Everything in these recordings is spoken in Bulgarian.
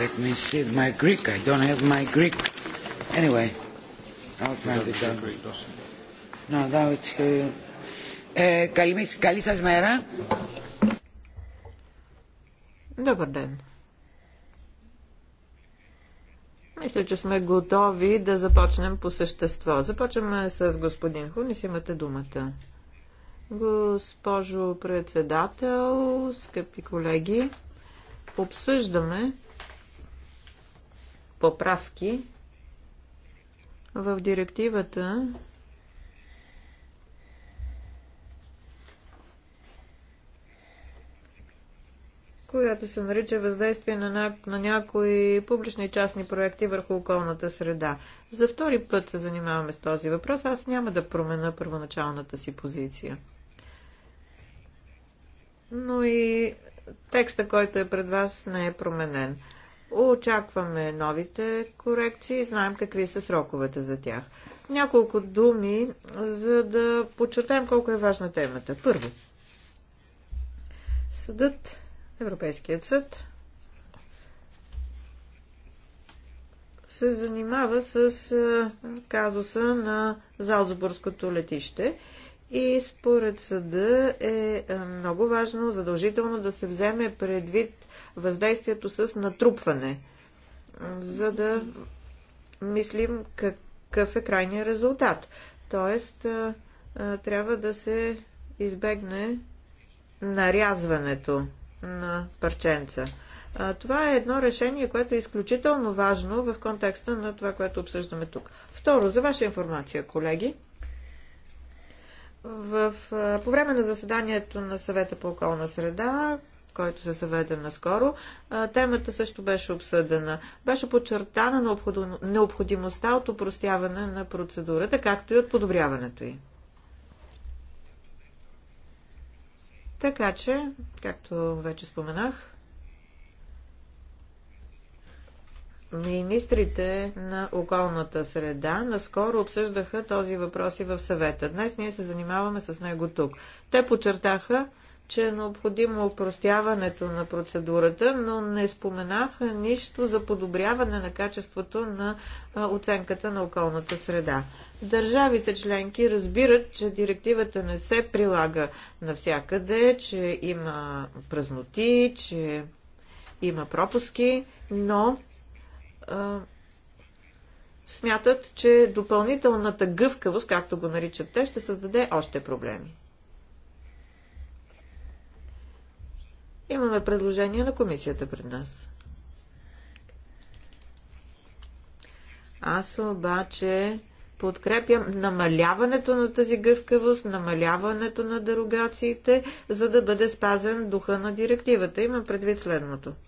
Let me see my Greek. I don't have my Greek. Anyway, I'll find it out. No, now it's here. Ε, καλή, καλή σας μέρα. Добър ден. Мисля, че сме готови да започнем по същество. Започваме с господин Хунис. Имате думата. Госпожо председател, скъпи колеги, обсъждаме поправки в директивата която се нарича въздействие на, на, на някои публични и частни проекти върху околната среда. За втори път се занимаваме с този въпрос. Аз няма да променя първоначалната си позиция. Но и текста, който е пред вас, не е променен. Очакваме новите корекции, и знаем какви са сроковете за тях. Няколко думи, за да подчертаем колко е важна темата. Първо, съдът, Европейският съд, се занимава с казуса на Залцбургското летище – и според съда е, е много важно задължително да се вземе предвид въздействието с натрупване, за да мислим какъв е крайният резултат. Тоест, е, е, трябва да се избегне нарязването на парченца. Това е едно решение, което е изключително важно в контекста на това, което обсъждаме тук. Второ, за ваша информация, колеги, в, по време на заседанието на съвета по околна среда, който се съведе наскоро, темата също беше обсъдена. Беше подчертана необходимостта от упростяване на процедурата, както и от подобряването й. Така че, както вече споменах, Министрите на околната среда наскоро обсъждаха този въпрос и в съвета. Днес ние се занимаваме с него тук. Те подчертаха, че е необходимо упростяването на процедурата, но не споменаха нищо за подобряване на качеството на оценката на околната среда. Държавите членки разбират, че директивата не се прилага навсякъде, че има празноти, че има пропуски, но смятат, че допълнителната гъвкавост, както го наричат те, ще създаде още проблеми. Имаме предложение на комисията пред нас. Аз обаче подкрепям намаляването на тази гъвкавост, намаляването на дерогациите, за да бъде спазен духа на директивата. Имам предвид следното –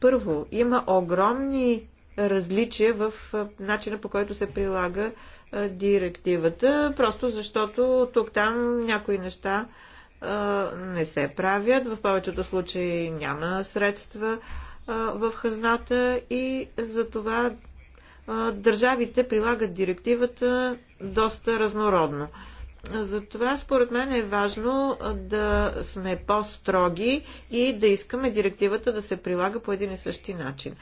първо, има огромни различия в начина по който се прилага директивата, просто защото тук-там някои неща не се правят, в повечето случаи няма средства в хазната и за това държавите прилагат директивата доста разнородно. Затова според мен е важно да сме по-строги и да искаме директивата да се прилага по един и същи начин.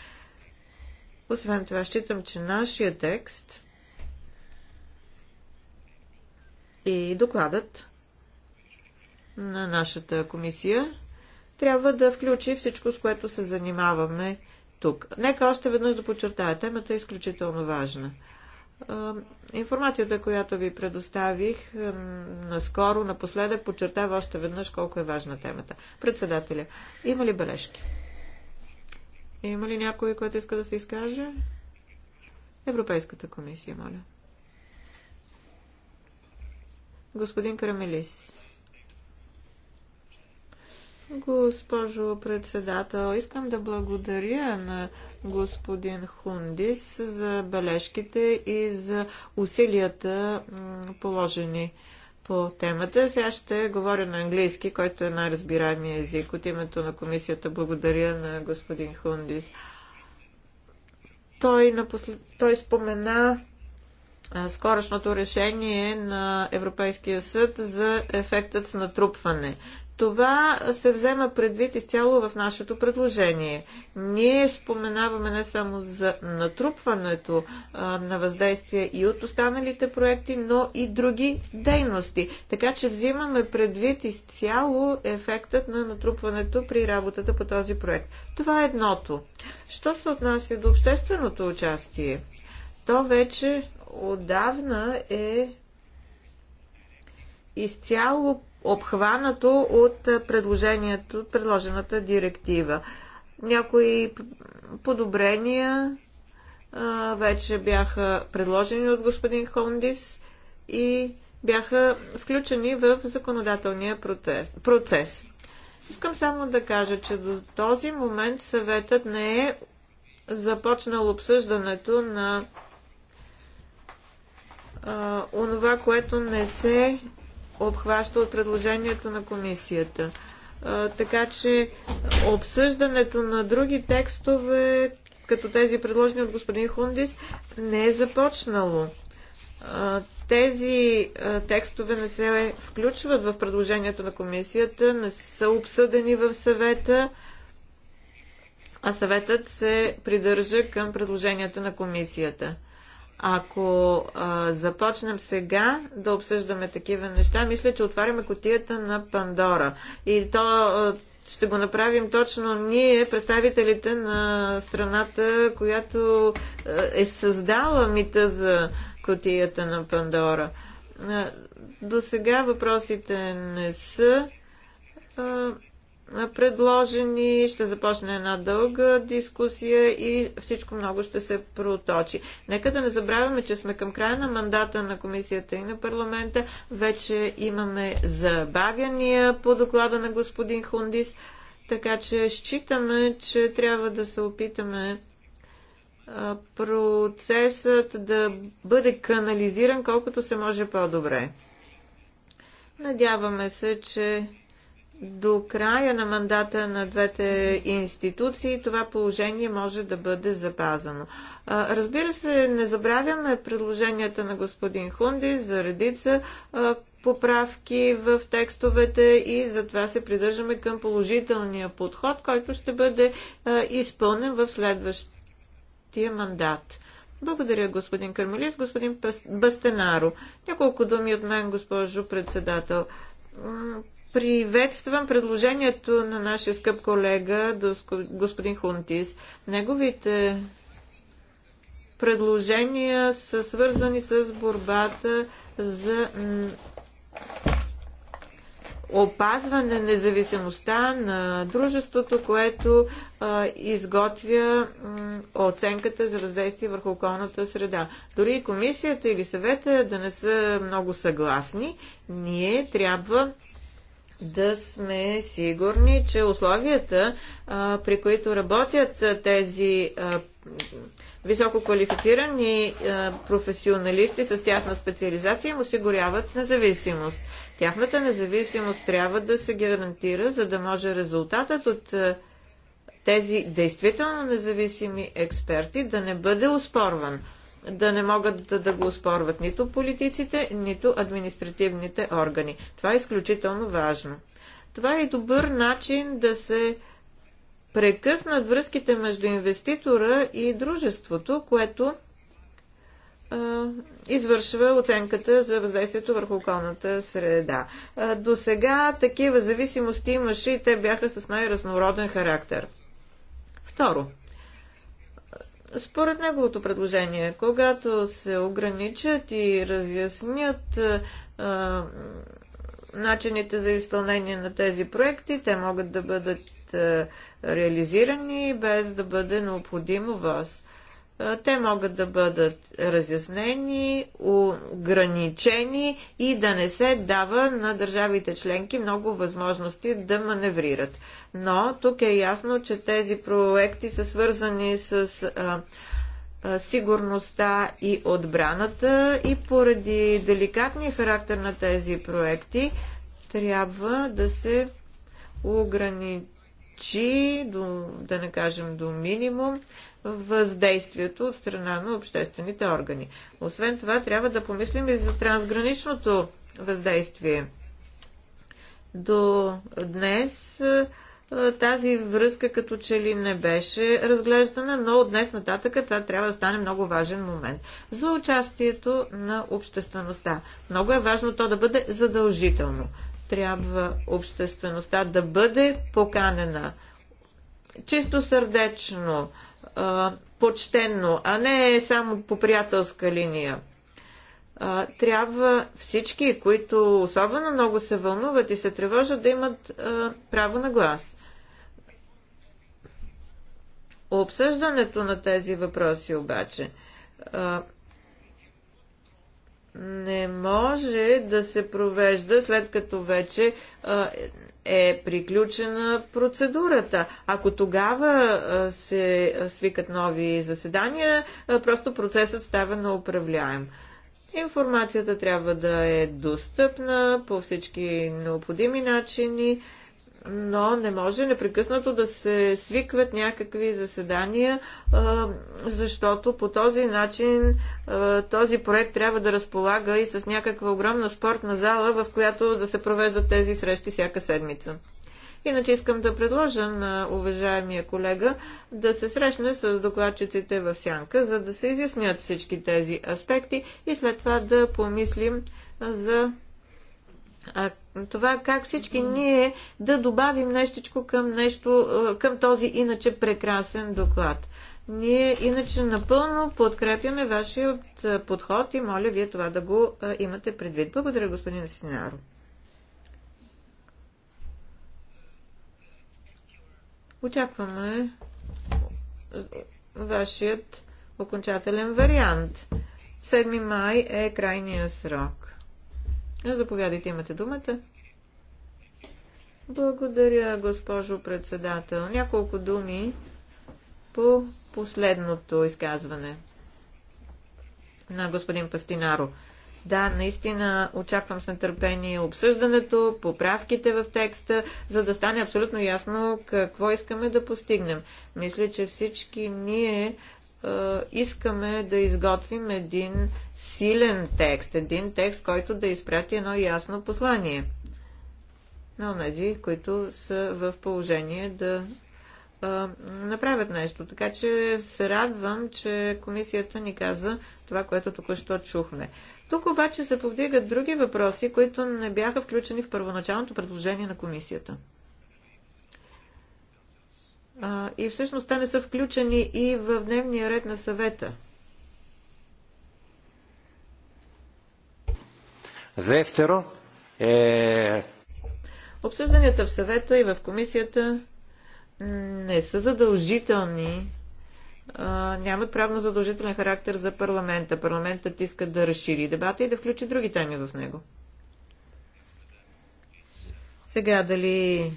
Освен това, считам, че нашия текст и докладът на нашата комисия трябва да включи всичко, с което се занимаваме тук. Нека още веднъж да подчертая, темата е изключително важна – е, информацията, която ви предоставих е, наскоро, напоследък, подчертава още веднъж колко е важна темата. Председателя, има ли бележки? Има ли някой, който иска да се изкаже? Европейската комисия, моля. Господин Карамелис. Госпожо председател, искам да благодаря на господин Хундис за бележките и за усилията положени по темата. Сега ще говоря на английски, който е най-разбираемия език. От името на комисията благодаря на господин Хундис. Той, напослед... той спомена скорошното решение на Европейския съд за ефектът с натрупване. Това се взема предвид изцяло в нашето предложение. Ние споменаваме не само за натрупването а, на въздействие и от останалите проекти, но и други дейности. Така че взимаме предвид изцяло ефектът на натрупването при работата по този проект. Това е едното. Що се отнася до общественото участие? То вече отдавна е изцяло обхванато от предложението, от предложената директива. Някои подобрения а, вече бяха предложени от господин Хондис и бяха включени в законодателния процес. Искам само да кажа, че до този момент съветът не е започнал обсъждането на а, онова, което не се обхваща от предложението на комисията. Така че обсъждането на други текстове, като тези предложени от господин Хундис, не е започнало. Тези текстове не се включват в предложението на комисията, не са обсъдени в съвета, а съветът се придържа към предложението на комисията. Ако а, започнем сега да обсъждаме такива неща, мисля, че отваряме котията на Пандора. И то а, ще го направим точно ние, представителите на страната, която а, е създала мита за котията на Пандора. А, до сега въпросите не са. А, предложени. Ще започне една дълга дискусия и всичко много ще се проточи. Нека да не забравяме, че сме към края на мандата на комисията и на парламента. Вече имаме забавяния по доклада на господин Хундис, така че считаме, че трябва да се опитаме процесът да бъде канализиран колкото се може по-добре. Надяваме се, че до края на мандата на двете институции това положение може да бъде запазено. Разбира се, не забравяме предложенията на господин Хунди за редица поправки в текстовете и затова се придържаме към положителния подход, който ще бъде изпълнен в следващия мандат. Благодаря, господин Кармелис, господин Бастенаро. Няколко думи от мен, госпожо председател приветствам предложението на нашия скъп колега, господин Хунтис. Неговите предложения са свързани с борбата за опазване независимостта на дружеството, което а, изготвя м, оценката за въздействие върху околната среда. Дори и комисията или съвета да не са много съгласни, ние трябва да сме сигурни, че условията, а, при които работят а, тези а, високо квалифицирани професионалисти с тяхна специализация им осигуряват независимост. Тяхната независимост трябва да се гарантира, за да може резултатът от тези действително независими експерти да не бъде успорван да не могат да, да го спорват нито политиците, нито административните органи. Това е изключително важно. Това е добър начин да се прекъснат връзките между инвеститора и дружеството, което извършва оценката за въздействието върху околната среда. До сега такива зависимости имаше и те бяха с най-разнороден характер. Второ, според неговото предложение, когато се ограничат и разяснят а, начините за изпълнение на тези проекти, те могат да бъдат а, реализирани без да бъде необходимо вас те могат да бъдат разяснени, ограничени и да не се дава на държавите членки много възможности да маневрират. Но тук е ясно, че тези проекти са свързани с а, а, сигурността и отбраната и поради деликатния характер на тези проекти трябва да се ограничи, до, да не кажем до минимум, въздействието от страна на обществените органи. Освен това, трябва да помислим и за трансграничното въздействие. До днес тази връзка като че ли не беше разглеждана, но от днес нататък това трябва да стане много важен момент за участието на обществеността. Много е важно то да бъде задължително. Трябва обществеността да бъде поканена чисто сърдечно, а, почтенно, а не само по приятелска линия. А, трябва всички, които особено много се вълнуват и се тревожат, да имат а, право на глас. Обсъждането на тези въпроси обаче а, не може да се провежда след като вече а, е приключена процедурата. Ако тогава се свикат нови заседания, просто процесът става неуправляем. Информацията трябва да е достъпна по всички необходими начини но не може непрекъснато да се свикват някакви заседания, защото по този начин този проект трябва да разполага и с някаква огромна спортна зала, в която да се провеждат тези срещи всяка седмица. Иначе искам да предложа на уважаемия колега да се срещне с докладчиците в Сянка, за да се изяснят всички тези аспекти и след това да помислим за това как всички ние да добавим нещичко към, нещо, е, към този иначе прекрасен доклад. Ние иначе напълно подкрепяме вашият е, подход и моля вие това да го е, имате предвид. Благодаря, господин Синаро. Очакваме вашият окончателен вариант. 7 май е крайния срок. Заповядайте, имате думата. Благодаря, госпожо председател. Няколко думи по последното изказване на господин Пастинаро. Да, наистина очаквам с нетърпение обсъждането, поправките в текста, за да стане абсолютно ясно какво искаме да постигнем. Мисля, че всички ние е, искаме да изготвим един силен текст, един текст, който да изпрати едно ясно послание на онези, които са в положение да е, направят нещо. Така че се радвам, че комисията ни каза това, което току-що чухме. Тук обаче се повдигат други въпроси, които не бяха включени в първоначалното предложение на комисията. А, и всъщност те не са включени и в дневния ред на съвета. Δεύτερο, е... Обсъжданията в съвета и в комисията не са задължителни, а, нямат правно задължителен характер за парламента. Парламентът иска да разшири дебата и да включи други теми в него. Сега дали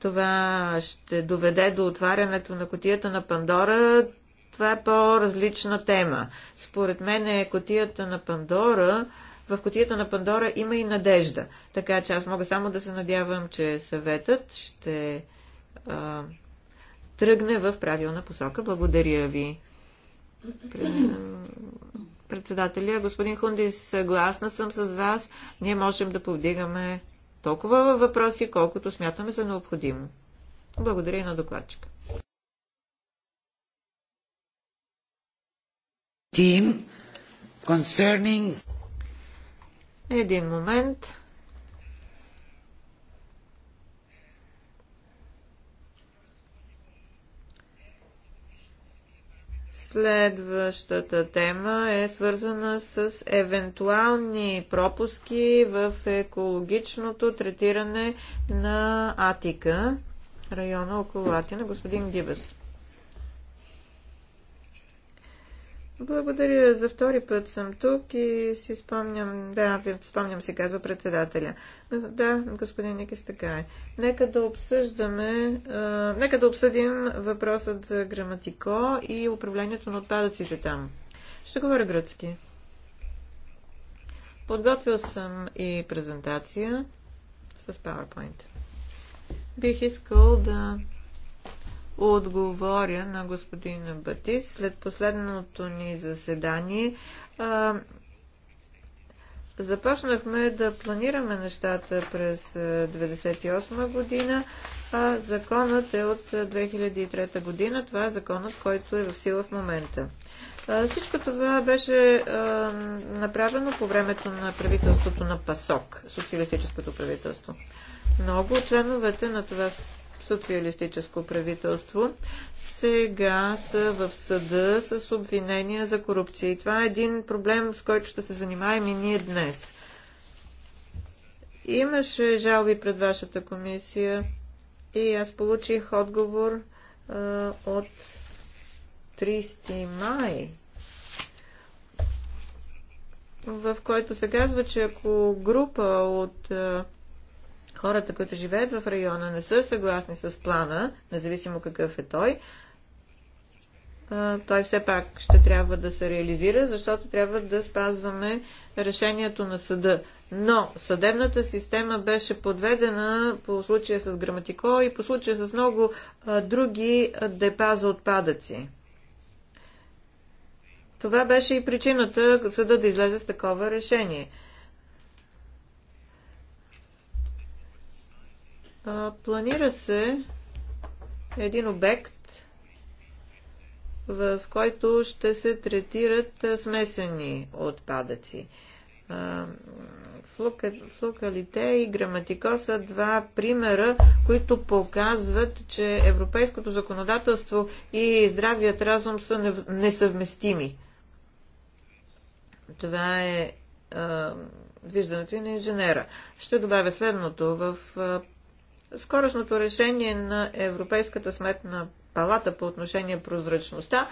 това ще доведе до отварянето на котията на Пандора. Това е по-различна тема. Според мен е котията на Пандора в котията на Пандора има и надежда. Така че аз мога само да се надявам, че съветът ще а, тръгне в правилна посока. Благодаря ви. Председателя, господин Хунди, съгласна съм с вас. Ние можем да повдигаме толкова въпроси, колкото смятаме за необходимо. Благодаря и на докладчика. concerning... Един момент. Следващата тема е свързана с евентуални пропуски в екологичното третиране на Атика, района около Атина. Господин Гибес. Благодаря. За втори път съм тук и си спомням, да, спомням си, казва председателя. Да, господин Никис, така е. Нека да обсъждаме, е, нека да обсъдим въпросът за граматико и управлението на отпадъците там. Ще говоря гръцки. Подготвил съм и презентация с PowerPoint. Бих искал да отговоря на господин Батис. След последното ни заседание а, започнахме да планираме нещата през 1998 година, а законът е от 2003 година. Това е законът, който е в сила в момента. А, всичко това беше а, направено по времето на правителството на ПАСОК, социалистическото правителство. Много от членовете на това социалистическо правителство, сега са в съда с обвинения за корупция. И това е един проблем, с който ще се занимаем и ние днес. Имаше жалби пред вашата комисия и аз получих отговор а, от 30 май в който се казва, че ако група от а, хората, които живеят в района, не са съгласни с плана, независимо какъв е той, той все пак ще трябва да се реализира, защото трябва да спазваме решението на съда. Но съдебната система беше подведена по случая с граматико и по случая с много други депа за отпадъци. Това беше и причината съда да излезе с такова решение – планира се един обект, в който ще се третират смесени отпадъци. Флокалите и граматико са два примера, които показват, че европейското законодателство и здравият разум са несъвместими. Това е виждането и на инженера. Ще добавя следното. В скорошното решение на Европейската сметна палата по отношение прозрачността,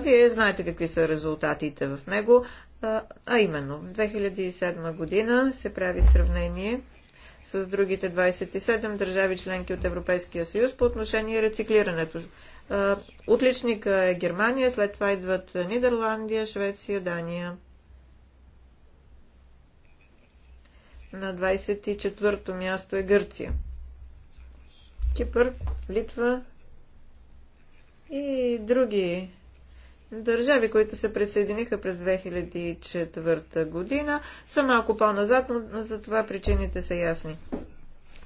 вие знаете какви са резултатите в него, а именно в 2007 година се прави сравнение с другите 27 държави членки от Европейския съюз по отношение рециклирането. Отличника е Германия, след това идват Нидерландия, Швеция, Дания. На 24-то място е Гърция. Кипър, Литва и други държави, които се присъединиха през 2004 година, са малко по-назад, но за това причините са ясни.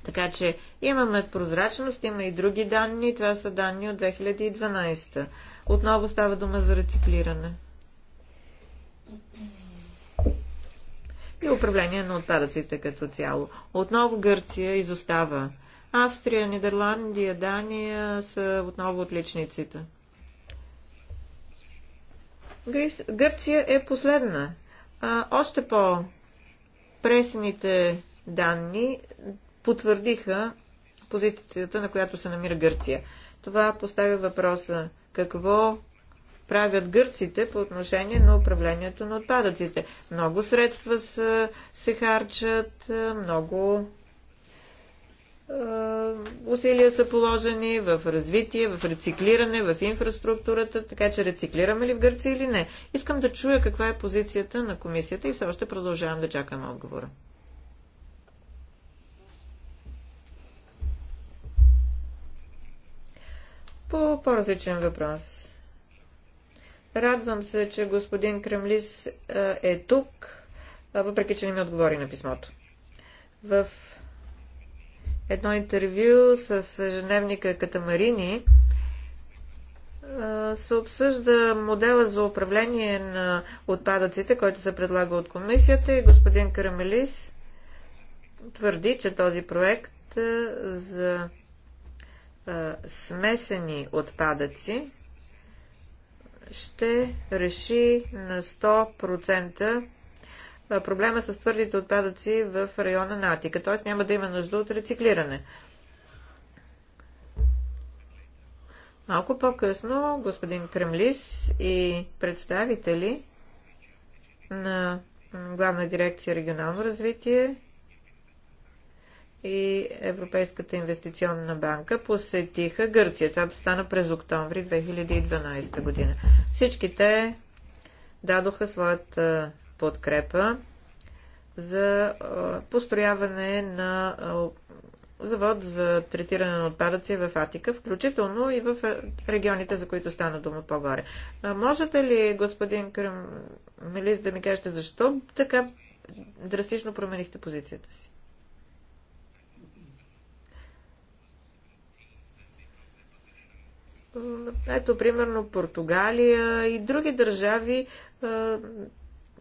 Така че имаме прозрачност, има и други данни, това са данни от 2012. Отново става дума за рециклиране. И управление на отпадъците като цяло. Отново Гърция изостава. Австрия, Нидерландия, Дания са отново отличниците. Гърция е последна. А, още по-пресните данни потвърдиха позицията, на която се намира Гърция. Това поставя въпроса какво правят гърците по отношение на управлението на отпадъците. Много средства са, се харчат, много е, усилия са положени в развитие, в рециклиране, в инфраструктурата, така че рециклираме ли в Гърция или не. Искам да чуя каква е позицията на комисията и все още продължавам да чакам отговора. По по-различен въпрос. Радвам се, че господин Кремлис е тук, въпреки че не ми отговори на писмото. В едно интервю с женевника Катамарини се обсъжда модела за управление на отпадъците, който се предлага от комисията и господин Карамелис твърди, че този проект за смесени отпадъци ще реши на 100% проблема с твърдите отпадъци в района на Атика, т.е. няма да има нужда от рециклиране. Малко по-късно господин Кремлис и представители на Главна дирекция регионално развитие и Европейската инвестиционна банка посетиха Гърция. Това стана през октомври 2012 година. Всички те дадоха своята подкрепа за построяване на завод за третиране на отпадъци в Атика, включително и в регионите, за които стана дума по-горе. Можете ли, господин Кремелис, да ми кажете защо така драстично променихте позицията си? Ето, примерно, Португалия и други държави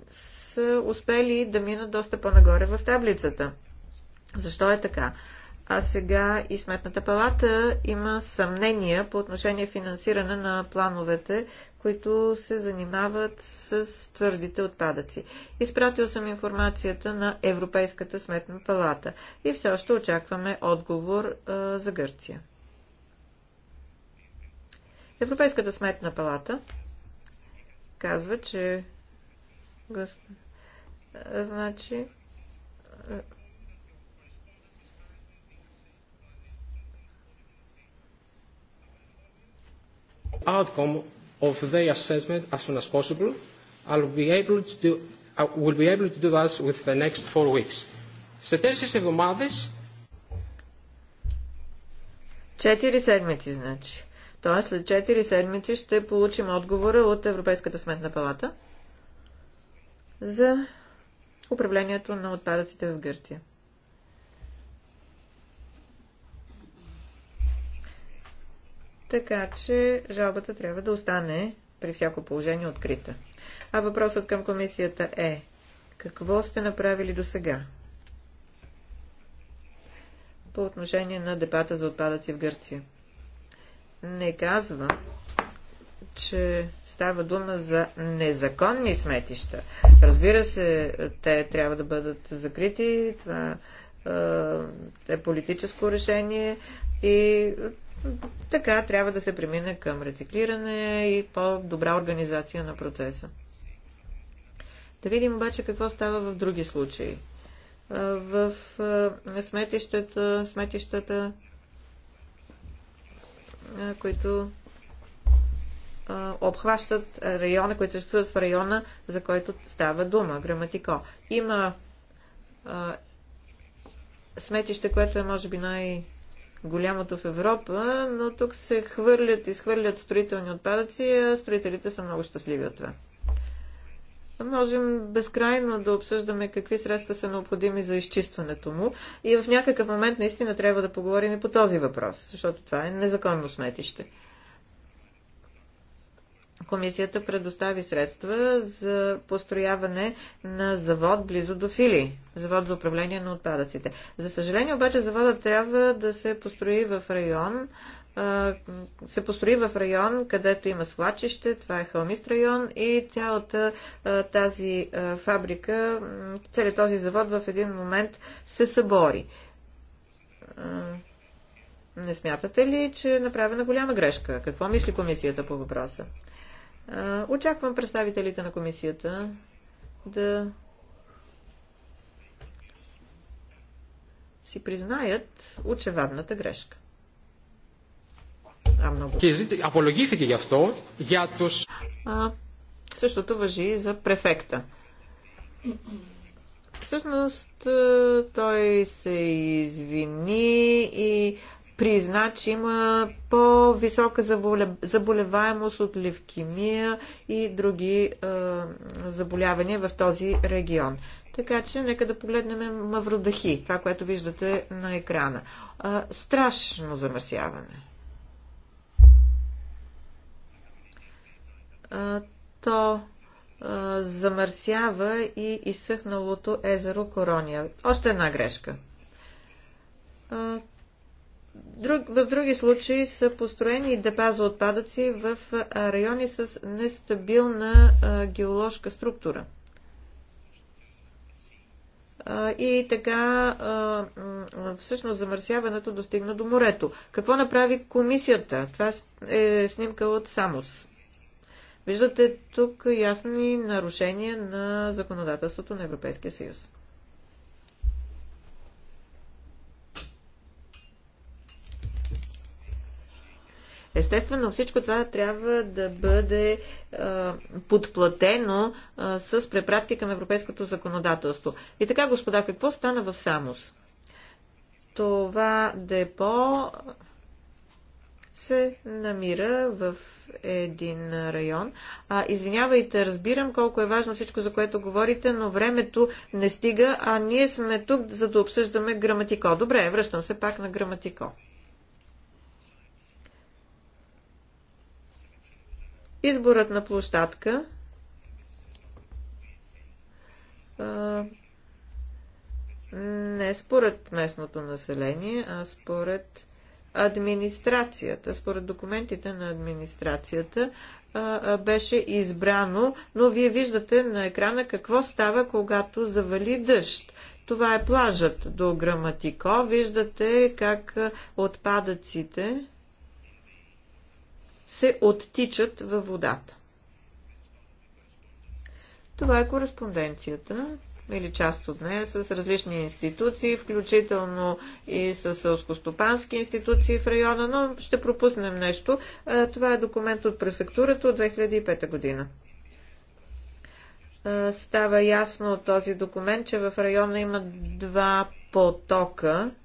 са успели да минат доста по-нагоре в таблицата. Защо е така? А сега и Сметната палата има съмнения по отношение финансиране на плановете, които се занимават с твърдите отпадъци. Изпратил съм информацията на Европейската сметна палата и все още очакваме отговор а, за Гърция. Европейската сметна палата казва, че Господи. Значи, outcome of the assessment as soon as possible. I'll be able to do, I will be able to do that with the next four weeks. Σε τέσσερις εβδομάδες... Четири седмици, значи. Тоест, след четири седмици ще получим отговора от Европейската сметна палата за управлението на отпадъците в Гърция. Така че жалбата трябва да остане при всяко положение открита. А въпросът към комисията е какво сте направили до сега по отношение на дебата за отпадъци в Гърция? Не казва че става дума за незаконни сметища. Разбира се, те трябва да бъдат закрити. Това е политическо решение и така трябва да се премине към рециклиране и по-добра организация на процеса. Да видим обаче какво става в други случаи. В сметищата, сметищата които обхващат района, които съществуват в района, за който става дума, граматико. Има а, сметище, което е може би най- голямото в Европа, но тук се хвърлят и схвърлят строителни отпадъци, а строителите са много щастливи от това. Можем безкрайно да обсъждаме какви средства са необходими за изчистването му и в някакъв момент наистина трябва да поговорим и по този въпрос, защото това е незаконно сметище комисията предостави средства за построяване на завод близо до Фили, завод за управление на отпадъците. За съжаление обаче заводът трябва да се построи в район, се построи в район, където има свлачище, това е хълмист район и цялата тази фабрика, целият този завод в един момент се събори. Не смятате ли, че е направена голяма грешка? Какво мисли комисията по въпроса? Очаквам представителите на комисията да си признаят очевадната грешка. А, много. Апологиθηκε γι' αυτό, για τους... същото въжи за префекта. Всъщност той се извини и призна, че има по-висока заболеваемост от левкемия и други е, заболявания в този регион. Така че нека да погледнем Мавродахи, това, което виждате на екрана. Е, страшно замърсяване. Е, то замърсява и изсъхналото езеро Корония. Още една грешка друг, в други случаи са построени депа за отпадъци в райони с нестабилна геоложка структура. И така всъщност замърсяването достигна до морето. Какво направи комисията? Това е снимка от Самос. Виждате тук ясни нарушения на законодателството на Европейския съюз. Естествено, всичко това трябва да бъде а, подплатено а, с препратки към европейското законодателство. И така, господа, какво стана в Самос? Това депо се намира в един район. А, извинявайте, разбирам колко е важно всичко, за което говорите, но времето не стига, а ние сме тук, за да обсъждаме граматико. Добре, връщам се пак на граматико. Изборът на площадка не според местното население, а според администрацията, според документите на администрацията, беше избрано, но вие виждате на екрана какво става, когато завали дъжд. Това е плажът до Граматико. Виждате как отпадъците се оттичат във водата. Това е кореспонденцията или част от нея с различни институции, включително и с сълскостопански институции в района, но ще пропуснем нещо. Това е документ от префектурата от 2005 година. Става ясно от този документ, че в района има два потока –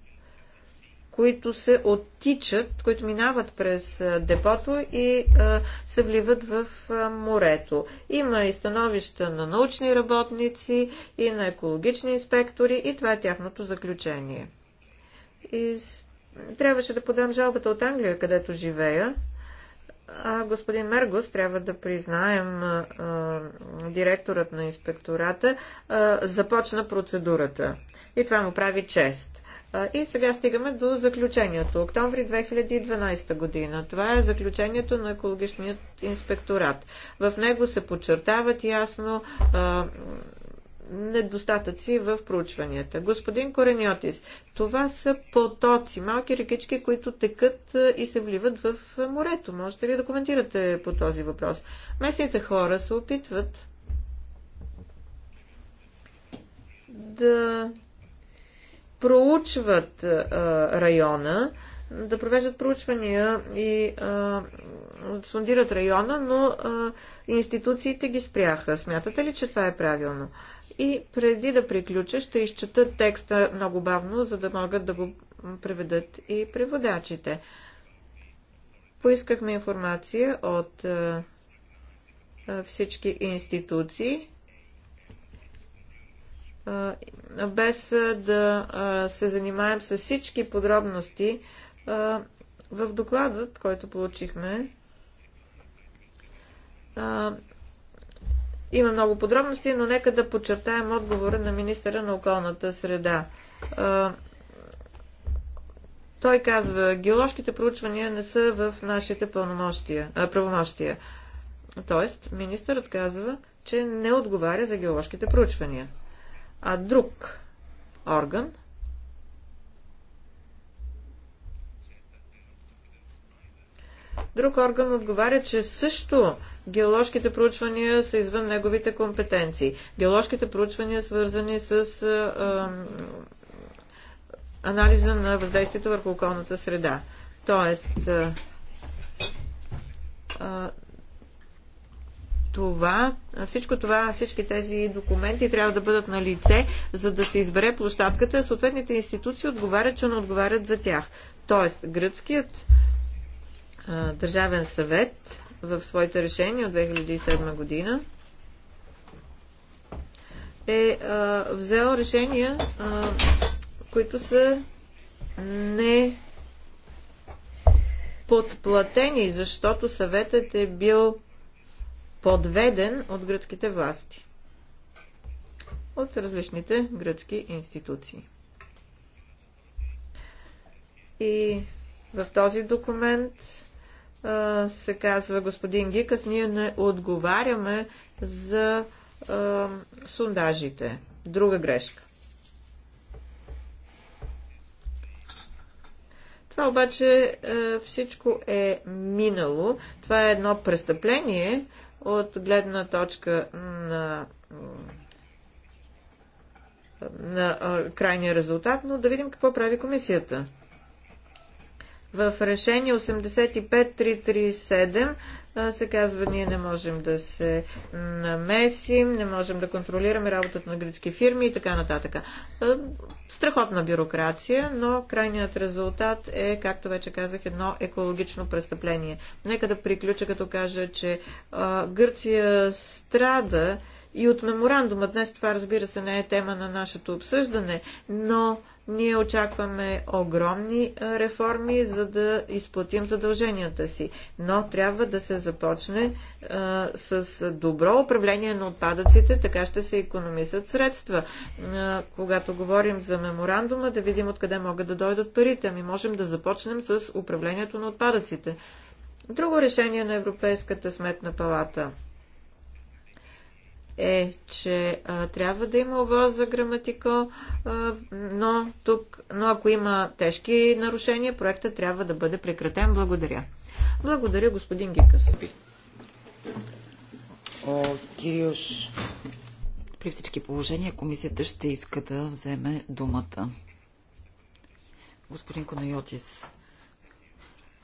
които се оттичат, които минават през депото и а, се вливат в а, морето. Има и становища на научни работници и на екологични инспектори и това е тяхното заключение. И трябваше да подам жалбата от Англия, където живея. А господин Мергос, трябва да признаем, а, директорът на инспектората а, започна процедурата. И това му прави чест. И сега стигаме до заключението. Октомври 2012 година. Това е заключението на екологичният инспекторат. В него се подчертават ясно недостатъци в проучванията. Господин Корениотис, това са потоци, малки рекички, които текат и се вливат в морето. Можете ли да коментирате по този въпрос? Местните хора се опитват да проучват района, да провеждат проучвания и а, сондират района, но а, институциите ги спряха. Смятате ли, че това е правилно? И преди да приключа, ще изчета текста много бавно, за да могат да го преведат и преводачите. Поискахме информация от а, всички институции без да се занимаем с всички подробности в докладът, който получихме. Има много подробности, но нека да подчертаем отговора на министъра на околната среда. Той казва, геоложките проучвания не са в нашите правомощия. Тоест, министърът казва, че не отговаря за геоложките проучвания а друг орган – Друг орган отговаря, че също геоложките проучвания са извън неговите компетенции. Геоложките проучвания свързани с а, а, анализа на въздействието върху околната среда. Тоест, а, а, това, всичко това, всички тези документи трябва да бъдат на лице, за да се избере площадката, а съответните институции отговарят, че не отговарят за тях. Тоест, гръцкият а, държавен съвет в своите решения от 2007 година е а, взел решения, а, които са не подплатени, защото съветът е бил подведен от гръцките власти, от различните гръцки институции. И в този документ а, се казва господин Гикас, ние не отговаряме за а, сундажите. Друга грешка. Това обаче а, всичко е минало. Това е едно престъпление, а, от гледна точка на, на крайния резултат, но да видим какво прави комисията. В решение 85337 се казва, ние не можем да се намесим, не можем да контролираме работата на гръцки фирми и така нататък. Страхотна бюрокрация, но крайният резултат е, както вече казах, едно екологично престъпление. Нека да приключа, като кажа, че Гърция страда и от меморандума. Днес това, разбира се, не е тема на нашето обсъждане, но ние очакваме огромни реформи, за да изплатим задълженията си, но трябва да се започне а, с добро управление на отпадъците, така ще се економисат средства. А, когато говорим за меморандума, да видим откъде могат да дойдат парите. Ами можем да започнем с управлението на отпадъците. Друго решение на Европейската сметна палата – е, че а, трябва да има вас за граматико, а, но, тук, но ако има тежки нарушения, проекта трябва да бъде прекратен. Благодаря. Благодаря, господин Гикас. О, Кириош. При всички положения комисията ще иска да вземе думата. Господин Конойотис,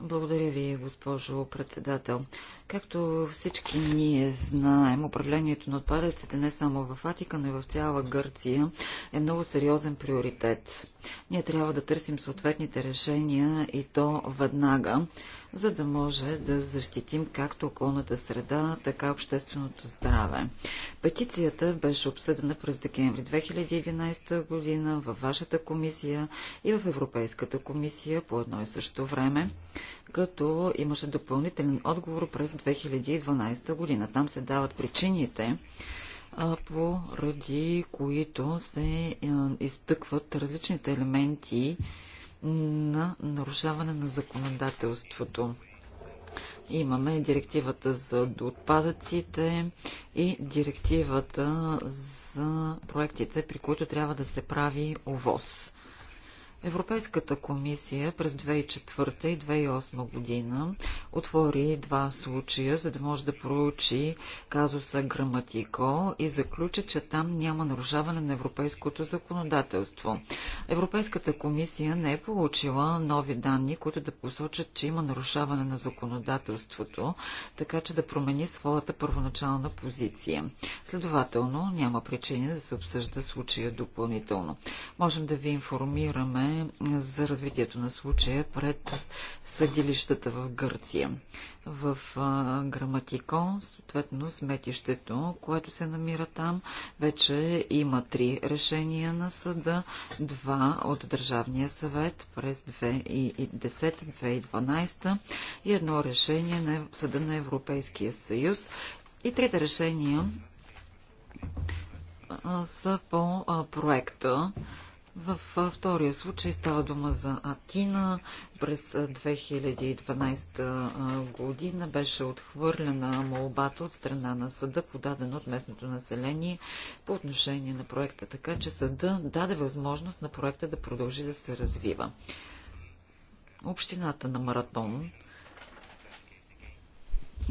благодаря ви, госпожо председател. Както всички ние знаем, управлението на отпадъците не само в Атика, но и в цяла Гърция е много сериозен приоритет. Ние трябва да търсим съответните решения и то веднага за да може да защитим както околната среда, така общественото здраве. Петицията беше обсъдена през декември 2011 година във вашата комисия и в Европейската комисия по едно и също време, като имаше допълнителен отговор през 2012 година. Там се дават причините, поради които се изтъкват различните елементи на нарушаване на законодателството. Имаме директивата за отпадъците и директивата за проектите, при които трябва да се прави овоз. Европейската комисия през 2004 и 2008 година отвори два случая, за да може да проучи казуса Граматико и заключи, че там няма нарушаване на европейското законодателство. Европейската комисия не е получила нови данни, които да посочат, че има нарушаване на законодателството, така че да промени своята първоначална позиция. Следователно, няма причини да се обсъжда случая допълнително. Можем да ви информираме за развитието на случая пред съдилищата в Гърция. В граматико, съответно, сметището, което се намира там, вече има три решения на съда, два от Държавния съвет през 2010-2012 и едно решение на Съда на Европейския съюз. И трите решения са по проекта в втория случай става дума за Атина. През 2012 година беше отхвърлена молбата от страна на съда, подадена от местното население по отношение на проекта, така че съда даде възможност на проекта да продължи да се развива. Общината на Маратон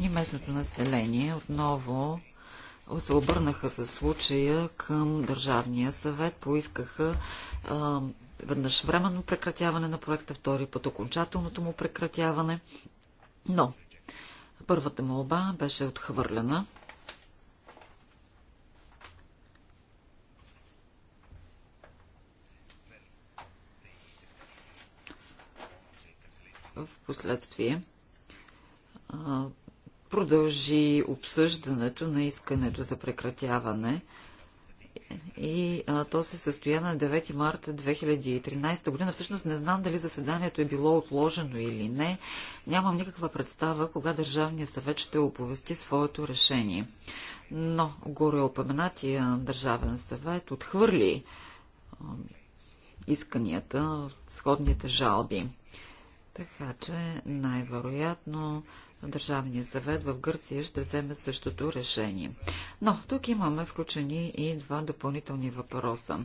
и местното население отново се обърнаха със случая към Държавния съвет, поискаха а, веднъж временно прекратяване на проекта, втори път окончателното му прекратяване. Но първата молба беше отхвърлена. В последствие продължи обсъждането на искането за прекратяване и а, то се състоя на 9 марта 2013 година. Всъщност не знам дали заседанието е било отложено или не. Нямам никаква представа кога Държавния съвет ще оповести своето решение. Но горе опоменатия Държавен съвет отхвърли а, исканията, сходните жалби. Така че най-вероятно Държавния съвет в Гърция ще вземе същото решение. Но тук имаме включени и два допълнителни въпроса.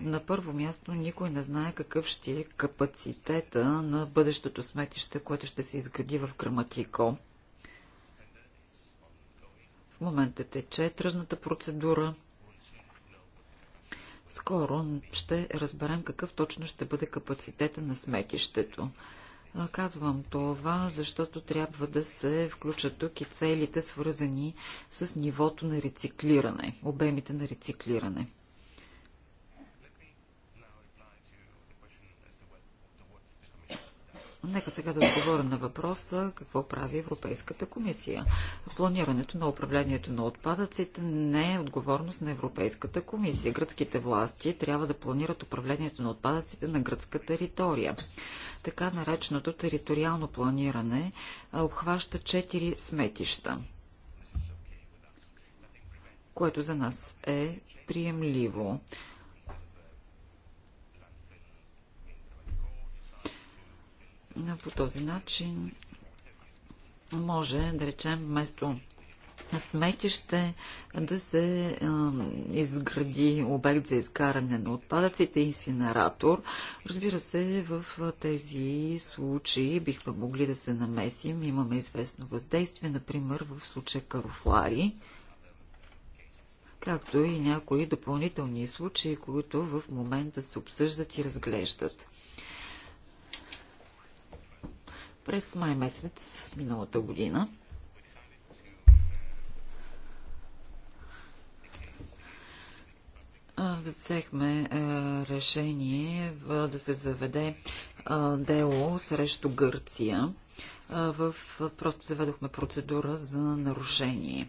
На първо място никой не знае какъв ще е капацитета на бъдещото сметище, което ще се изгради в Граматико. В момента тече тръжната процедура. Скоро ще разберем какъв точно ще бъде капацитета на сметището. Казвам това, защото трябва да се включат тук и целите, свързани с нивото на рециклиране, обемите на рециклиране. Нека сега да отговоря на въпроса какво прави Европейската комисия. Планирането на управлението на отпадъците не е отговорност на Европейската комисия. Гръцките власти трябва да планират управлението на отпадъците на гръцка територия. Така нареченото териториално планиране обхваща четири сметища което за нас е приемливо. По този начин може, да речем, вместо сметище да се изгради обект за изкаране на отпадъците и инсинератор. Разбира се, в тези случаи бихме могли да се намесим. Имаме известно въздействие, например в случая карофлари, както и някои допълнителни случаи, които в момента се обсъждат и разглеждат. През май месец миналата година взехме решение да се заведе дело срещу Гърция. В... Просто заведохме процедура за нарушение.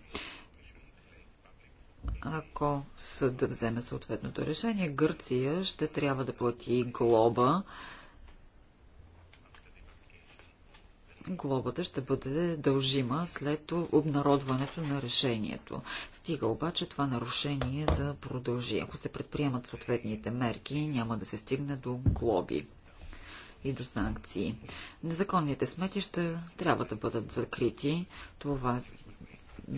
Ако съд да вземе съответното решение, Гърция ще трябва да плати глоба глобата ще бъде дължима след обнародването на решението. Стига обаче това нарушение да продължи. Ако се предприемат съответните мерки, няма да се стигне до глоби и до санкции. Незаконните сметища трябва да бъдат закрити. Това е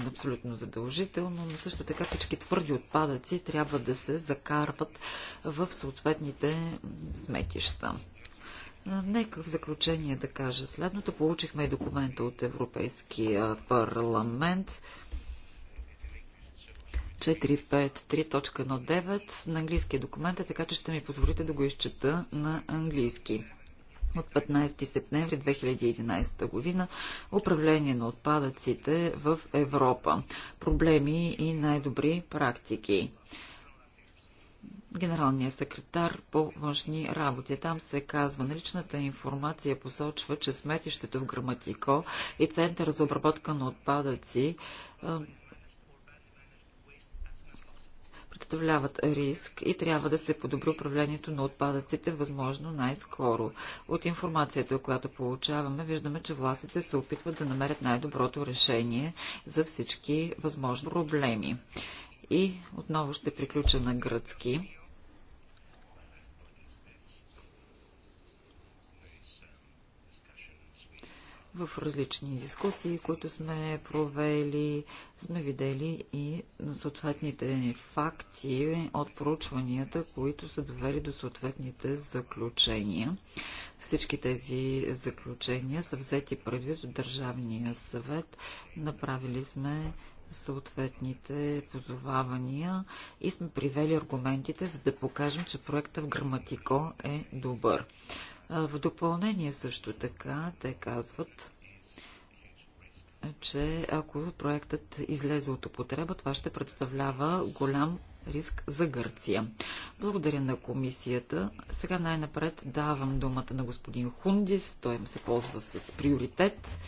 абсолютно задължително, но също така всички твърди отпадъци трябва да се закарват в съответните сметища. Нека в заключение да кажа следното. Получихме и документа от Европейския парламент. 453.19 на английския документ е, така че ще ми позволите да го изчета на английски. От 15 септември 2011 година управление на отпадъците в Европа. Проблеми и най-добри практики генералния секретар по външни работи. Там се казва, наличната информация посочва, че сметището в Граматико и Центъра за обработка на отпадъци представляват риск и трябва да се подобри управлението на отпадъците възможно най-скоро. От информацията, която получаваме, виждаме, че властите се опитват да намерят най-доброто решение за всички възможни проблеми. И отново ще приключа на гръцки. В различни дискусии, които сме провели, сме видели и съответните факти от проучванията, които са довели до съответните заключения. Всички тези заключения са взети предвид от Държавния съвет. Направили сме съответните позовавания и сме привели аргументите, за да покажем, че проектът в граматико е добър. В допълнение също така те казват, че ако проектът излезе от употреба, това ще представлява голям риск за Гърция. Благодаря на комисията. Сега най-напред давам думата на господин Хундис. Той им се ползва с приоритет.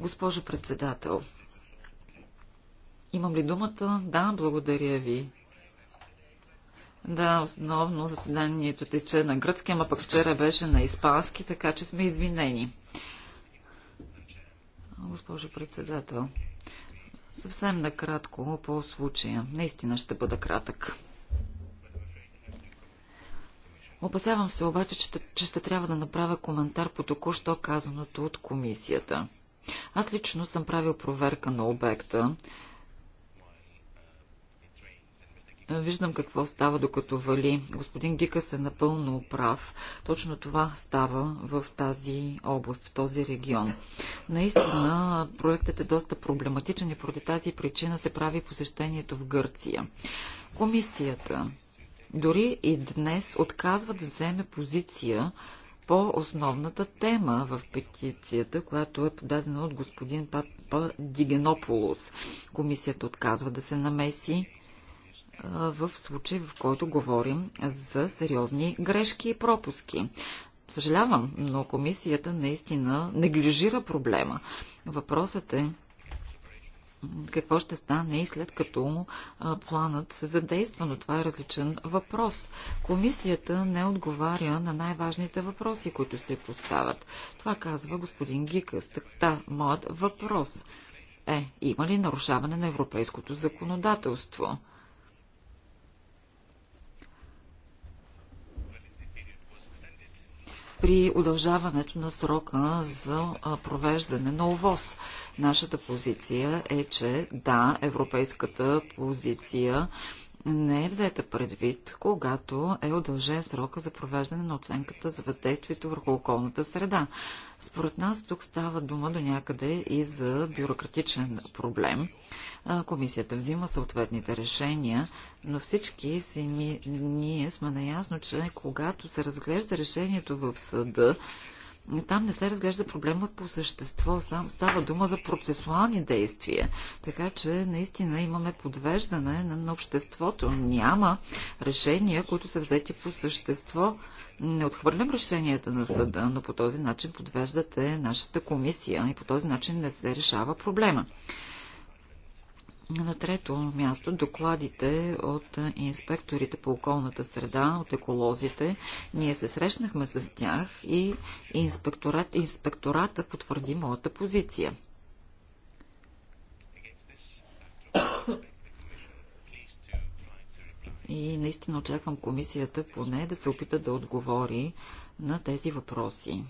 Госпожо председател, имам ли думата? Да, благодаря ви. Да, основно заседанието тече на гръцки, ама пък вчера беше на испански, така че сме извинени. Госпожо председател, съвсем накратко по случая. Наистина ще бъда кратък. Опасявам се обаче, че, че ще трябва да направя коментар по току-що казаното от комисията. Аз лично съм правил проверка на обекта Виждам какво става докато вали. Господин Гикас е напълно прав. Точно това става в тази област, в този регион. Наистина, проектът е доста проблематичен и поради тази причина се прави посещението в Гърция. Комисията дори и днес отказва да вземе позиция по основната тема в петицията, която е подадена от господин Папа Дигенополос. Комисията отказва да се намеси в случай, в който говорим за сериозни грешки и пропуски. Съжалявам, но комисията наистина неглижира проблема. Въпросът е какво ще стане и след като планът се задейства, но това е различен въпрос. Комисията не отговаря на най-важните въпроси, които се поставят. Това казва господин Гикъс. Та, моят въпрос е, има ли нарушаване на европейското законодателство? при удължаването на срока за провеждане на ОВОС. Нашата позиция е, че да, европейската позиция не е взета предвид, когато е удължен срока за провеждане на оценката за въздействието върху околната среда. Според нас тук става дума до някъде и за бюрократичен проблем. Комисията взима съответните решения, но всички си ми, ние сме наясно, че когато се разглежда решението в съда, там не се разглежда проблемът по същество, сам става дума за процесуални действия. Така че наистина имаме подвеждане на, на обществото. Няма решения, които са взети по същество. Не отхвърлям решенията на съда, но по този начин подвеждате нашата комисия и по този начин не се решава проблема. На трето място докладите от инспекторите по околната среда, от еколозите. Ние се срещнахме с тях и инспекторат, инспектората потвърди моята позиция. И наистина очаквам комисията поне да се опита да отговори на тези въпроси.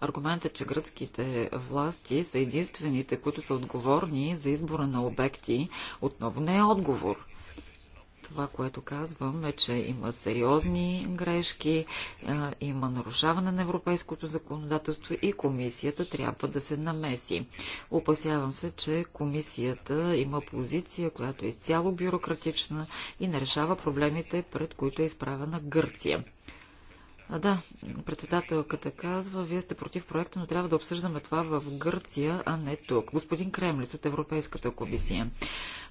Аргументът, че гръцките власти са единствените, които са отговорни за избора на обекти, отново не е отговор. Това, което казвам е, че има сериозни грешки, има нарушаване на европейското законодателство и комисията трябва да се намеси. Опасявам се, че комисията има позиция, която е изцяло бюрократична и не решава проблемите, пред които е изправена Гърция. А, да, председателката казва, вие сте против проекта, но трябва да обсъждаме това в Гърция, а не тук. Господин Кремлис от Европейската комисия.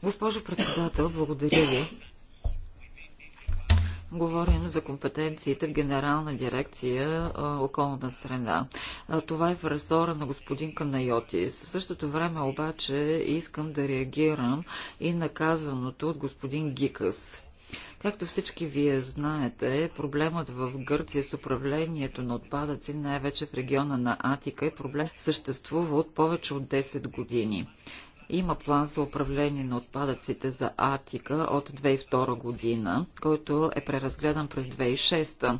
Госпожо председател, благодаря ви. Говорим за компетенциите в Генерална дирекция а, околна среда. А, това е в ресора на господин Канайотис. В същото време обаче искам да реагирам и наказаното от господин Гикас. Както всички вие знаете, проблемът в Гърция с управлението на отпадъци, най-вече в региона на Атика, е проблем съществува от повече от 10 години. Има план за управление на отпадъците за Атика от 2002 година, който е преразгледан през 2006.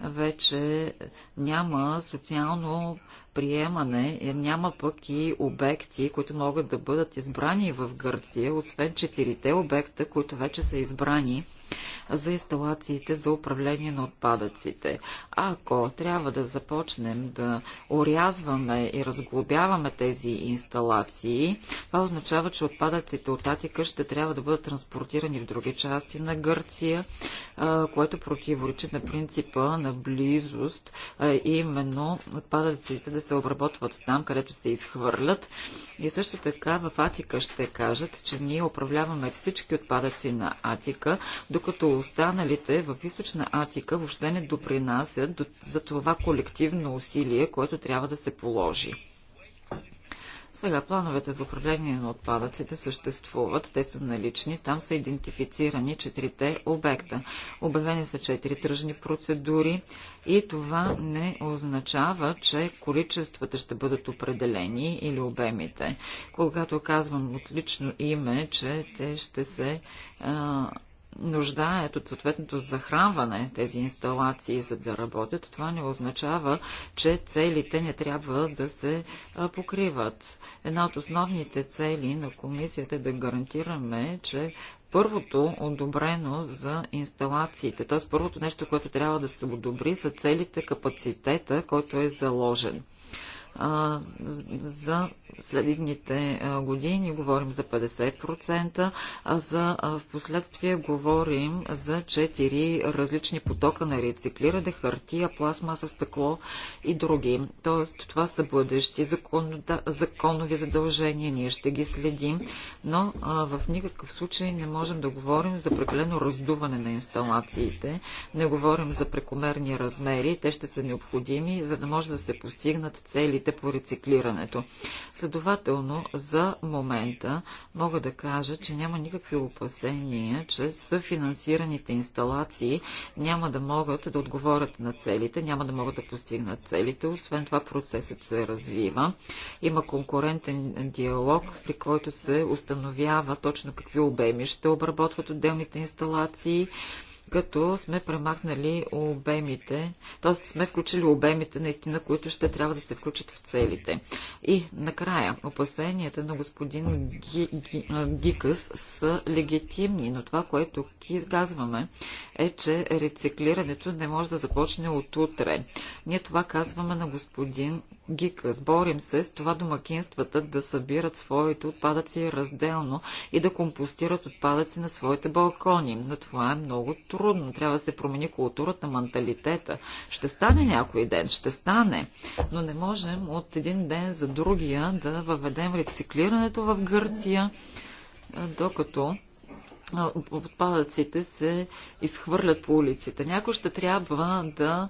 Вече няма социално приемане, няма пък и обекти, които могат да бъдат избрани в Гърция, освен четирите обекта, които вече са избрани за инсталациите за управление на отпадъците. Ако трябва да започнем да орязваме и разглобяваме тези инсталации, това означава, че отпадъците от Атика ще трябва да бъдат транспортирани в други части на Гърция, което противоречи на принципа на близост, именно отпадъците да се обработват там, където се изхвърлят. И също така в Атика ще кажат, че ние управляваме всички отпадъци на Атика, докато останалите в източна Атика въобще не допринасят за това колективно усилие, което трябва да се положи. Сега плановете за управление на отпадъците съществуват, те са налични, там са идентифицирани четирите обекта. Обявени са четири тръжни процедури и това не означава, че количествата ще бъдат определени или обемите. Когато казвам отлично име, че те ще се а, нуждаят от съответното захранване тези инсталации, за да работят, това не означава, че целите не трябва да се покриват. Една от основните цели на комисията е да гарантираме, че първото одобрено за инсталациите, т.е. първото нещо, което трябва да се одобри, са целите, капацитета, който е заложен за следните години говорим за 50%, а за в последствие говорим за 4 различни потока на рециклиране, хартия, пластмаса, стъкло и други. Тоест, това са бъдещи закон, да, законови задължения, ние ще ги следим, но а, в никакъв случай не можем да говорим за прекалено раздуване на инсталациите, не говорим за прекомерни размери, те ще са необходими, за да може да се постигнат цели директивите по рециклирането. Следователно, за момента мога да кажа, че няма никакви опасения, че съфинансираните инсталации няма да могат да отговорят на целите, няма да могат да постигнат целите. Освен това, процесът се развива. Има конкурентен диалог, при който се установява точно какви обеми ще обработват отделните инсталации като сме премахнали обемите, т.е. сме включили обемите наистина, които ще трябва да се включат в целите. И накрая, опасенията на господин Ги, Ги, Гикъс са легитимни, но това, което казваме е, че рециклирането не може да започне от утре. Ние това казваме на господин ги сборим се с това домакинствата да събират своите отпадъци разделно и да компостират отпадъци на своите балкони. Но това е много трудно. Трябва да се промени културата, менталитета. Ще стане някой ден, ще стане. Но не можем от един ден за другия да въведем рециклирането в Гърция, докато отпадъците се изхвърлят по улиците. Някой ще трябва да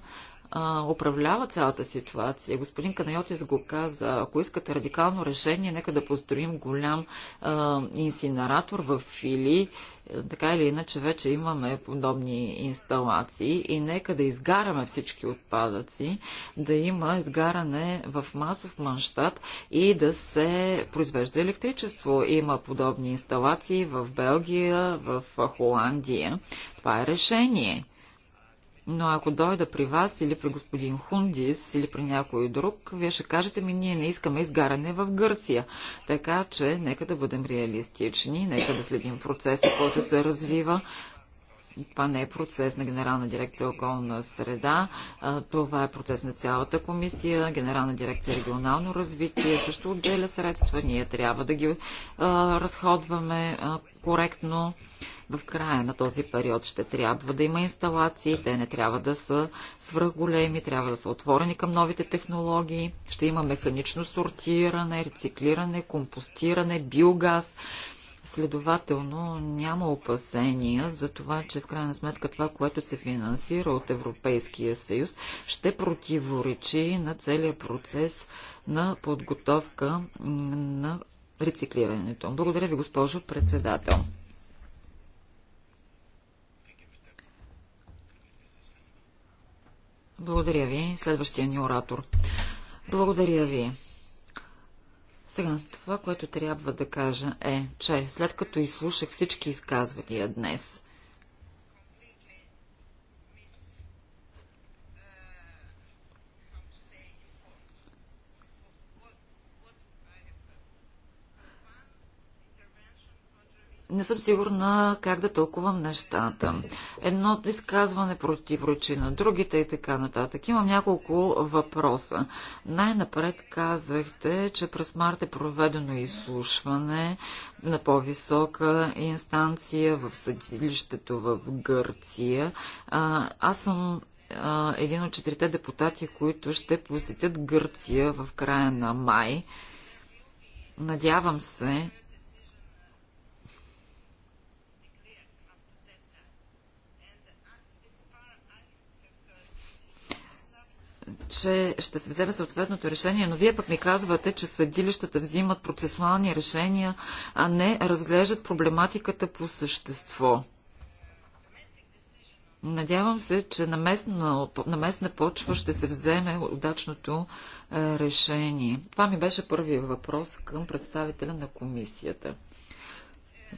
а, управлява цялата ситуация. Господин Канайотис го каза, ако искате радикално решение, нека да построим голям а, инсинератор в Фили. Така или иначе вече имаме подобни инсталации и нека да изгараме всички отпадъци, да има изгаране в масов мащаб и да се произвежда електричество. Има подобни инсталации в Белгия, в Холандия. Това е решение. Но ако дойда при вас или при господин Хундис или при някой друг, вие ще кажете ми, ние не искаме изгаране в Гърция. Така че, нека да бъдем реалистични, нека да следим процеса, който се развива. Това не е процес на Генерална дирекция околна среда, това е процес на цялата комисия. Генерална дирекция регионално развитие също отделя средства. Ние трябва да ги а, разходваме а, коректно. В края на този период ще трябва да има инсталации, те не трябва да са свръхголеми, трябва да са отворени към новите технологии, ще има механично сортиране, рециклиране, компостиране, биогаз. Следователно няма опасения за това, че в крайна сметка това, което се финансира от Европейския съюз, ще противоречи на целият процес на подготовка на рециклирането. Благодаря ви, госпожо председател. Благодаря ви. Следващия ни оратор. Благодаря ви. Сега, това, което трябва да кажа е, че след като изслушах всички изказвания днес, не съм сигурна как да тълкувам нещата. Едното изказване противоречи на другите и така нататък. Имам няколко въпроса. Най-напред казахте, че през март е проведено изслушване на по-висока инстанция в съдилището в Гърция. Аз съм един от четирите депутати, които ще посетят Гърция в края на май. Надявам се, че ще се вземе съответното решение, но вие пък ми казвате, че съдилищата взимат процесуални решения, а не разглеждат проблематиката по същество. Надявам се, че на местна, на местна почва ще се вземе удачното е, решение. Това ми беше първият въпрос към представителя на комисията.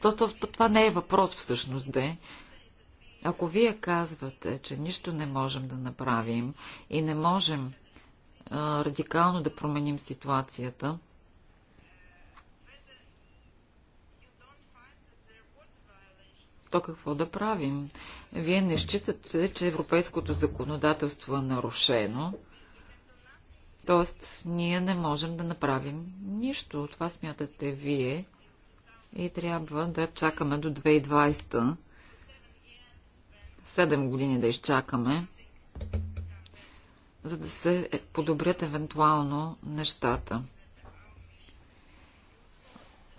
То, то, това не е въпрос всъщност, да Да е. Ако вие казвате, че нищо не можем да направим и не можем а, радикално да променим ситуацията, то какво да правим? Вие не считате, че европейското законодателство е нарушено, т.е. ние не можем да направим нищо. Това смятате вие и трябва да чакаме до 2020 7 години да изчакаме, за да се подобрят евентуално нещата.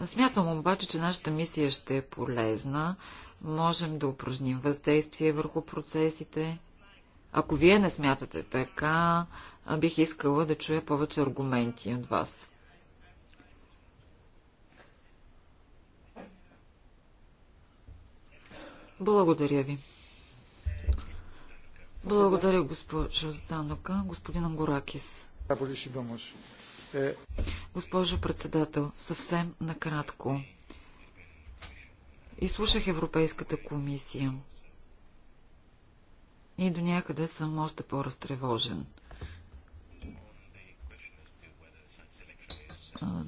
Смятам обаче, че нашата мисия ще е полезна. Можем да упражним въздействие върху процесите. Ако вие не смятате така, бих искала да чуя повече аргументи от вас. Благодаря ви. Благодаря, госпожо Зданока. Господин Ангоракис. Госпожо председател, съвсем накратко. Изслушах Европейската комисия. И до някъде съм още по-разтревожен.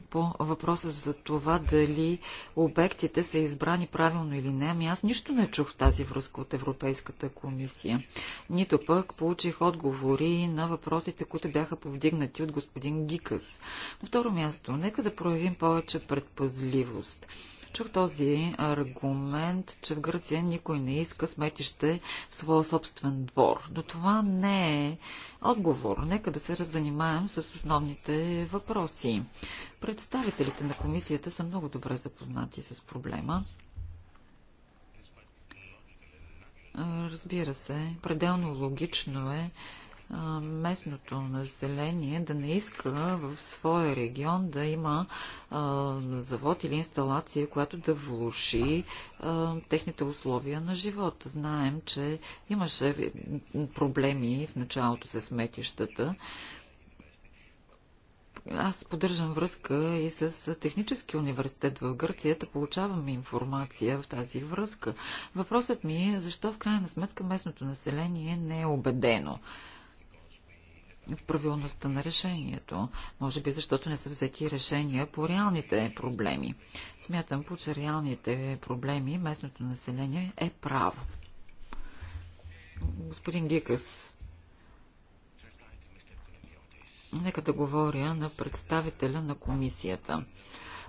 по въпроса за това дали обектите са избрани правилно или не. Ами аз нищо не чух в тази връзка от Европейската комисия. Нито пък получих отговори на въпросите, които бяха повдигнати от господин Гикъс. На второ място, нека да проявим повече предпазливост. Чух този аргумент, че в Гърция никой не иска сметище в своя собствен двор. Но това не е отговор. Нека да се раззанимаем с основните въпроси. Представителите на комисията са много добре запознати с проблема. Разбира се, пределно логично е местното население да не иска в своя регион да има завод или инсталация, която да влуши техните условия на живот. Знаем, че имаше проблеми в началото с сметищата аз поддържам връзка и с Технически университет в Гърция, да получавам информация в тази връзка. Въпросът ми е защо в крайна сметка местното население не е убедено в правилността на решението. Може би защото не са взети решения по реалните проблеми. Смятам, по че реалните проблеми местното население е право. Господин Гикас, нека да говоря на представителя на комисията.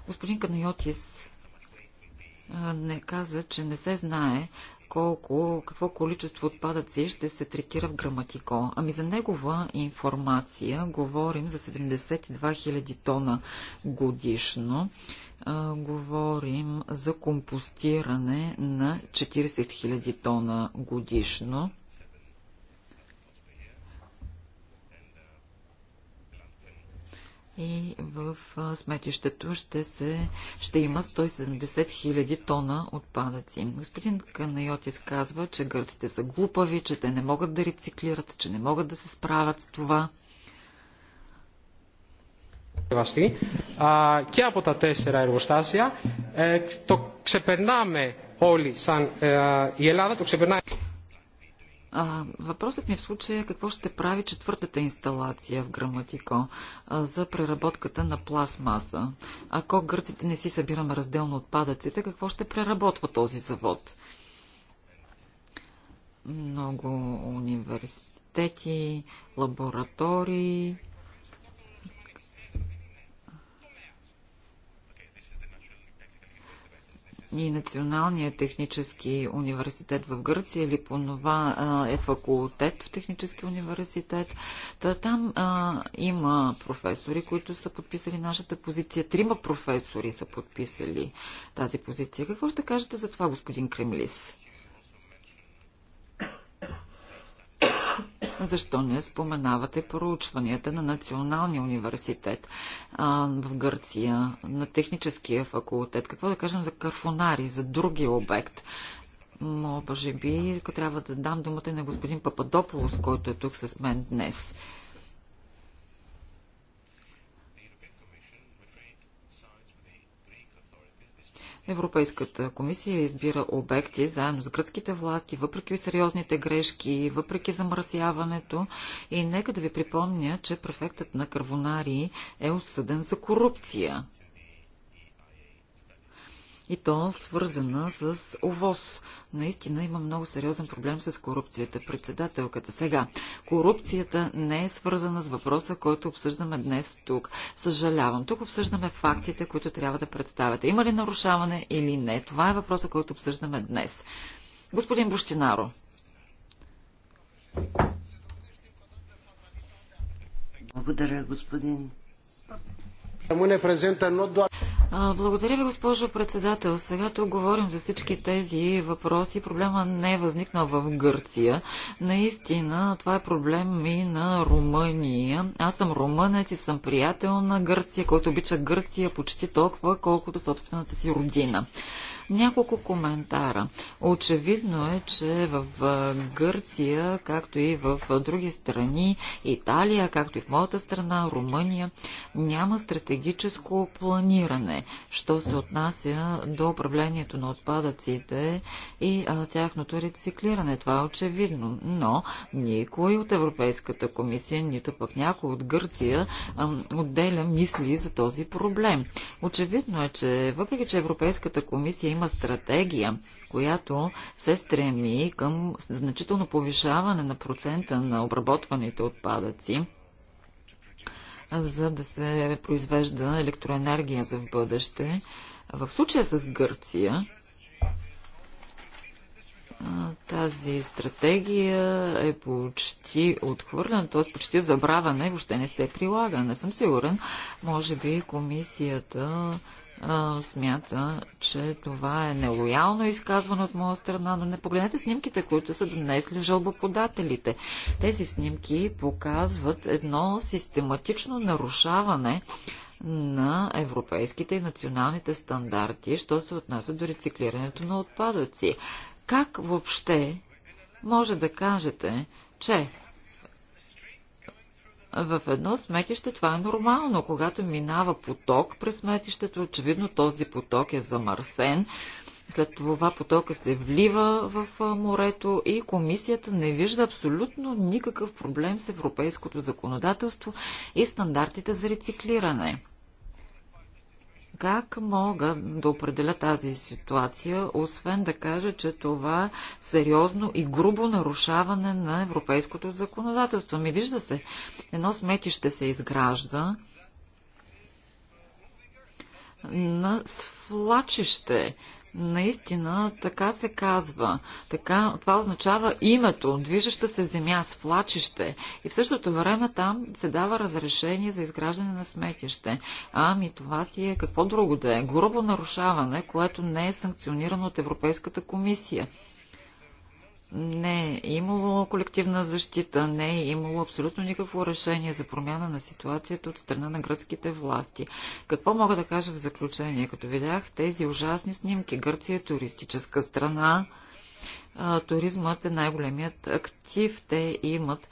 Господин Канайотис не каза, че не се знае колко, какво количество отпадъци ще се третира в граматико. Ами за негова информация говорим за 72 000 тона годишно. А, говорим за компостиране на 40 000 тона годишно. и в сметището ще, се, ще има 170 хиляди тона отпадъци. Господин Канайотис казва, че гърците са глупави, че те не могат да рециклират, че не могат да се справят с това. Και από τα τέσσερα εργοστάσια το ξεπερνάμε όλοι σαν η Ελλάδα, το ξεπερνάει. А, въпросът ми е в случая е какво ще прави четвъртата инсталация в Граматико а, за преработката на пластмаса. Ако гърците не си събираме разделно отпадъците, какво ще преработва този завод? Много университети, лаборатории, и Националния технически университет в Гърция или по това е факултет в технически университет. Та, там а, има професори, които са подписали нашата позиция. Трима професори са подписали тази позиция. Какво ще кажете за това, господин Кремлис? Защо не споменавате проучванията на Националния университет а, в Гърция, на Техническия факултет? Какво да кажем за Карфонари, за други обект? Може би, ако трябва да дам думата на господин Пападополос, който е тук с мен днес. Европейската комисия избира обекти заедно с гръцките власти, въпреки сериозните грешки, въпреки замърсяването. И нека да ви припомня, че префектът на Карбонари е осъден за корупция и то свързана с ОВОз. Наистина има много сериозен проблем с корупцията. Председателката сега. Корупцията не е свързана с въпроса, който обсъждаме днес тук. Съжалявам. Тук обсъждаме фактите, които трябва да представяте. Има ли нарушаване или не? Това е въпроса, който обсъждаме днес. Господин Бущинаро. Благодаря, господин благодаря ви, госпожо председател. Сега тук говорим за всички тези въпроси. Проблема не е възникнал в Гърция. Наистина, това е проблем и на Румъния. Аз съм румънец и съм приятел на Гърция, който обича Гърция почти толкова, колкото собствената си родина. Няколко коментара. Очевидно е, че в Гърция, както и в други страни, Италия, както и в моята страна, Румъния, няма стратегическо планиране, що се отнася до управлението на отпадъците и а, тяхното рециклиране. Това е очевидно. Но никой от Европейската комисия, нито пък някой от Гърция а, отделя мисли за този проблем. Очевидно е, че въпреки, че Европейската комисия има стратегия, която се стреми към значително повишаване на процента на обработваните отпадъци, за да се произвежда електроенергия за в бъдеще. В случая с Гърция, тази стратегия е почти отхвърлена, т.е. почти забравена и въобще не се прилага. Не съм сигурен. Може би комисията смята, че това е нелоялно изказване от моя страна, но не погледнете снимките, които са донесли жълбоподателите. Тези снимки показват едно систематично нарушаване на европейските и националните стандарти, що се отнася до рециклирането на отпадъци. Как въобще може да кажете, че в едно сметище това е нормално. Когато минава поток през сметището, очевидно този поток е замърсен. След това потока се влива в морето и комисията не вижда абсолютно никакъв проблем с европейското законодателство и стандартите за рециклиране. Как мога да определя тази ситуация, освен да кажа, че това е сериозно и грубо нарушаване на европейското законодателство? Ми вижда се, едно сметище се изгражда на свлачище Наистина, така се казва. Така, това означава името, движеща се земя, свлачище. И в същото време там се дава разрешение за изграждане на сметище. Ами това си е какво друго да е. Грубо нарушаване, което не е санкционирано от Европейската комисия не е имало колективна защита, не е имало абсолютно никакво решение за промяна на ситуацията от страна на гръцките власти. Какво мога да кажа в заключение? Като видях тези ужасни снимки, Гърция е туристическа страна, туризмът е най-големият актив. Те имат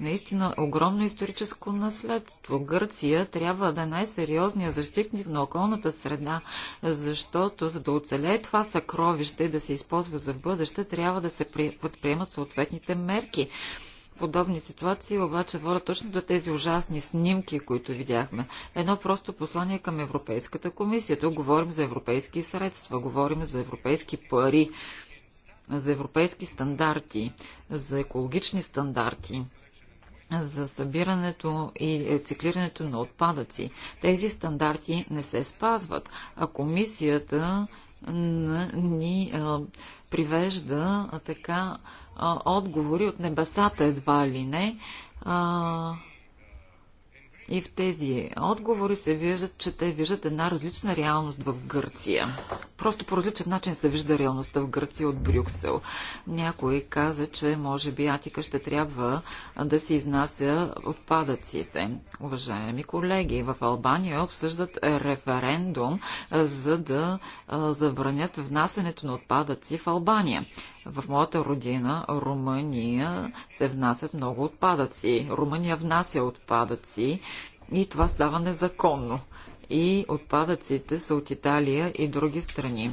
наистина огромно историческо наследство. Гърция трябва да е най-сериозният защитник на околната среда, защото за да оцелее това съкровище и да се използва за в бъдеще, трябва да се предприемат съответните мерки подобни ситуации обаче водят точно до тези ужасни снимки, които видяхме. Едно просто послание към Европейската комисия. Тук говорим за европейски средства, говорим за европейски пари, за европейски стандарти, за екологични стандарти за събирането и рециклирането на отпадъци. Тези стандарти не се спазват, а комисията ни привежда така отговори от небесата едва ли не и в тези отговори се виждат, че те виждат една различна реалност в Гърция. Просто по различен начин се вижда реалността в Гърция от Брюксел. Някой каза, че може би Атика ще трябва да се изнася отпадъците. Уважаеми колеги, в Албания обсъждат референдум, за да забранят внасенето на отпадъци в Албания. В моята родина, Румъния, се внасят много отпадъци. Румъния внася отпадъци и това става незаконно. И отпадъците са от Италия и други страни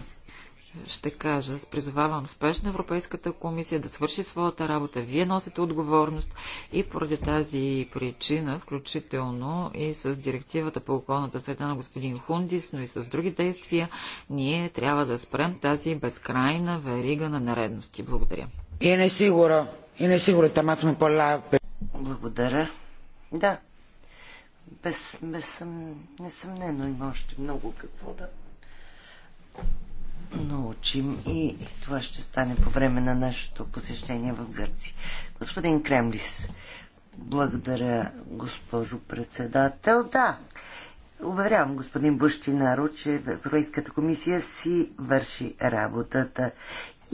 ще кажа, призовавам спешно Европейската комисия да свърши своята работа. Вие носите отговорност и поради тази причина, включително и с директивата по околната среда на господин Хундис, но и с други действия, ние трябва да спрем тази безкрайна верига на наредности. Благодаря. И не сигуро. И не сигуро, тама сме по Благодаря. Да. Без, без, несъмнено има още много какво да научим и това ще стане по време на нашето посещение в Гърция. Господин Кремлис, благодаря, госпожо председател. Да, уверявам господин Бущинаро, че Европейската комисия си върши работата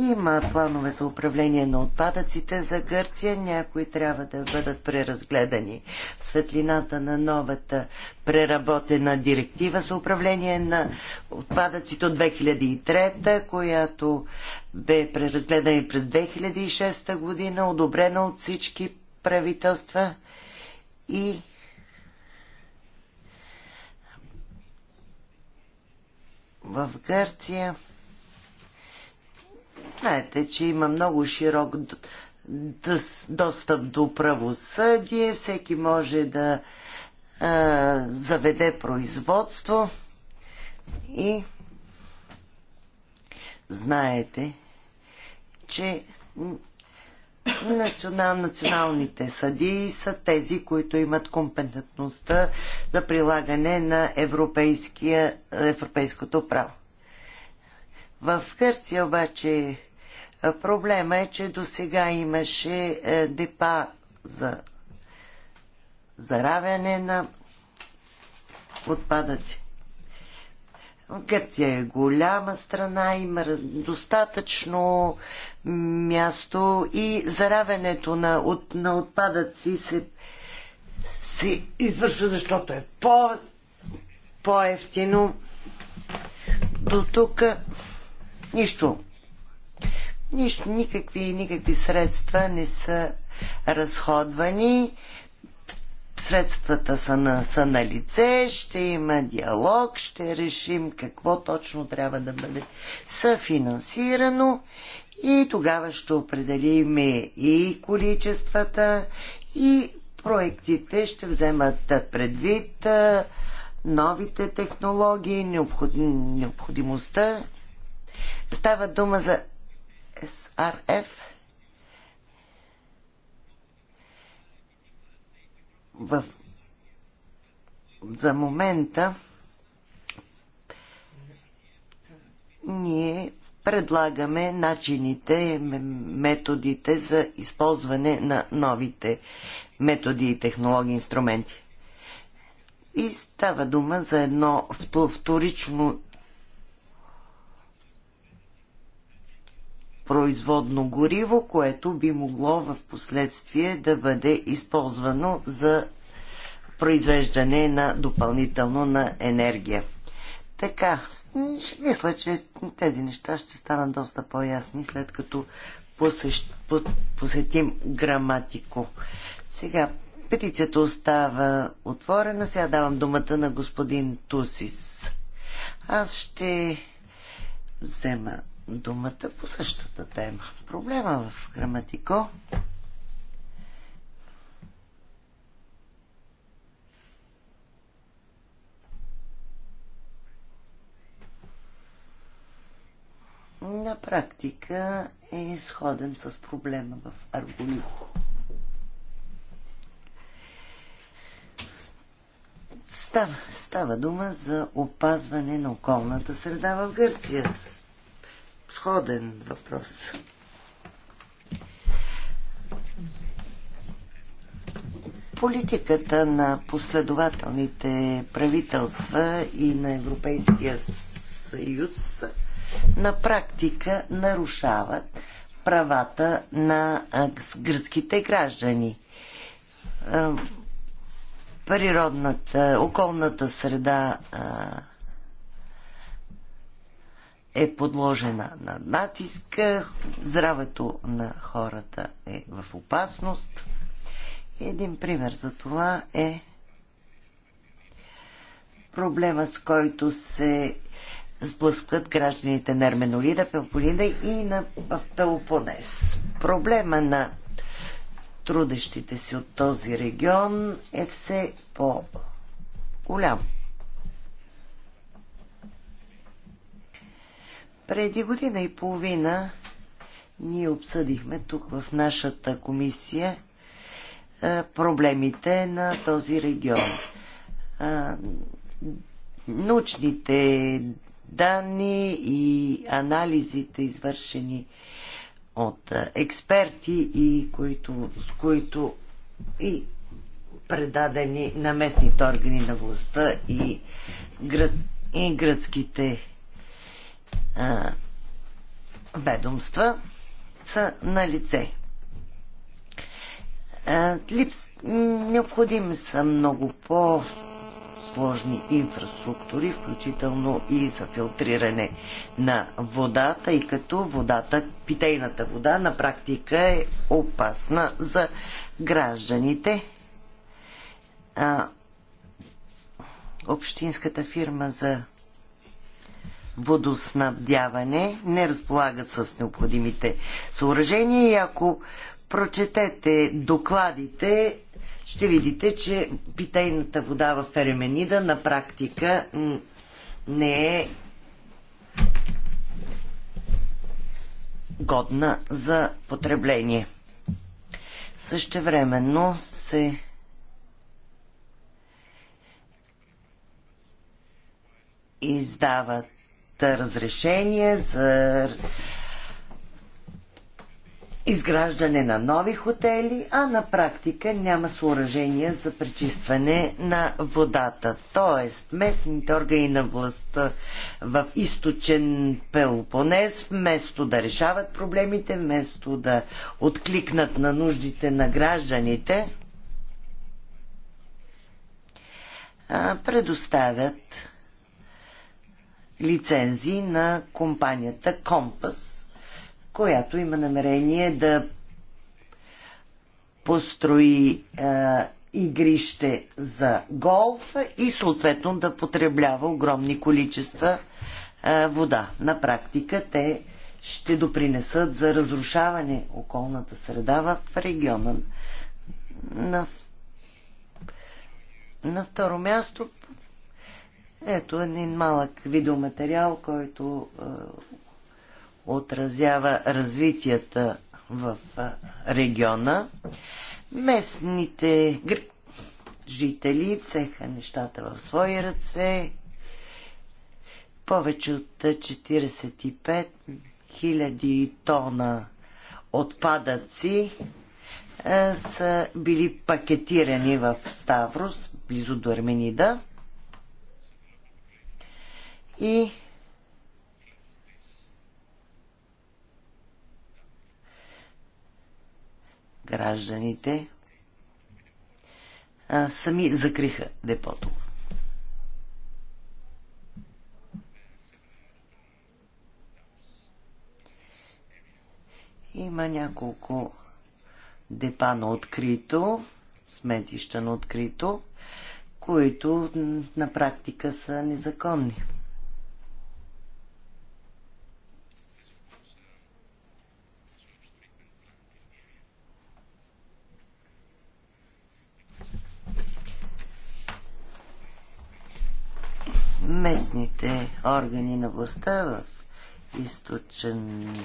има планове за управление на отпадъците за Гърция. Някои трябва да бъдат преразгледани в светлината на новата преработена директива за управление на отпадъците от 2003, която бе преразгледана и през 2006 година, одобрена от всички правителства и в Гърция Знаете, че има много широк достъп до правосъдие, всеки може да а, заведе производство и знаете, че национал, националните съдии са тези, които имат компетентността за прилагане на европейското право. В Гърция обаче проблема е, че до сега имаше е, депа за заравяне на отпадъци. Гърция е голяма страна, има достатъчно място и заравянето на, от, на отпадъци се, се извършва, защото е по, по-ефтино. До тук Нищо. Нищо, никакви, никакви средства не са разходвани. Средствата са на, са на лице, ще има диалог, ще решим какво точно трябва да бъде съфинансирано и тогава ще определим и количествата, и проектите ще вземат предвид новите технологии, необходимостта Става дума за SRF. В... За момента ние предлагаме начините, методите за използване на новите методи и технологии, инструменти. И става дума за едно вторично производно гориво, което би могло в последствие да бъде използвано за произвеждане на допълнително на енергия. Така, мисля, че тези неща ще станат доста по-ясни, след като посетим граматико. Сега, петицията остава отворена. Сега давам думата на господин Тусис. Аз ще взема думата по същата тема. Проблема в Граматико на практика е сходен с проблема в Аргонико. Става, става дума за опазване на околната среда в Гърция сходен въпрос. Политиката на последователните правителства и на Европейския съюз на практика нарушават правата на гръцките граждани. Природната, околната среда е подложена на натиск, здравето на хората е в опасност. Един пример за това е проблема, с който се сблъскват гражданите на Арменолида, Пелполида и на Пелопонес. Проблема на трудещите си от този регион е все по-голям. Преди година и половина ние обсъдихме тук в нашата комисия е, проблемите на този регион. Е, научните данни и анализите, извършени от е, експерти и които, с които и предадени на местните органи на властта и, град, и градските а, ведомства са на лице. А, липс... Необходими са много по сложни инфраструктури, включително и за филтриране на вода, тъй като водата, питейната вода на практика е опасна за гражданите. А, общинската фирма за водоснабдяване не разполага с необходимите съоръжения и ако прочетете докладите, ще видите, че питейната вода в Еременида на практика не е годна за потребление. Същевременно се издават разрешение за изграждане на нови хотели, а на практика няма съоръжения за пречистване на водата. Тоест, местните органи на властта в източен Пелопонез, вместо да решават проблемите, вместо да откликнат на нуждите на гражданите, предоставят лицензи на компанията Компас, която има намерение да построи е, игрище за голф и съответно да потреблява огромни количества е, вода. На практика те ще допринесат за разрушаване околната среда в региона. На, на второ място ето един малък видеоматериал, който е, отразява развитията в е, региона. Местните жители цеха нещата в свои ръце. Повече от 45 000 тона отпадъци е, са били пакетирани в Ставрос, близо до Арменида и гражданите а, сами закриха депото. Има няколко депа на открито, сметища на открито, които на практика са незаконни. местните органи на властта в източен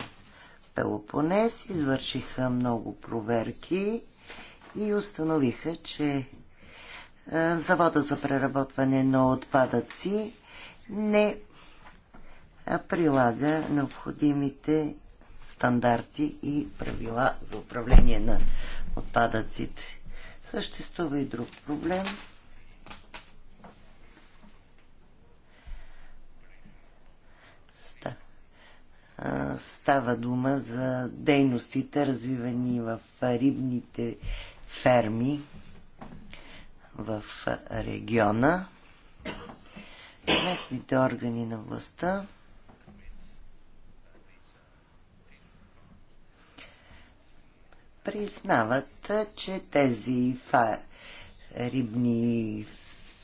Пелопонес извършиха много проверки и установиха, че завода за преработване на отпадъци не прилага необходимите стандарти и правила за управление на отпадъците. Съществува и друг проблем – става дума за дейностите, развивани в рибните ферми в региона. Местните органи на властта признават, че тези фа... рибни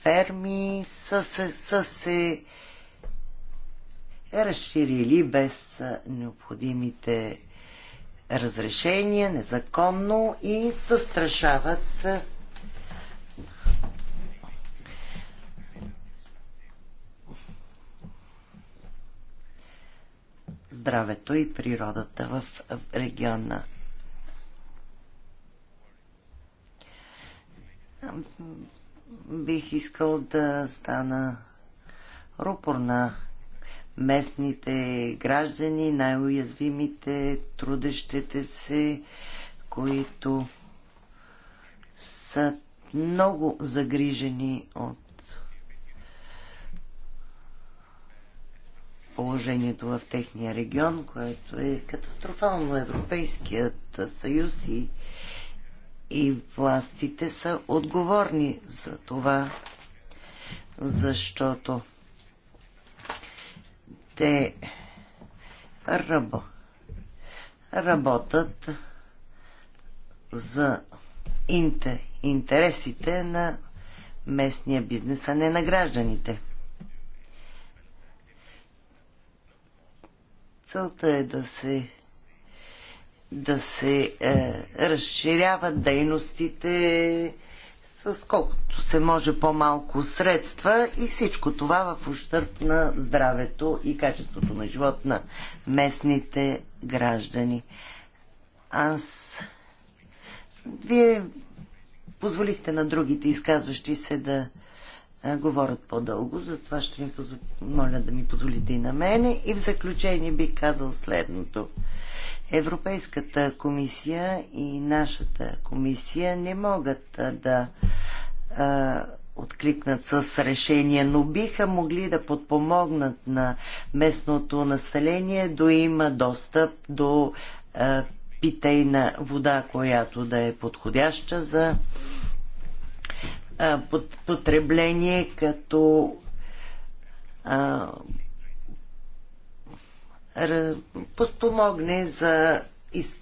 ферми са, се, са се е разширили без необходимите разрешения, незаконно и състрашават здравето и природата в региона. Бих искал да стана рупор на местните граждани, най-уязвимите, трудещите се, които са много загрижени от положението в техния регион, което е катастрофално. Европейският съюз и, и властите са отговорни за това, защото те ръб, работят за интер, интересите на местния бизнес, а не на гражданите. Целта е да се да се е, разширяват дейностите, с колкото се може по-малко средства и всичко това в ущърп на здравето и качеството на живот на местните граждани. Аз... Вие позволихте на другите изказващи се да е, говорят по-дълго, затова ще ми моля да ми позволите и на мене. И в заключение би казал следното. Европейската комисия и нашата комисия не могат да а, откликнат с решение, но биха могли да подпомогнат на местното население да има достъп до а, питейна вода, която да е подходяща за потребление като подпомогне за из...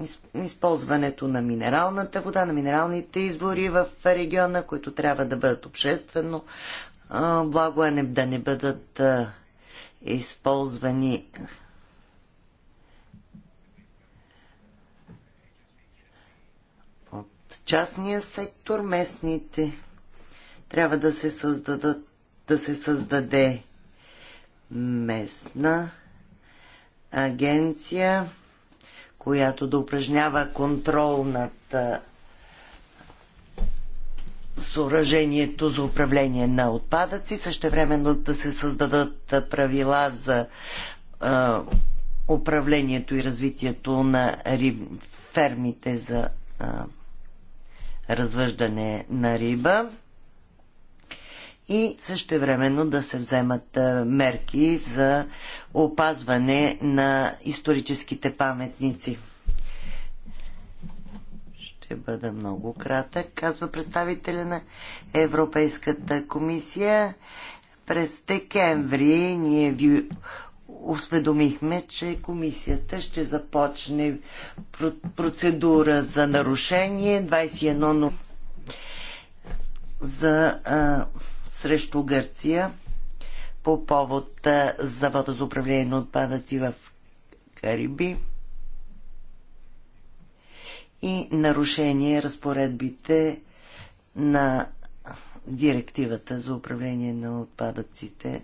Из... използването на минералната вода, на минералните извори в региона, които трябва да бъдат обществено благо, а не да не бъдат използвани частния сектор, местните. Трябва да се, създадат, да се създаде местна агенция, която да упражнява контрол над съоръжението за управление на отпадъци, същевременно да се създадат правила за а, управлението и развитието на фермите за а, развъждане на риба и също времено да се вземат е, мерки за опазване на историческите паметници. Ще бъда много кратък, казва представителя на Европейската комисия. През декември ние ви осведомихме, че комисията ще започне процедура за нарушение 21 за, а, срещу Гърция по повод а, завода за управление на отпадъци в Кариби и нарушение разпоредбите на директивата за управление на отпадъците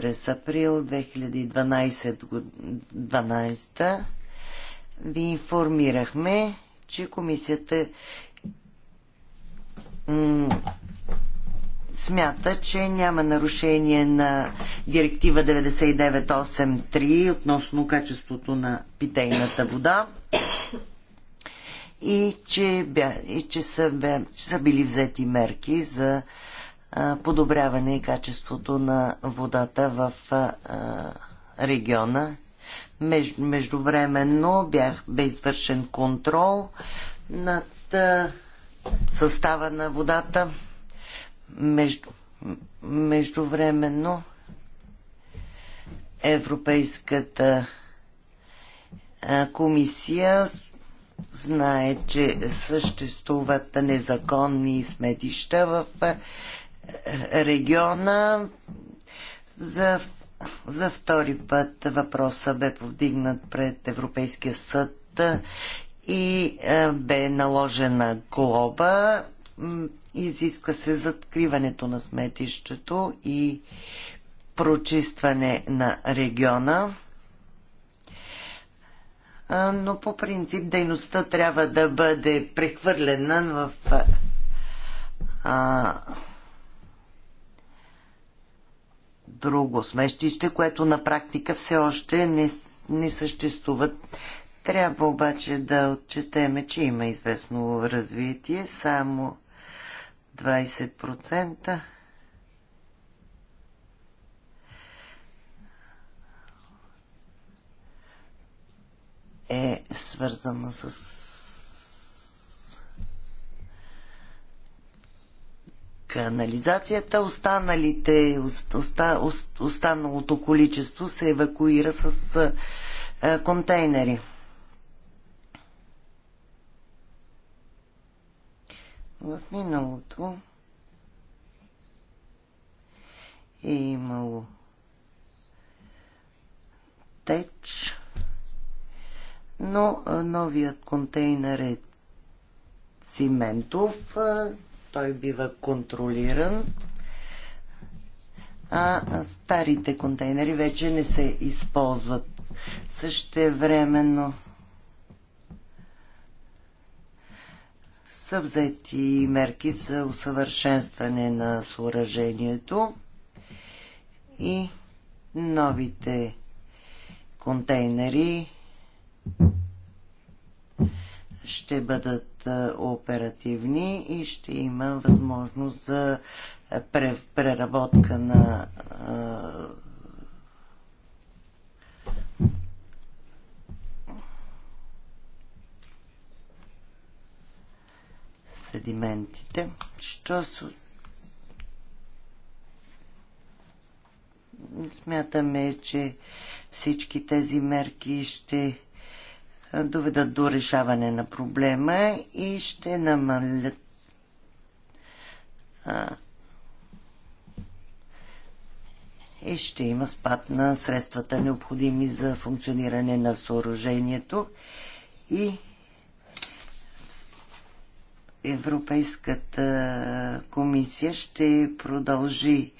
през април 2012 ви информирахме, че комисията смята, че няма нарушение на директива 9983 относно качеството на питейната вода и че, бя, и че, са, че са били взети мерки за подобряване и качеството на водата в региона. Междувременно бях, бе извършен контрол над състава на водата. Между, междувременно Европейската комисия знае, че съществуват незаконни сметища в региона. За, за втори път въпроса бе повдигнат пред Европейския съд и е, бе наложена глоба. Изиска се закриването на сметището и прочистване на региона. Но по принцип дейността трябва да бъде прехвърлена в друго смещище, което на практика все още не, не съществуват. Трябва обаче да отчетеме, че има известно развитие, само 20%. е свързано с канализацията, останалите, оста, останалото количество се евакуира с а, контейнери. В миналото е имало теч, но новият контейнер е циментов той бива контролиран, а старите контейнери вече не се използват. Същевременно са взети мерки за усъвършенстване на съоръжението и новите контейнери ще бъдат оперативни и ще има възможност за преработка на седиментите. Що се смятаме, че всички тези мерки ще доведат до решаване на проблема и ще намалят и ще има спад на средствата необходими за функциониране на съоръжението и Европейската комисия ще продължи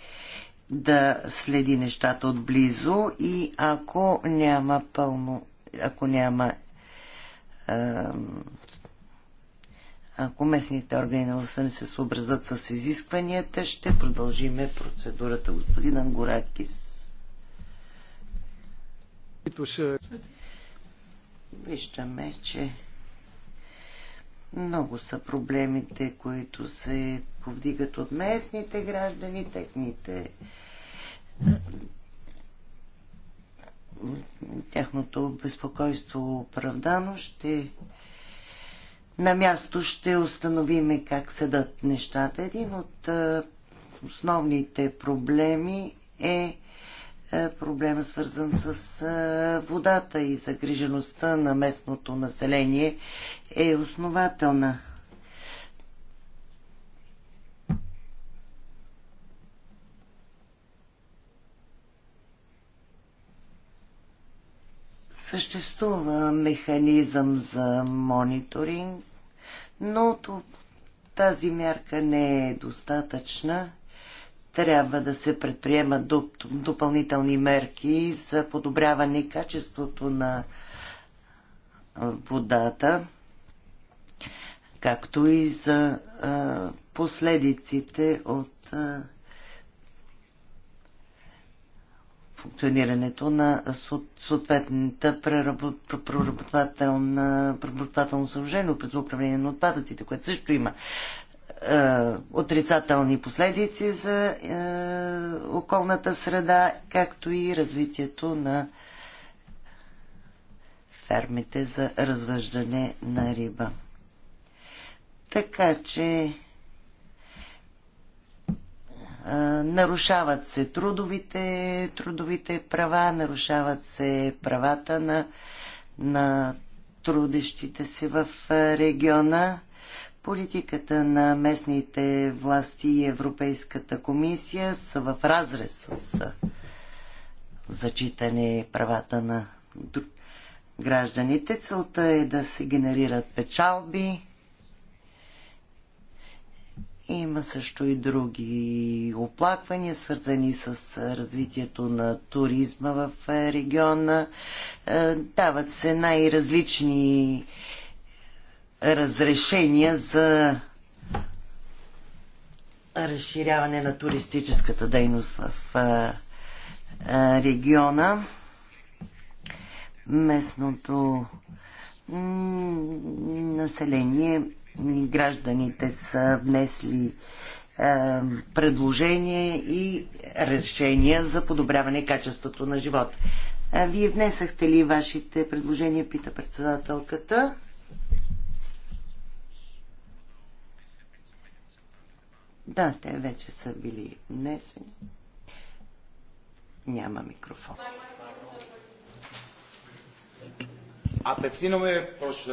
да следи нещата отблизо и ако няма пълно ако няма ако местните органи на властта не се съобразят с изискванията, ще продължиме процедурата. Господин Ангоракис. Виждаме, че много са проблемите, които се повдигат от местните граждани, техните тяхното безпокойство оправдано. Ще на място ще установиме как седат нещата. Един от основните проблеми е проблема свързан с водата и загрижеността на местното население е основателна. Съществува механизъм за мониторинг, но тази мярка не е достатъчна. Трябва да се предприемат допълнителни мерки за подобряване качеството на водата, както и за последиците от функционирането на съответната преработвателно съоръжение през управление на отпадъците, което също има е, отрицателни последици за е, околната среда, както и развитието на фермите за развъждане на риба. Така че нарушават се трудовите, трудовите права, нарушават се правата на, на трудещите се в региона. Политиката на местните власти и Европейската комисия са в разрез с зачитане правата на гражданите. Целта е да се генерират печалби, има също и други оплаквания, свързани с развитието на туризма в региона. Е, дават се най-различни разрешения за разширяване на туристическата дейност в региона. Местното население гражданите са внесли е, предложения и решения за подобряване качеството на живота. Е, вие внесахте ли вашите предложения, пита председателката? Да, те вече са били внесени. Няма микрофон. Апευθύνομαι προς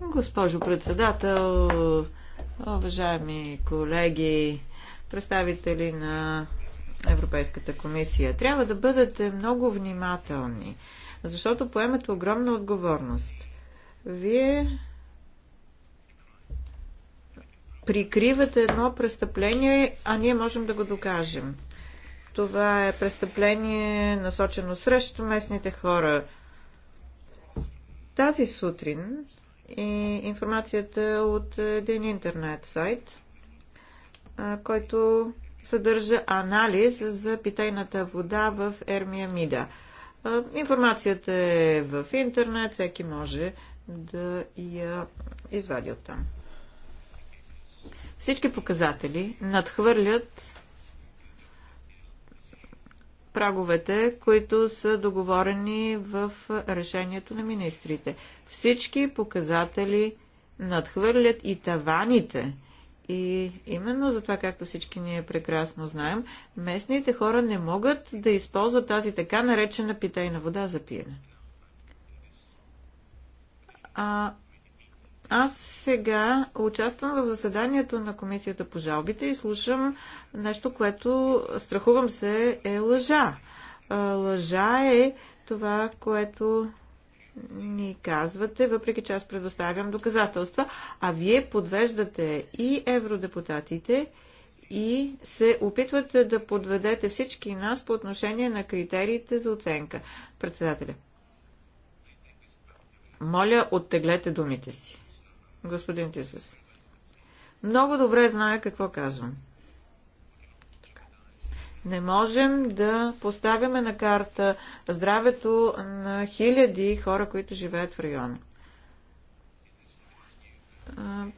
Госпожо председател, уважаеми колеги, представители на Европейската комисия, трябва да бъдете много внимателни, защото поемате огромна отговорност. Вие прикривате едно престъпление, а ние можем да го докажем. Това е престъпление насочено срещу местните хора. Тази сутрин и информацията от един интернет сайт, който съдържа анализ за питейната вода в Ермия Мида. Информацията е в интернет, всеки може да я извади от там. Всички показатели надхвърлят праговете, които са договорени в решението на министрите. Всички показатели надхвърлят и таваните. И именно за това, както всички ние прекрасно знаем, местните хора не могат да използват тази така наречена питейна вода за пиене. А аз сега участвам в заседанието на Комисията по жалбите и слушам нещо, което страхувам се е лъжа. Лъжа е това, което ни казвате, въпреки че аз предоставям доказателства, а вие подвеждате и евродепутатите, и се опитвате да подведете всички нас по отношение на критериите за оценка. Председателя, моля, оттеглете думите си господин Тисус, Много добре знае какво казвам. Не можем да поставяме на карта здравето на хиляди хора, които живеят в района.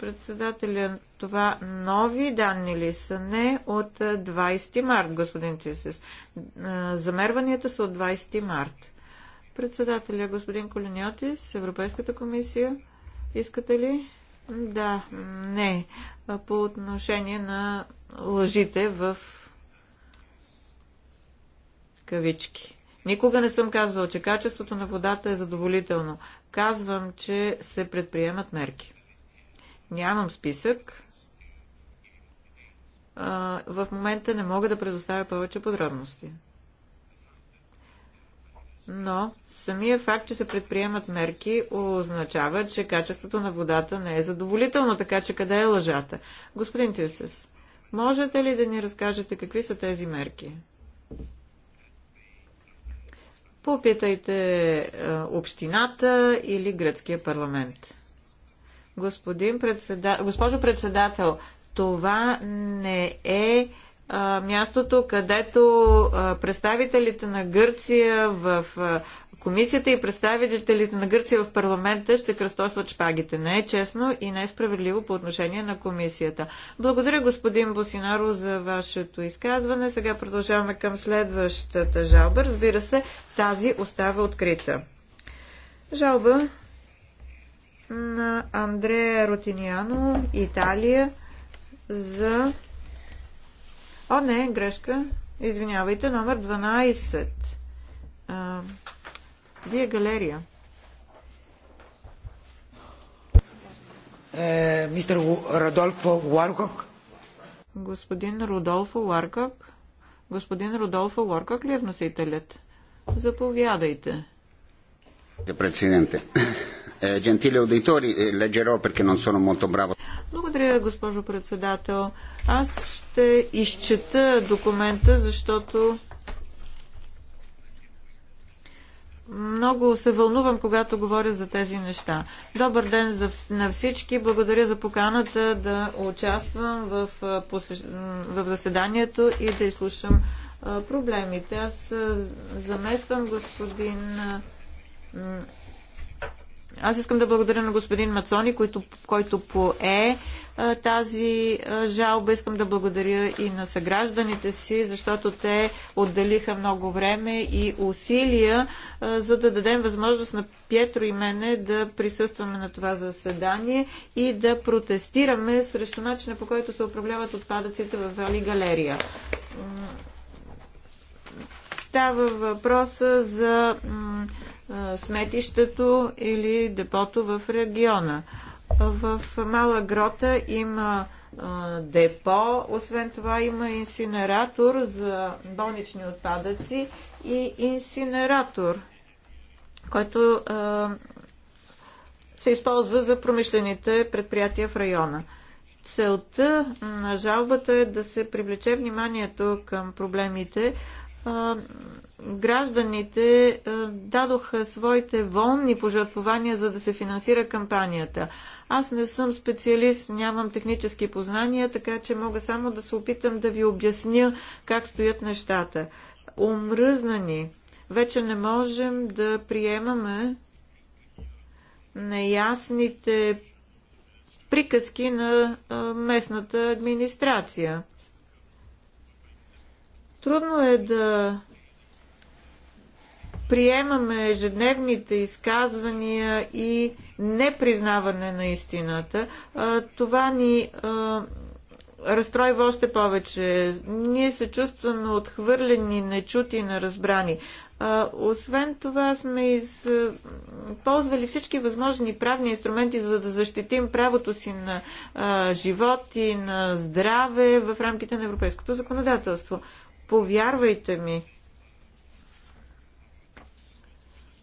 Председателя, това нови данни ли са? Не от 20 март, господин Тисис. Замерванията са от 20 март. Председателя, господин Колиниотис, Европейската комисия. Искате ли? Да, не. По отношение на лъжите в кавички. Никога не съм казвал, че качеството на водата е задоволително. Казвам, че се предприемат мерки. Нямам списък. В момента не мога да предоставя повече подробности но самия факт, че се предприемат мерки, означава, че качеството на водата не е задоволително, така че къде е лъжата? Господин Тюсес, можете ли да ни разкажете какви са тези мерки? Попитайте е, общината или гръцкия парламент. Господин Госпожо председател, това не е мястото, където представителите на Гърция в комисията и представителите на Гърция в парламента ще кръстосват шпагите. Не е честно и не е справедливо по отношение на комисията. Благодаря господин Босинаро за вашето изказване. Сега продължаваме към следващата жалба. Разбира се, тази остава открита. Жалба на Андрея Ротиниано, Италия, за О, не, грешка. Извинявайте, номер 12. А, вие галерия. Е, мистер Родолфо Уаркок. Господин Родолфо Уаркок. Господин Родолфо Уаркок ли е вносителят? Заповядайте. Президенте. Eh, gentili аудитори, легgerò eh, perché Благодаря, госпожо председател. Аз ще изчета документа, защото много се вълнувам, когато говоря за тези неща. Добър ден за, на всички. Благодаря за поканата да участвам в, посещ... в заседанието и да изслушам проблемите. Аз замествам господин аз искам да благодаря на господин Мацони, който, който пое тази жалба. Искам да благодаря и на съгражданите си, защото те отделиха много време и усилия, за да дадем възможност на Петро и мене да присъстваме на това заседание и да протестираме срещу начина по който се управляват отпадъците в Вали Галерия. Става въпроса за сметището или депото в региона. В Мала Грота има депо, освен това има инсинератор за болнични отпадъци и инсинератор, който се използва за промишлените предприятия в района. Целта на жалбата е да се привлече вниманието към проблемите гражданите дадоха своите волни пожертвования, за да се финансира кампанията. Аз не съм специалист, нямам технически познания, така че мога само да се опитам да ви обясня как стоят нещата. Умръзнани. Вече не можем да приемаме неясните приказки на местната администрация. Трудно е да приемаме ежедневните изказвания и непризнаване на истината, това ни разстройва още повече. Ние се чувстваме отхвърлени, нечути, неразбрани. освен това сме използвали всички възможни правни инструменти, за да защитим правото си на а, живот и на здраве в рамките на европейското законодателство. Повярвайте ми,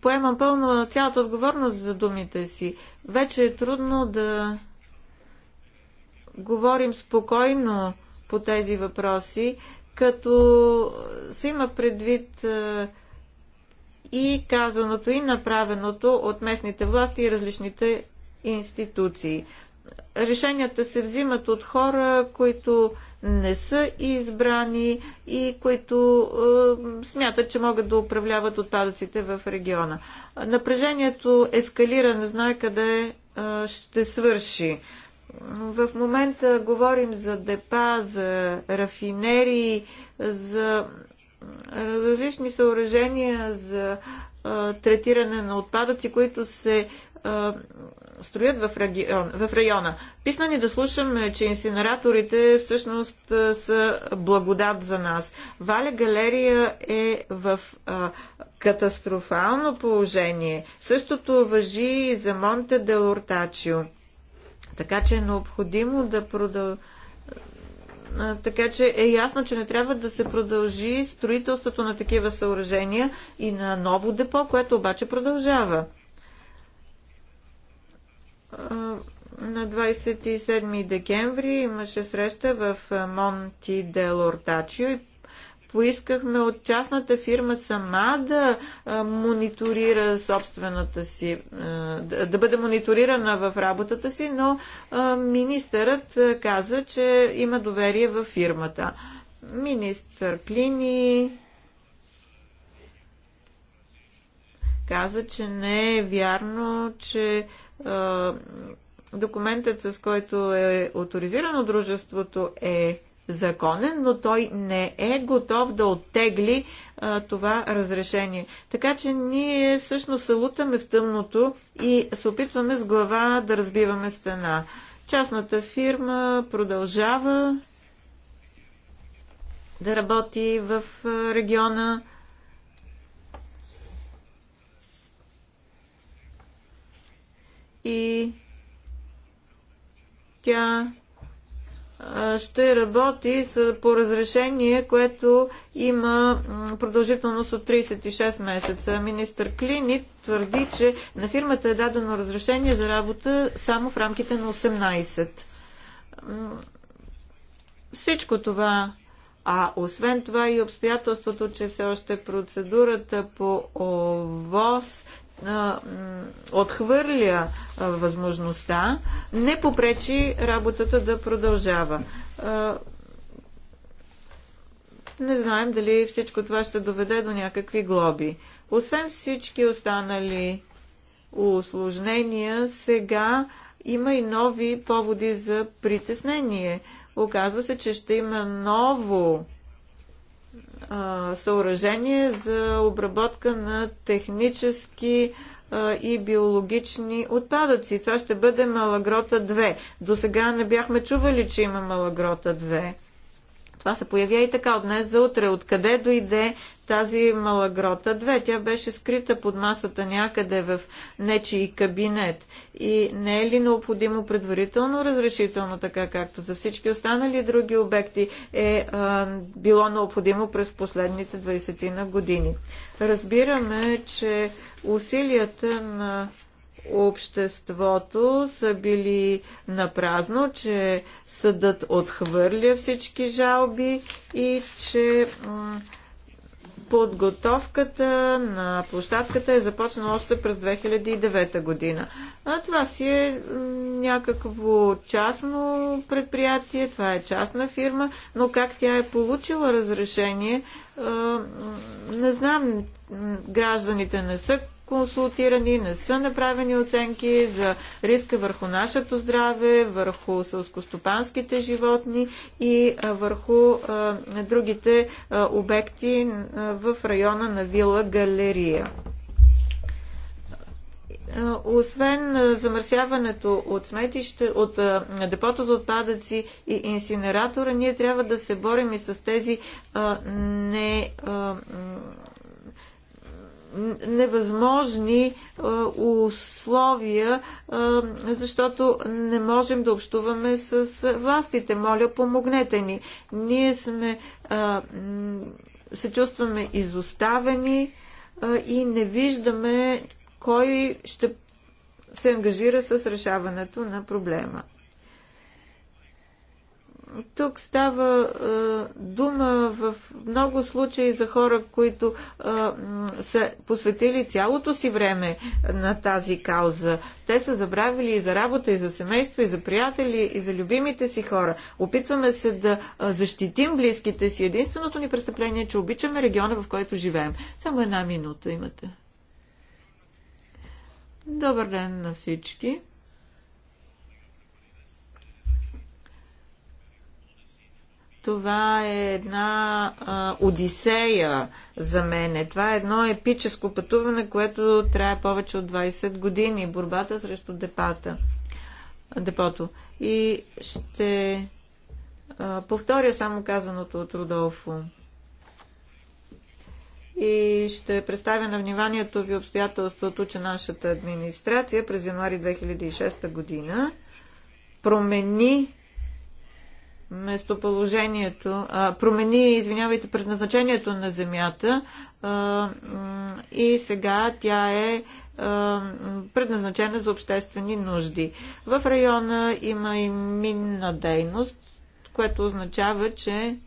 поемам пълно цялата отговорност за думите си. Вече е трудно да говорим спокойно по тези въпроси, като се има предвид е, и казаното и направеното от местните власти и различните институции решенията се взимат от хора, които не са избрани и които е, смятат, че могат да управляват отпадъците в региона. Напрежението ескалира, не знае къде е, ще свърши. В момента говорим за депа, за рафинерии, за е, различни съоръжения за е, третиране на отпадъци, които се строят в, регион, в района. Писна ни е да слушаме, че инсинераторите всъщност са благодат за нас. Валя галерия е в а, катастрофално положение. Същото въжи и за Монте де Лортачио. Така че е необходимо да продължим така че е ясно, че не трябва да се продължи строителството на такива съоръжения и на ново депо, което обаче продължава. на 27 декември имаше среща в Монти де Лортачио и поискахме от частната фирма сама да мониторира собствената си, да бъде мониторирана в работата си, но министърът каза, че има доверие в фирмата. Министър Клини каза, че не е вярно, че документът, с който е авторизирано дружеството е законен, но той не е готов да оттегли а, това разрешение. Така че ние всъщност се лутаме в тъмното и се опитваме с глава да разбиваме стена. Частната фирма продължава да работи в региона. И тя ще работи по разрешение, което има продължителност от 36 месеца. Министър Клини твърди, че на фирмата е дадено разрешение за работа само в рамките на 18. Всичко това, а освен това и обстоятелството, че все още процедурата по ОВОС отхвърля възможността, не попречи работата да продължава. Не знаем дали всичко това ще доведе до някакви глоби. Освен всички останали усложнения, сега има и нови поводи за притеснение. Оказва се, че ще има ново съоръжение за обработка на технически и биологични отпадъци. Това ще бъде Малагрота 2. До сега не бяхме чували, че има Малагрота 2. Това се появя и така от днес за утре. Откъде дойде тази малагрота две, Тя беше скрита под масата някъде в нечий кабинет. И не е ли необходимо предварително разрешително, така както за всички останали други обекти е а, било необходимо през последните 20 на години? Разбираме, че усилията на обществото са били на празно, че съдът отхвърля всички жалби и че подготовката на площадката е започнала още през 2009 година. А това си е някакво частно предприятие, това е частна фирма, но как тя е получила разрешение, не знам, гражданите не са консултирани, не са направени оценки за риска върху нашето здраве, върху сълскостопанските животни и върху другите обекти в района на Вила Галерия. Освен замърсяването от сметище, от депото за отпадъци и инсинератора, ние трябва да се борим и с тези не невъзможни е, условия, е, защото не можем да общуваме с властите. Моля, помогнете ни. Ние сме е, се чувстваме изоставени и не виждаме кой ще се ангажира с решаването на проблема. Тук става а, дума в много случаи за хора, които а, са посветили цялото си време на тази кауза. Те са забравили и за работа, и за семейство, и за приятели, и за любимите си хора. Опитваме се да защитим близките си. Единственото ни престъпление е, че обичаме региона, в който живеем. Само една минута имате. Добър ден на всички. Това е една а, одисея за мене. Това е едно епическо пътуване, което трае повече от 20 години. Борбата срещу депата, депото. И ще а, повторя само казаното от Рудолфо. И ще представя на вниманието ви обстоятелството, че нашата администрация през януари 2006 година промени местоположението, а, промени, извинявайте, предназначението на земята а, и сега тя е а, предназначена за обществени нужди. В района има и минна дейност, което означава, че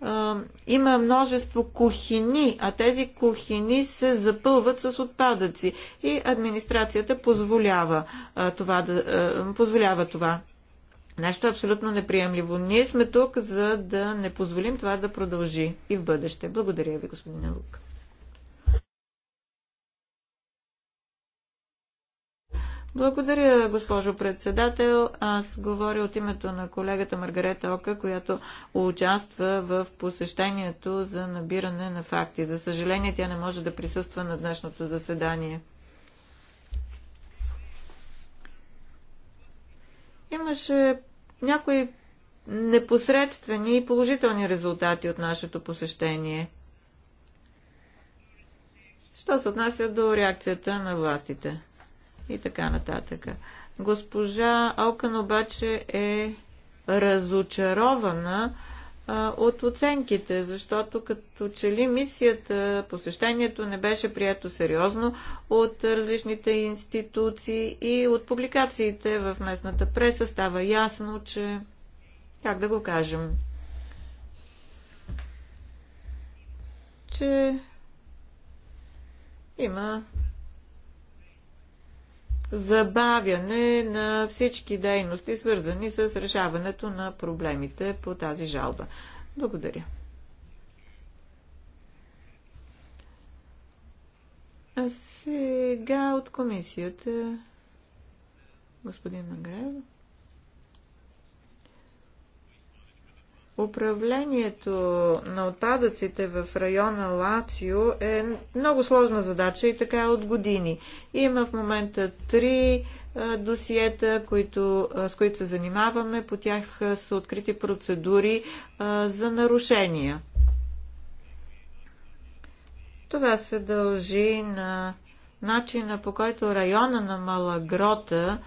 а, има множество кухини, а тези кухини се запълват с отпадъци и администрацията позволява а, това. Да, а, позволява това. Нещо абсолютно неприемливо. Ние сме тук, за да не позволим това да продължи и в бъдеще. Благодаря ви, господин Лук. Благодаря, госпожо председател. Аз говоря от името на колегата Маргарета Ока, която участва в посещението за набиране на факти. За съжаление, тя не може да присъства на днешното заседание. Имаше някои непосредствени и положителни резултати от нашето посещение. Що се отнася до реакцията на властите и така нататък. Госпожа Алкан обаче е разочарована от оценките, защото като че ли мисията, посещението не беше прието сериозно от различните институции и от публикациите в местната преса става ясно, че как да го кажем, че има забавяне на всички дейности, свързани с решаването на проблемите по тази жалба. Благодаря. А сега от комисията господин Маграева. Управлението на отпадъците в района Лацио е много сложна задача и така е от години. Има в момента три досиета, които, с които се занимаваме. По тях са открити процедури за нарушения. Това се дължи на начина по който района на Малагрота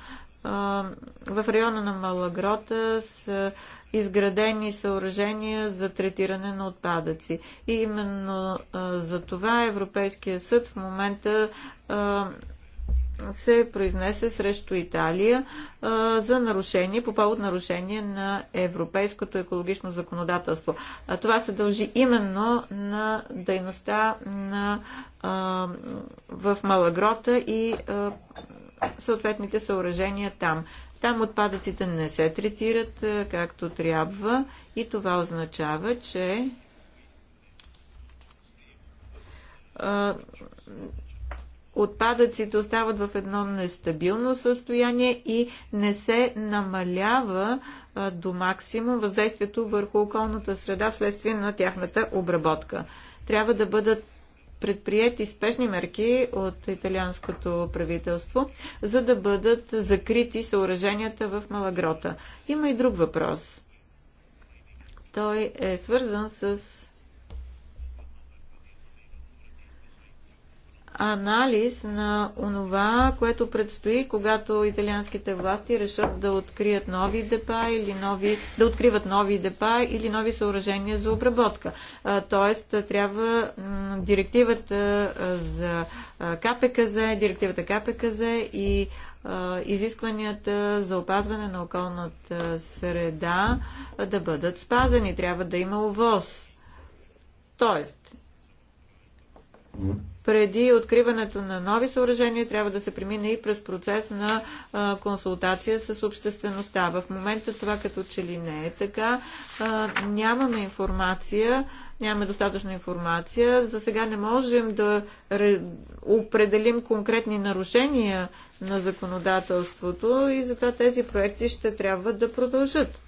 в района на Малагрота са изградени съоръжения за третиране на отпадъци. И именно за това Европейския съд в момента се произнесе срещу Италия а, за нарушение, по повод нарушение на европейското екологично законодателство. А, това се дължи именно на дейността на, а, в Малагрота и а, съответните съоръжения там. Там отпадъците не се третират е, както трябва и това означава, че е, отпадъците остават в едно нестабилно състояние и не се намалява е, до максимум въздействието върху околната среда вследствие на тяхната обработка. Трябва да бъдат предприяти спешни мерки от италианското правителство, за да бъдат закрити съоръженията в Малагрота. Има и друг въпрос. Той е свързан с анализ на онова, което предстои, когато италианските власти решат да открият нови депа или нови, да откриват нови депа или нови съоръжения за обработка. Тоест, трябва директивата за КПКЗ, директивата КПКЗ и изискванията за опазване на околната среда да бъдат спазени. Трябва да има овоз. Тоест, преди откриването на нови съоръжения трябва да се премине и през процес на а, консултация с обществеността. В момента това като че ли не е така. А, нямаме информация, нямаме достатъчно информация. За сега не можем да ре... определим конкретни нарушения на законодателството и затова тези проекти ще трябва да продължат.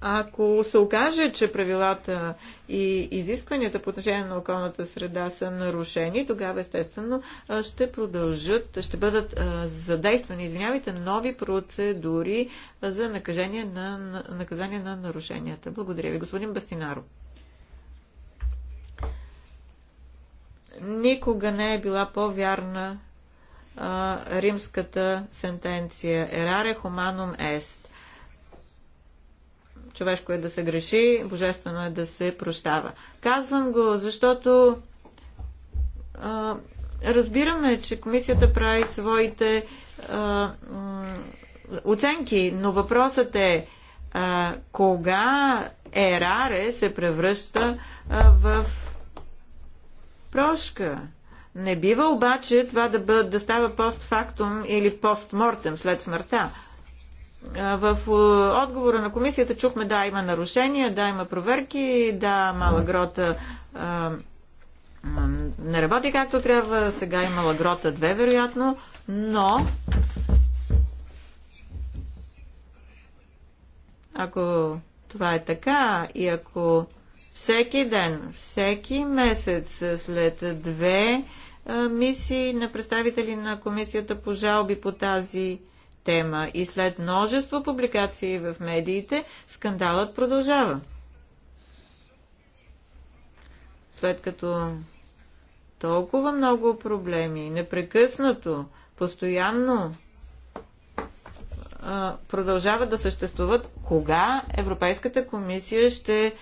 Ако се окаже, че правилата и изискванията по отношение на околната среда са нарушени, тогава естествено ще продължат, ще бъдат задействани, извинявайте, нови процедури за наказание на, наказание на нарушенията. Благодаря ви, господин Бастинаро. Никога не е била по-вярна римската сентенция Ераре хуманум ест човешко е да се греши, божествено е да се прощава. Казвам го, защото а, разбираме, че комисията прави своите а, оценки, но въпросът е а, кога Ераре се превръща а, в прошка. Не бива обаче това да, бъд, да става постфактум или постмортем след смъртта. В отговора на комисията чухме да има нарушения, да има проверки, да мала грота не работи както трябва. Сега има лагрота 2, вероятно, но ако това е така и ако всеки ден, всеки месец след две мисии на представители на комисията по жалби по тази тема и след множество публикации в медиите, скандалът продължава. След като толкова много проблеми, непрекъснато, постоянно продължават да съществуват, кога Европейската комисия ще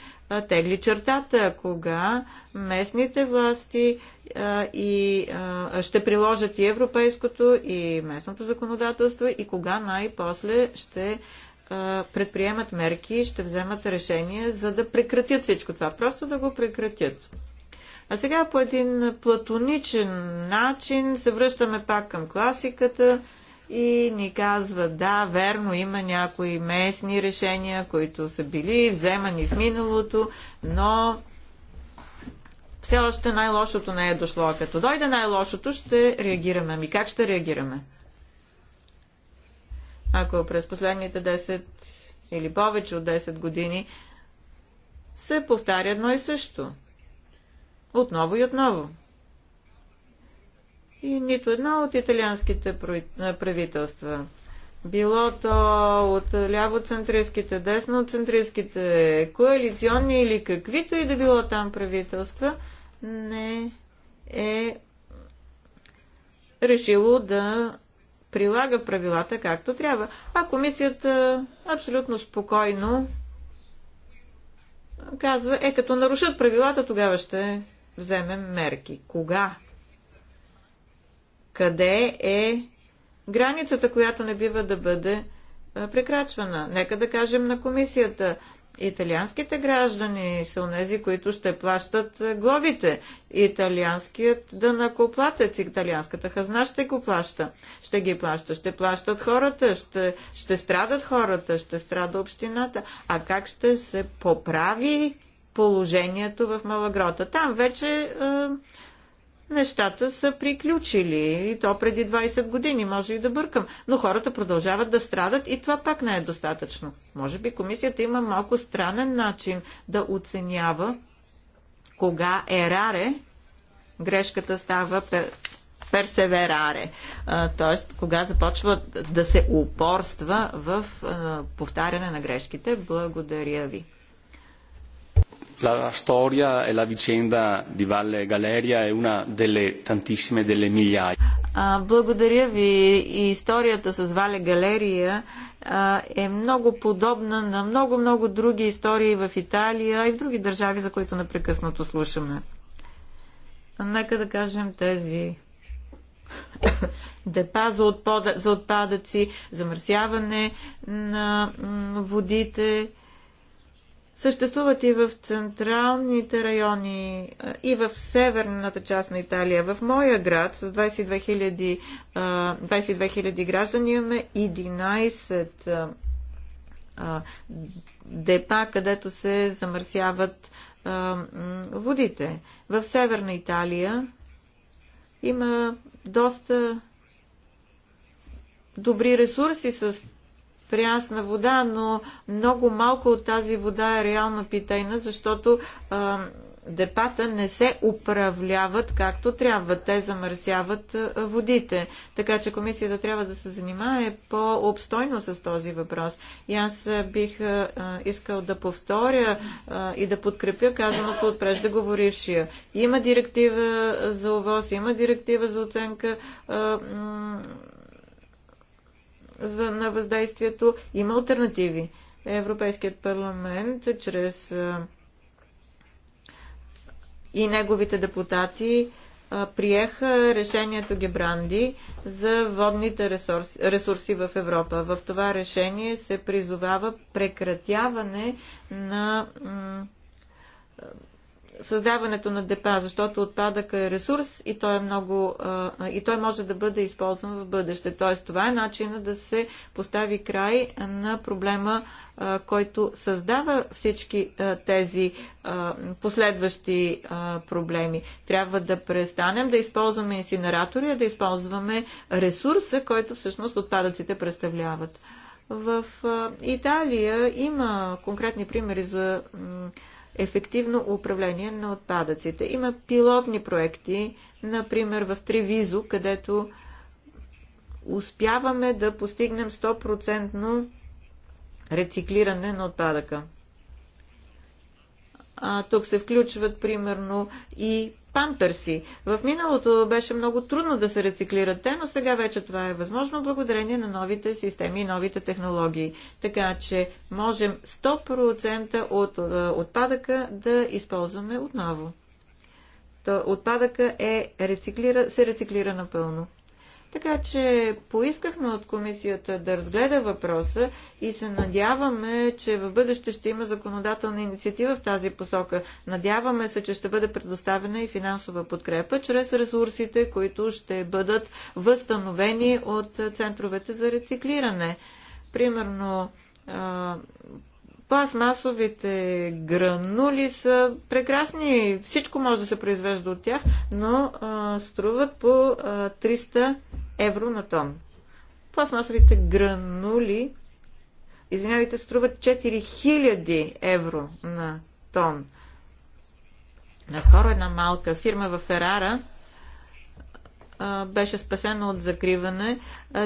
тегли чертата, кога местните власти и ще приложат и европейското, и местното законодателство и кога най-после ще предприемат мерки и ще вземат решение, за да прекратят всичко това. Просто да го прекратят. А сега по един платоничен начин се връщаме пак към класиката – и ни казва, да, верно, има някои местни решения, които са били вземани в миналото, но все още най-лошото не е дошло. Като дойде най-лошото, ще реагираме. Ами как ще реагираме? Ако през последните 10 или повече от 10 години се повтаря едно и също. Отново и отново и нито едно от италианските правителства. Било то от лявоцентристските, десноцентристските, коалиционни или каквито и да било там правителства, не е решило да прилага правилата както трябва. А комисията абсолютно спокойно казва, е като нарушат правилата, тогава ще вземем мерки. Кога къде е границата, която не бива да бъде прекрачвана. Нека да кажем на комисията, италианските граждани са онези, които ще плащат глобите. Италианският дънакоплатец, италианската хазна ще го плаща. Ще ги плаща, ще плащат хората, ще, ще страдат хората, ще страда общината. А как ще се поправи положението в Малагрота? Там вече е, нещата са приключили. И то преди 20 години, може и да бъркам. Но хората продължават да страдат и това пак не е достатъчно. Може би комисията има малко странен начин да оценява кога е раре, грешката става персевераре. Т.е. кога започва да се упорства в повтаряне на грешките. Благодаря ви. La storia e la vicenda di Valle Galeria è una delle tantissime, delle migliaia. благодаря ви. И историята с Вале Галерия е много подобна на много-много други истории в Италия и в други държави, за които непрекъснато слушаме. Нека да кажем тези депа за, отпада, за отпадъци, замърсяване на водите, съществуват и в централните райони, и в северната част на Италия. В моя град с 22 000, 22 граждани имаме 11 депа, където се замърсяват водите. В северна Италия има доста добри ресурси с прясна вода, но много малко от тази вода е реална питейна, защото а, депата не се управляват както трябва. Те замърсяват водите. Така че комисията трябва да се занимае по-обстойно с този въпрос. И аз бих а, искал да повторя а, и да подкрепя казаното от преждеговорившия. Има директива за ОВОС, има директива за оценка а, за, на въздействието. Има альтернативи. Европейският парламент е, чрез е, и неговите депутати е, приеха решението Гебранди за водните ресурси, ресурси в Европа. В това решение се призовава прекратяване на създаването на депа, защото отпадъка е ресурс и той, е много, и той може да бъде използван в бъдеще. Т.е. това е начина да се постави край на проблема, който създава всички тези последващи проблеми. Трябва да престанем да използваме инсинератори, а да използваме ресурса, който всъщност отпадъците представляват. В Италия има конкретни примери за ефективно управление на отпадъците. Има пилотни проекти, например в Тревизо, където успяваме да постигнем 100% рециклиране на отпадъка. А, тук се включват примерно и памперси. В миналото беше много трудно да се рециклират те, но сега вече това е възможно благодарение на новите системи и новите технологии. Така че можем 100% от е, отпадъка да използваме отново. То отпадъка е, рециклира, се рециклира напълно. Така че поискахме от комисията да разгледа въпроса и се надяваме, че в бъдеще ще има законодателна инициатива в тази посока. Надяваме се, че ще бъде предоставена и финансова подкрепа чрез ресурсите, които ще бъдат възстановени от центровете за рециклиране. Примерно, пластмасовите гранули са прекрасни, всичко може да се произвежда от тях, но а, струват по а, 300 евро на тон. Пластмасовите гранули, извинявайте, струват 4000 евро на тон. Наскоро една малка фирма в Ферара беше спасена от закриване.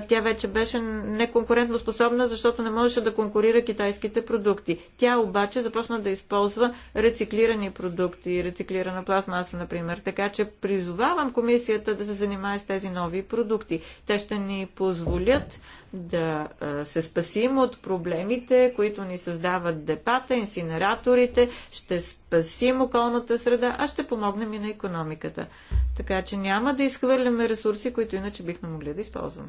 Тя вече беше неконкурентно способна, защото не можеше да конкурира китайските продукти. Тя обаче започна да използва рециклирани продукти, рециклирана пластмаса, например. Така че призовавам комисията да се занимае с тези нови продукти. Те ще ни позволят да се спасим от проблемите, които ни създават депата, инсинераторите, ще спасим околната среда, а ще помогнем и на економиката. Така че няма да изхвърляме ресурси, които иначе бихме могли да използваме.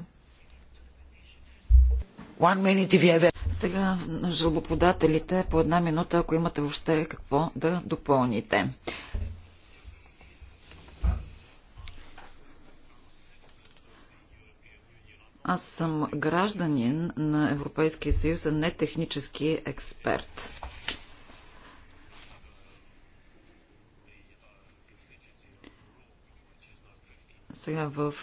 Сега жалбоподателите по една минута, ако имате въобще какво да допълните. Аз съм гражданин на Европейския съюз, а не технически експерт. Сега в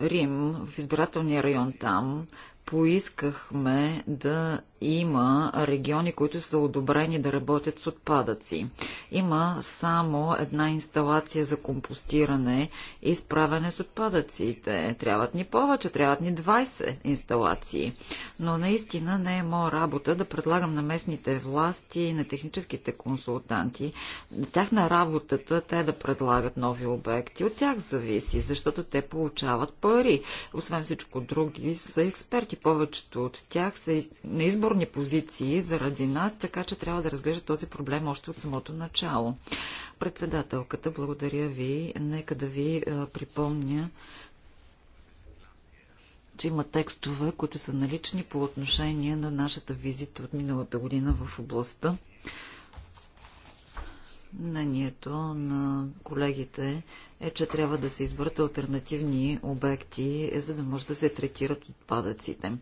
Рим, в избирателния район там, поискахме да има региони, които са одобрени да работят с отпадъци. Има само една инсталация за компостиране и справяне с отпадъците. Трябват ни повече, трябват ни 20 инсталации. Но наистина не е моя работа да предлагам на местните власти, на техническите консултанти, тяхна работата те да предлагат нови обекти. От тях зависи, защото те получават пари. Освен всичко други са експерти. Повечето от тях са на избор опорни позиции заради нас, така че трябва да разглежда този проблем още от самото начало. Председателката, благодаря ви. Нека да ви припомня, че има текстове, които са налични по отношение на нашата визита от миналата година в областта. Мнението на колегите е, че трябва да се изберат альтернативни обекти, за да може да се третират отпадъците.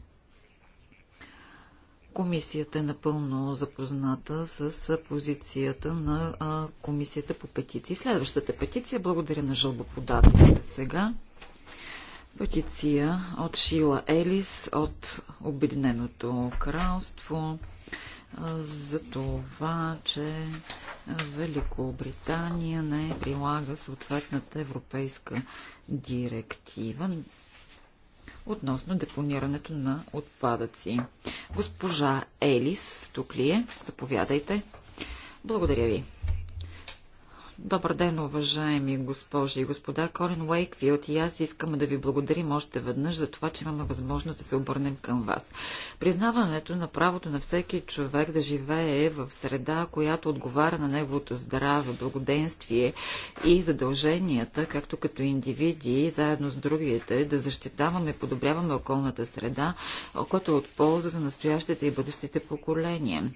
Комисията е напълно запозната с позицията на Комисията по петиции. Следващата петиция, благодаря на жълбоподателите сега. Петиция от Шила Елис от Обединеното кралство за това, че Великобритания не прилага съответната европейска директива относно депонирането на отпадъци. Госпожа Елис, тук ли е? Заповядайте. Благодаря ви. Добър ден, уважаеми госпожи и господа. Колин от и аз искаме да ви благодарим още веднъж за това, че имаме възможност да се обърнем към вас. Признаването на правото на всеки човек да живее в среда, която отговаря на неговото здраве, благоденствие и задълженията, както като индивиди, заедно с другите, да защитаваме и подобряваме околната среда, което е от полза за настоящите и бъдещите поколения.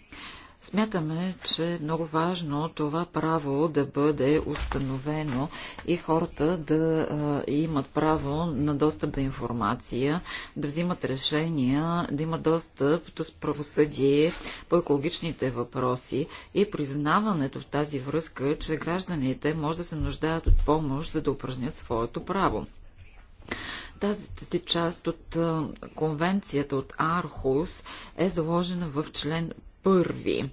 Смятаме, че е много важно това право да бъде установено и хората да имат право на достъп до информация, да взимат решения, да имат достъп до правосъдие по екологичните въпроси и признаването в тази връзка, че гражданите може да се нуждаят от помощ, за да упражнят своето право тази, тази част от а, конвенцията от Архус е заложена в член първи.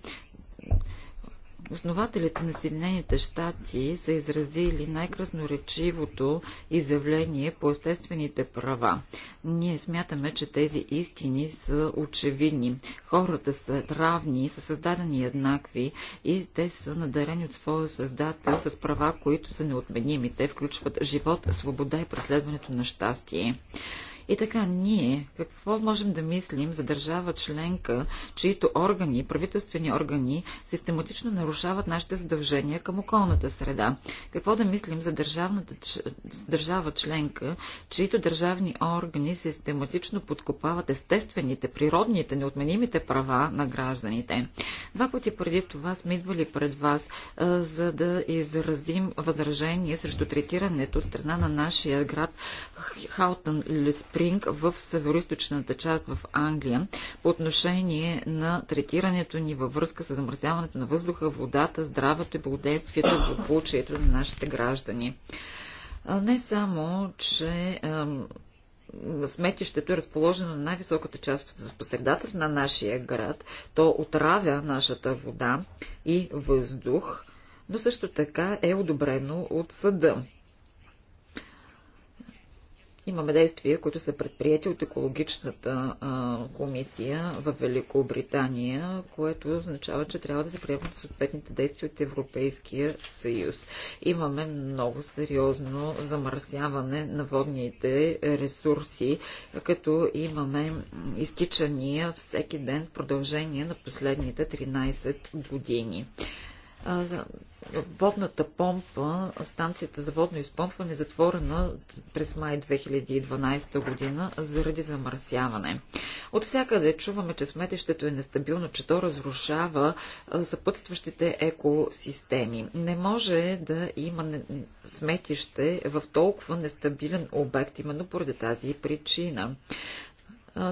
Основателите на Съединените щати са изразили най-красноречивото изявление по естествените права. Ние смятаме, че тези истини са очевидни. Хората са равни, са създадени еднакви и те са надарени от своя създател с права, които са неотменими. Те включват живот, свобода и преследването на щастие. И така, ние какво можем да мислим за държава членка, чието органи, правителствени органи, систематично нарушават нашите задължения към околната среда? Какво да мислим за държавната, държава членка, чието държавни органи систематично подкопават естествените, природните, неотменимите права на гражданите? Два пъти преди това сме идвали пред вас, а, за да изразим възражение срещу третирането от страна на нашия град Хаутън Леспри Спринг в североисточната част в Англия по отношение на третирането ни във връзка с замърсяването на въздуха, водата, здравето и благодействието в получието на нашите граждани. Не само, че сметището е разположено на най-високата част по средата на нашия град. То отравя нашата вода и въздух, но също така е одобрено от съда. Имаме действия, които са предприяти от екологичната а, комисия в Великобритания, което означава, че трябва да се приемат съответните действия от Европейския съюз. Имаме много сериозно замърсяване на водните ресурси, като имаме изтичания всеки ден в продължение на последните 13 години водната помпа, станцията за водно изпомпване е затворена през май 2012 година заради замърсяване. От всякъде чуваме, че сметището е нестабилно, че то разрушава съпътстващите екосистеми. Не може да има сметище в толкова нестабилен обект, именно поради тази причина.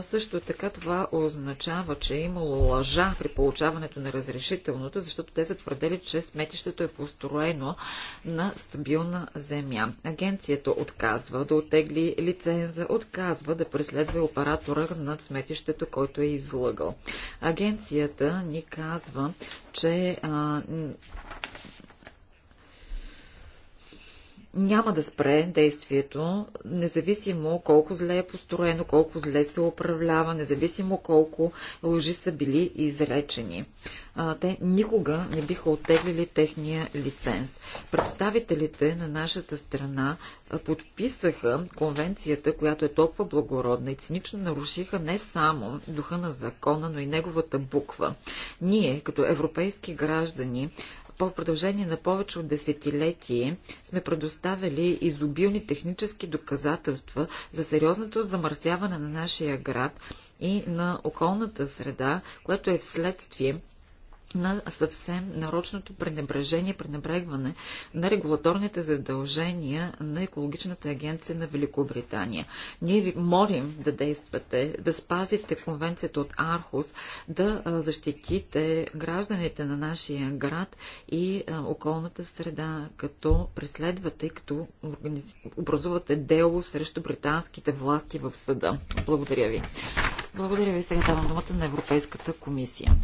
Също така това означава, че е имало лъжа при получаването на разрешителното, защото те са твърдели, че сметището е построено на стабилна земя. Агенцията отказва да отегли лиценза, отказва да преследва оператора над сметището, който е излъгал. Агенцията ни казва, че а, няма да спре действието, независимо колко зле е построено, колко зле се управлява, независимо колко лъжи са били изречени. Те никога не биха оттеглили техния лиценз. Представителите на нашата страна подписаха конвенцията, която е толкова благородна и цинично нарушиха не само духа на закона, но и неговата буква. Ние, като европейски граждани, по продължение на повече от десетилетие сме предоставили изобилни технически доказателства за сериозното замърсяване на нашия град и на околната среда, което е вследствие на съвсем нарочното пренебрежение, пренебрегване на регулаторните задължения на екологичната агенция на Великобритания. Ние ви молим да действате, да спазите конвенцията от Архус, да защитите гражданите на нашия град и околната среда, като преследвате, и като образувате дело срещу британските власти в съда. Благодаря ви. Благодаря ви. Сега давам думата на Европейската комисия.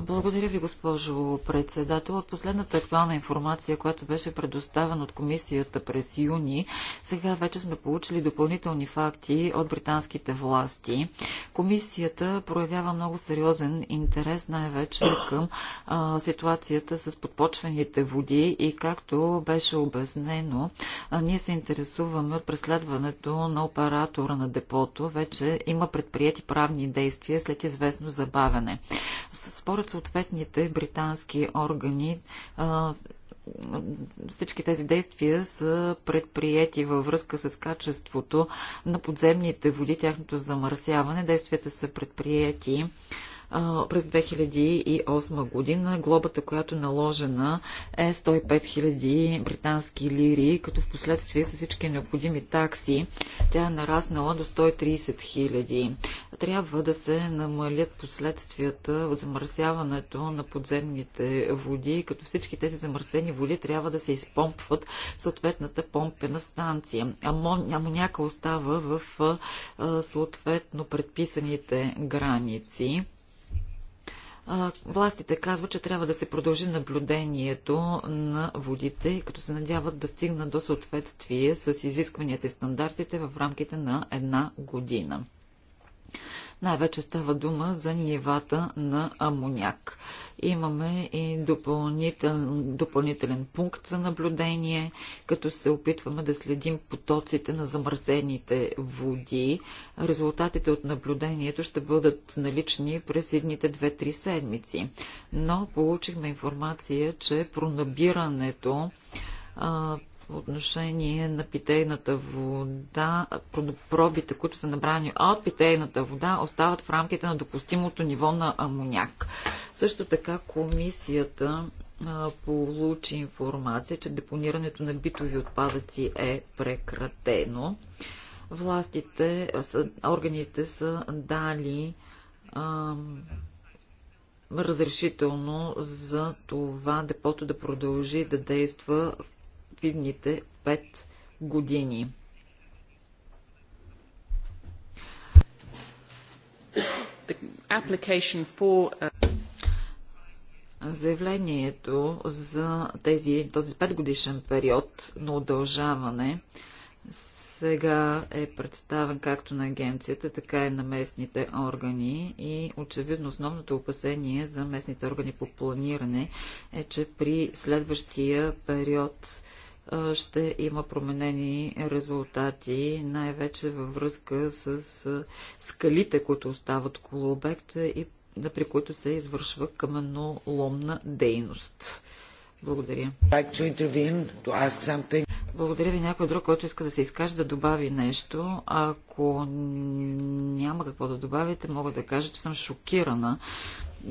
Благодаря ви, госпожо председател. От последната актуална информация, която беше предоставена от комисията през юни, сега вече сме получили допълнителни факти от британските власти. Комисията проявява много сериозен интерес най-вече към а, ситуацията с подпочвените води и както беше обяснено, а, ние се интересуваме от преследването на оператора на депото. Вече има предприяти правни военни действия след известно забавяне. Според съответните британски органи, всички тези действия са предприяти във връзка с качеството на подземните води, тяхното замърсяване. Действията са предприяти през 2008 година. Глобата, която е наложена е 105 000 британски лири, като в последствие с всички необходими такси тя е нараснала до 130 000. Трябва да се намалят последствията от замърсяването на подземните води, като всички тези замърсени води трябва да се изпомпват в съответната помпена станция. Амон, амоняка остава в съответно предписаните граници. Властите казват, че трябва да се продължи наблюдението на водите, като се надяват да стигнат до съответствие с изискванията и стандартите в рамките на една година. Най-вече става дума за нивата на амоняк. Имаме и допълнител, допълнителен пункт за наблюдение, като се опитваме да следим потоците на замърсените води. Резултатите от наблюдението ще бъдат налични през едните 2-3 седмици. Но получихме информация, че пронабирането по отношение на питейната вода, пробите, които са набрани от питейната вода, остават в рамките на допустимото ниво на амоняк. Също така комисията получи информация, че депонирането на битови отпадъци е прекратено. Властите, органите са дали разрешително за това депото да продължи да действа идните пет години. For... Uh, Заявлението за тези, този 5 годишен период на удължаване сега е представен както на агенцията, така и на местните органи и очевидно основното опасение за местните органи по планиране е, че при следващия период ще има променени резултати, най-вече във връзка с скалите, които остават около обекта и при които се извършва каменоломна дейност. Благодаря. Благодаря ви някой друг, който иска да се изкаже, да добави нещо. Ако няма какво да добавите, мога да кажа, че съм шокирана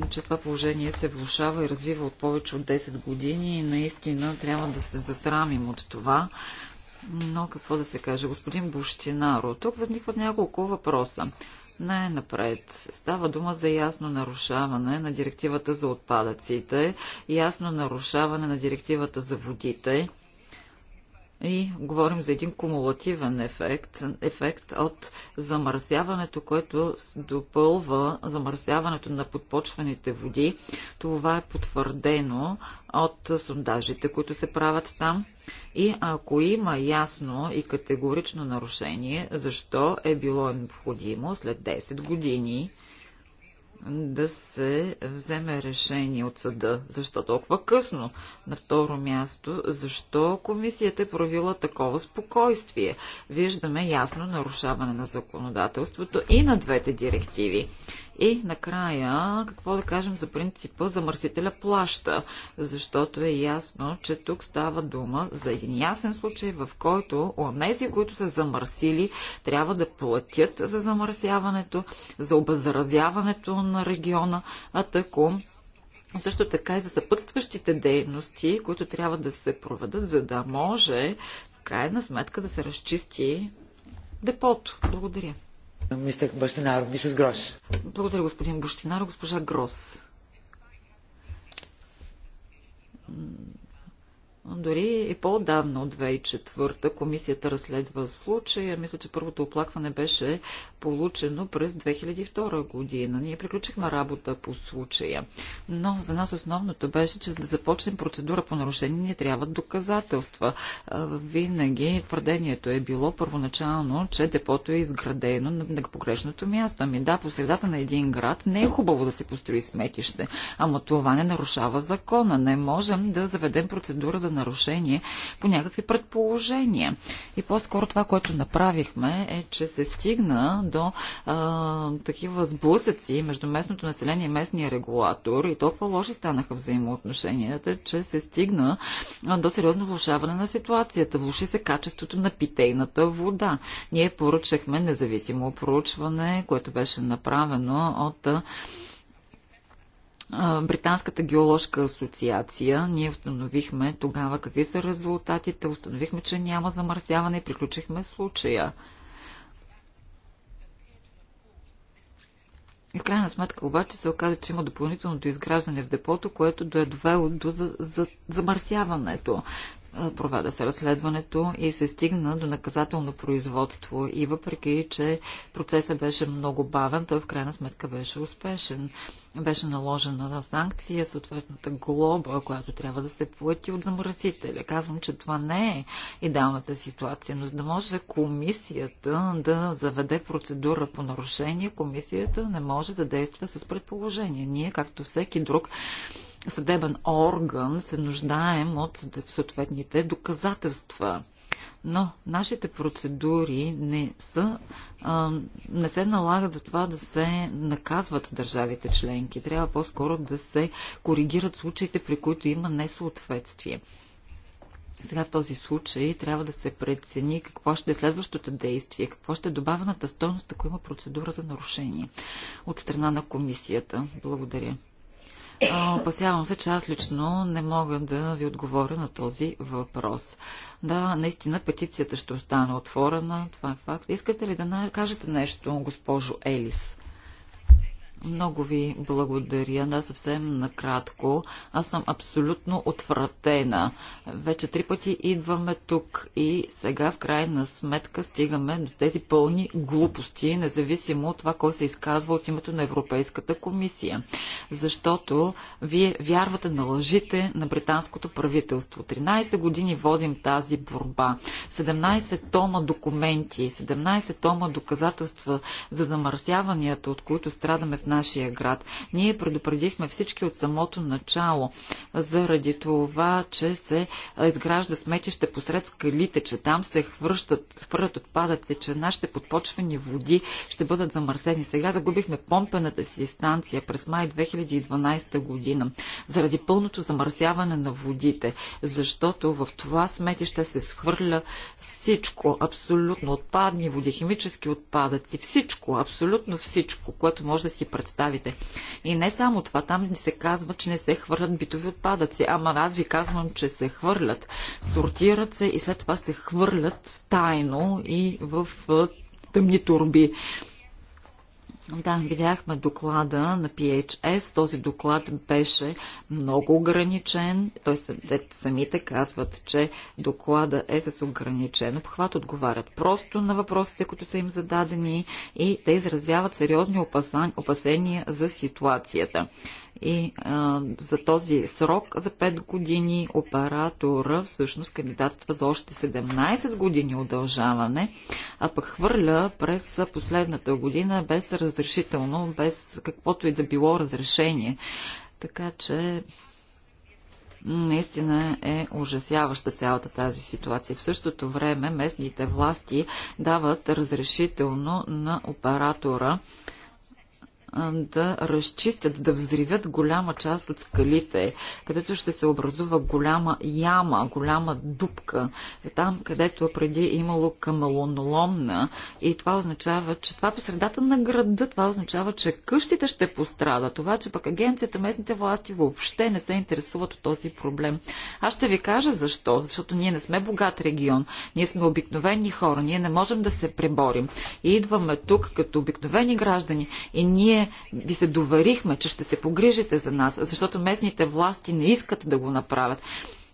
че това положение се влушава и развива от повече от 10 години и наистина трябва да се засрамим от това. Но какво да се каже? Господин Буштинаро, тук възникват няколко въпроса. Най-напред става дума за ясно нарушаване на директивата за отпадъците, ясно нарушаване на директивата за водите и говорим за един кумулативен ефект, ефект от замърсяването, което допълва замърсяването на подпочваните води. Това е потвърдено от сондажите, които се правят там. И ако има ясно и категорично нарушение, защо е било необходимо след 10 години да се вземе решение от съда. Защо толкова късно? На второ място, защо комисията е провила такова спокойствие? Виждаме ясно нарушаване на законодателството и на двете директиви. И накрая, какво да кажем за принципа замърсителя плаща, защото е ясно, че тук става дума за един ясен случай, в който онези, които са замърсили, трябва да платят за замърсяването, за обезразяването на на региона Атакум. Също така и за съпътстващите дейности, които трябва да се проведат, за да може в крайна сметка да се разчисти депото. Благодаря. Мистер Бащинаров, мисъс Грош. Благодаря, господин Бащинаров. Госпожа Грос дори и по-давно, от 2004-та, комисията разследва случая. Мисля, че първото оплакване беше получено през 2002 година. Ние приключихме работа по случая. Но за нас основното беше, че за да започнем процедура по нарушение, ни трябват доказателства. Винаги твърдението е било първоначално, че депото е изградено на погрешното място. Ами да, по средата на един град не е хубаво да се построи сметище. Ама това не нарушава закона. Не можем да заведем процедура за нарушение по някакви предположения. И по-скоро това, което направихме е, че се стигна до а, такива сблъсъци между местното население и местния регулатор и толкова лоши станаха взаимоотношенията, че се стигна до сериозно влушаване на ситуацията. Влуши се качеството на питейната вода. Ние поръчахме независимо проучване, което беше направено от Британската геоложка асоциация. Ние установихме тогава какви са резултатите, установихме, че няма замърсяване и приключихме случая. И в крайна сметка обаче се оказа, че има допълнителното изграждане в депото, което да е довело до замърсяването проведе се разследването и се стигна до наказателно производство. И въпреки, че процесът беше много бавен, той в крайна сметка беше успешен. Беше наложена на санкция, съответната глоба, която трябва да се плати от замърсителя. Казвам, че това не е идеалната ситуация, но за да може комисията да заведе процедура по нарушение, комисията не може да действа с предположение. Ние, както всеки друг, съдебен орган се нуждаем от съответните доказателства. Но нашите процедури не, са, а, не се налагат за това да се наказват държавите членки. Трябва по-скоро да се коригират случаите, при които има несъответствие. Сега в този случай трябва да се прецени какво ще е следващото действие, какво ще е добавената стойност, ако има процедура за нарушение от страна на комисията. Благодаря. Опасявам се, че аз лично не мога да ви отговоря на този въпрос. Да, наистина петицията ще остане отворена. Това е факт. Искате ли да кажете нещо, госпожо Елис? Много ви благодаря. Да, съвсем накратко. Аз съм абсолютно отвратена. Вече три пъти идваме тук и сега в крайна сметка стигаме до тези пълни глупости, независимо от това, кой се изказва от името на Европейската комисия. Защото вие вярвате на лъжите на британското правителство. 13 години водим тази борба. 17 тома документи, 17 тома доказателства за замърсяванията, от които страдаме в нашия град. Ние предупредихме всички от самото начало, заради това, че се изгражда сметище посред скалите, че там се хвръщат, хвърлят отпадъци, че нашите подпочвени води ще бъдат замърсени. Сега загубихме помпената си станция през май 2012 година, заради пълното замърсяване на водите, защото в това сметище се схвърля всичко, абсолютно отпадни води, химически отпадъци, всичко, абсолютно всичко, което може да си представите. И не само това, там ни се казва, че не се хвърлят битови отпадъци, ама аз ви казвам, че се хвърлят, сортират се и след това се хвърлят тайно и в тъмни турби. Да, видяхме доклада на PHS. Този доклад беше много ограничен. Той самите казват, че доклада е с ограничен обхват. Отговарят просто на въпросите, които са им зададени и те изразяват сериозни опасения за ситуацията. И а, за този срок, за 5 години, оператора всъщност кандидатства за още 17 години удължаване, а пък хвърля през последната година без разрешително, без каквото и да било разрешение. Така че наистина е ужасяваща цялата тази ситуация. В същото време местните власти дават разрешително на оператора да разчистят, да взривят голяма част от скалите, където ще се образува голяма яма, голяма дупка, е, там където преди е имало камалоноломна и това означава, че това е по средата на града, това означава, че къщите ще пострадат. Това, че пък агенцията, местните власти въобще не се интересуват от този проблем. Аз ще ви кажа защо, защото ние не сме богат регион, ние сме обикновени хора, ние не можем да се преборим. И идваме тук като обикновени граждани и ние ние ви се доверихме, че ще се погрижите за нас, защото местните власти не искат да го направят.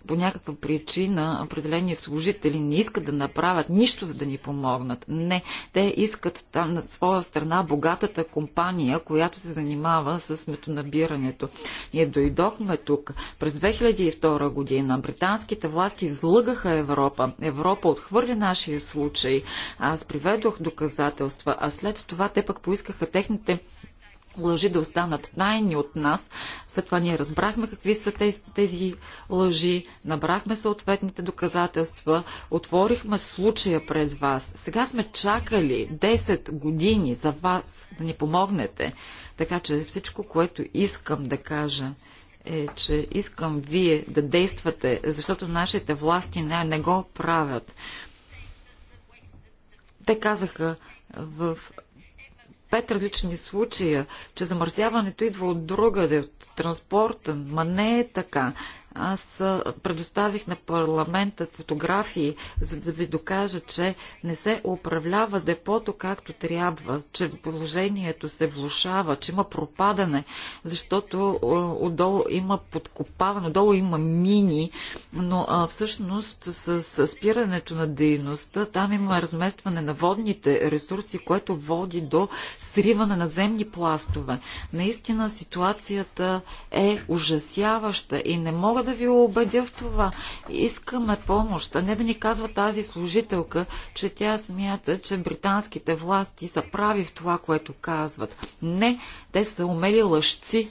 По някаква причина определени служители не искат да направят нищо, за да ни помогнат. Не, те искат там на своя страна богатата компания, която се занимава с метонабирането. Ние дойдохме тук. През 2002 година британските власти излъгаха Европа. Европа отхвърли нашия случай. Аз приведох доказателства, а след това те пък поискаха техните лъжи да останат тайни от нас. След това ние разбрахме какви са тези, тези лъжи, набрахме съответните доказателства, отворихме случая пред вас. Сега сме чакали 10 години за вас да ни помогнете. Така че всичко, което искам да кажа е, че искам вие да действате, защото нашите власти не, не го правят. Те казаха в пет различни случая, че замърсяването идва от другаде, от транспорта, ма не е така. Аз предоставих на парламента фотографии, за да ви докажа, че не се управлява депото както трябва, че положението се влушава, че има пропадане, защото отдолу има подкопаване, отдолу има мини, но всъщност с, с спирането на дейността там има разместване на водните ресурси, което води до сриване на земни пластове. Наистина ситуацията е ужасяваща и не мога мога да ви убедя в това. Искаме помощ, а не да ни казва тази служителка, че тя смята, че британските власти са прави в това, което казват. Не, те са умели лъжци.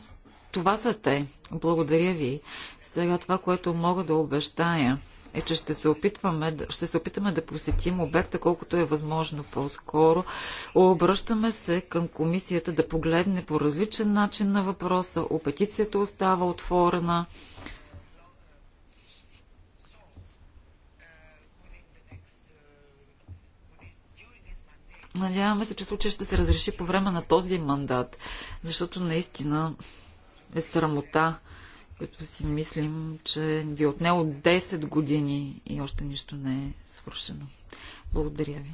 Това са те. Благодаря ви. Сега това, което мога да обещая е, че ще се, опитваме, ще се опитаме да посетим обекта колкото е възможно по-скоро. Обръщаме се към комисията да погледне по различен начин на въпроса. Опетицията остава отворена. Надяваме се, че случая ще се разреши по време на този мандат, защото наистина е срамота, като си мислим, че ви е отнело 10 години и още нищо не е свършено. Благодаря ви.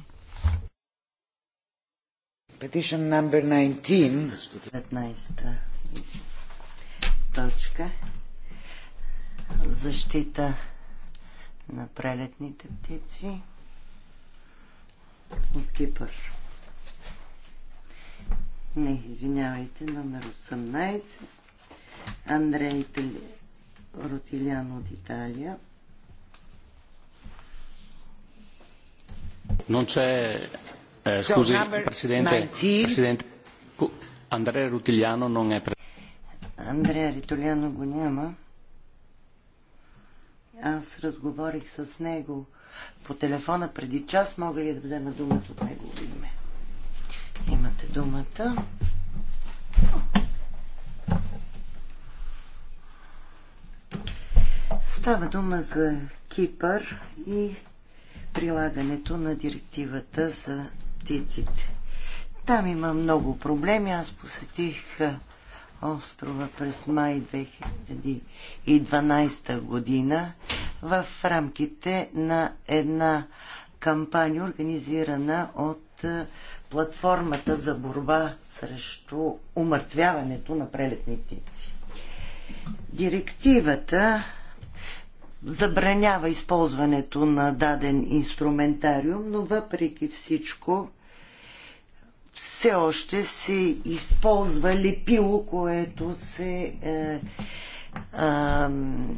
Петишън номер 19. точка. Защита на прелетните птици от Кипър. Не, извинявайте, номер 18. Андрей Тали... Ротилян от Италия. Non c'è, eh, scusi, so, Presidente, 19. Presidente, Andrea Rutiliano non è presente. Андрея Ритоляно го няма. Аз разговорих с него по телефона преди час. Мога ли да взема думата от него име? Имате думата. Става дума за Кипър и прилагането на директивата за птиците. Там има много проблеми. Аз посетих острова през май 2012 година в рамките на една кампания, организирана от е, платформата за борба срещу умъртвяването на прелетни птици. Директивата забранява използването на даден инструментариум, но въпреки всичко все още се използва лепило, което се е, а,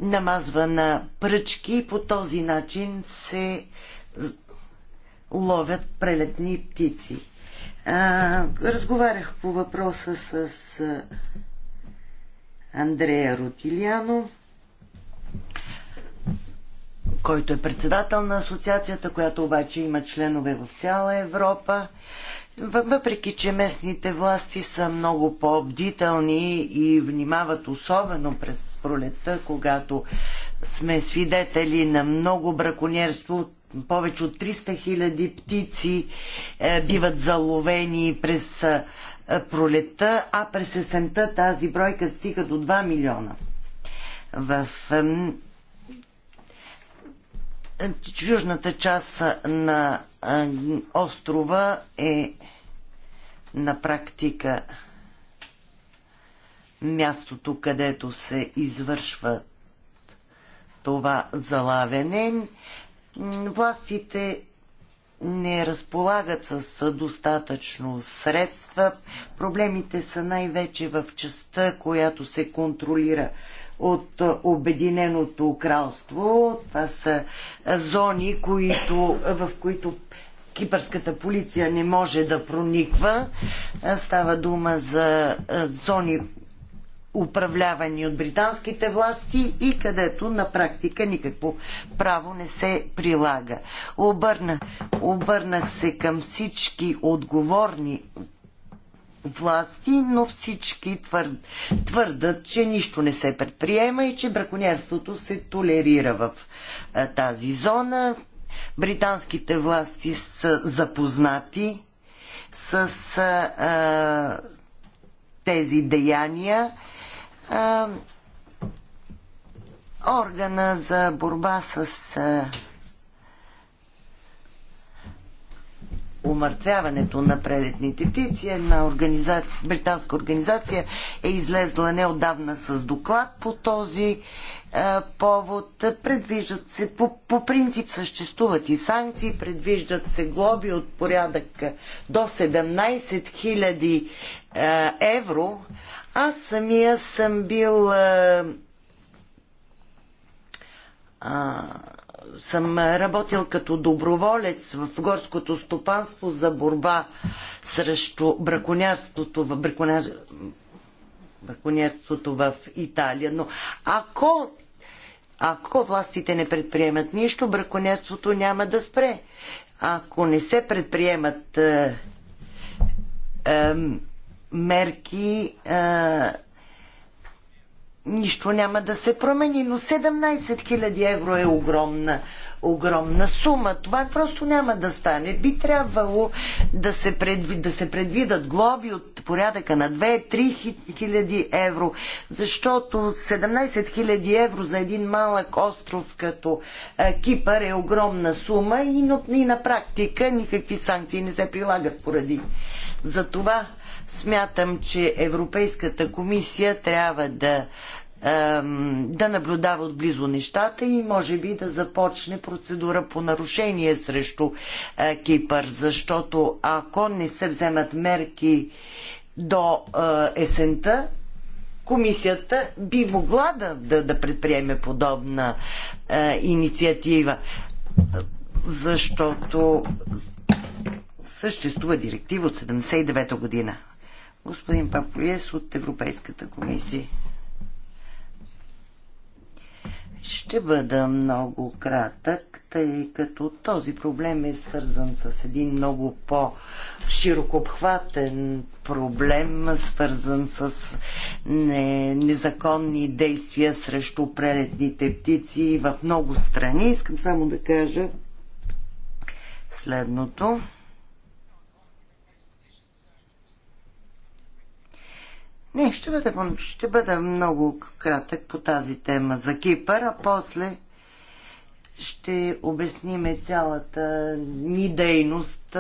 намазва на пръчки и по този начин се ловят прелетни птици. А, разговарях по въпроса с Андрея Ротиляно, който е председател на асоциацията, която обаче има членове в цяла Европа. Въпреки, че местните власти са много по-бдителни и внимават особено през пролетта, когато сме свидетели на много браконьерство, повече от 300 000 птици е, биват заловени през е, пролетта, а през есента тази бройка стига до 2 милиона. В е, Южната част на острова е на практика мястото, където се извършва това залавяне. Властите не разполагат с достатъчно средства. Проблемите са най-вече в частта, която се контролира от Обединеното кралство. Това са зони, които, в които кипърската полиция не може да прониква. Става дума за зони, управлявани от британските власти и където на практика никакво право не се прилага. Обърна, обърнах се към всички отговорни власти, но всички твърд, твърдат, че нищо не се предприема и че браконьерството се толерира в а, тази зона. Британските власти са запознати с а, тези деяния. А, органа за борба с. А, умъртвяването на прелетните птици. Една организация, британска организация е излезла неодавна с доклад по този е, повод. Предвиждат се, по, по принцип съществуват и санкции, предвиждат се глоби от порядък до 17 000 е, евро. Аз самия съм бил е, а, съм работил като доброволец в горското стопанство за борба срещу браконярството, браконяр... браконярството в Италия. Но ако ако властите не предприемат нищо, браконярството няма да спре. Ако не се предприемат е, е, мерки, е, нищо няма да се промени, но 17 000 евро е огромна, огромна сума. Това просто няма да стане. Би трябвало да се, предви, да се предвидат глоби от порядъка на 2-3 хиляди евро, защото 17 000 евро за един малък остров като е, Кипър е огромна сума и, но, и на практика никакви санкции не се прилагат поради. Затова смятам, че Европейската комисия трябва да да наблюдава отблизо нещата и може би да започне процедура по нарушение срещу е, Кипър, защото ако не се вземат мерки до е, есента, комисията би могла да, да, да предприеме подобна е, инициатива, защото съществува директива от 79-та година. Господин Папоес от Европейската комисия. Ще бъда много кратък, тъй като този проблем е свързан с един много по-широкобхватен проблем, свързан с не, незаконни действия срещу прелетните птици в много страни. Искам само да кажа следното. Не, ще бъда, ще бъда много кратък по тази тема за Кипър, а после ще обясниме цялата ни дейност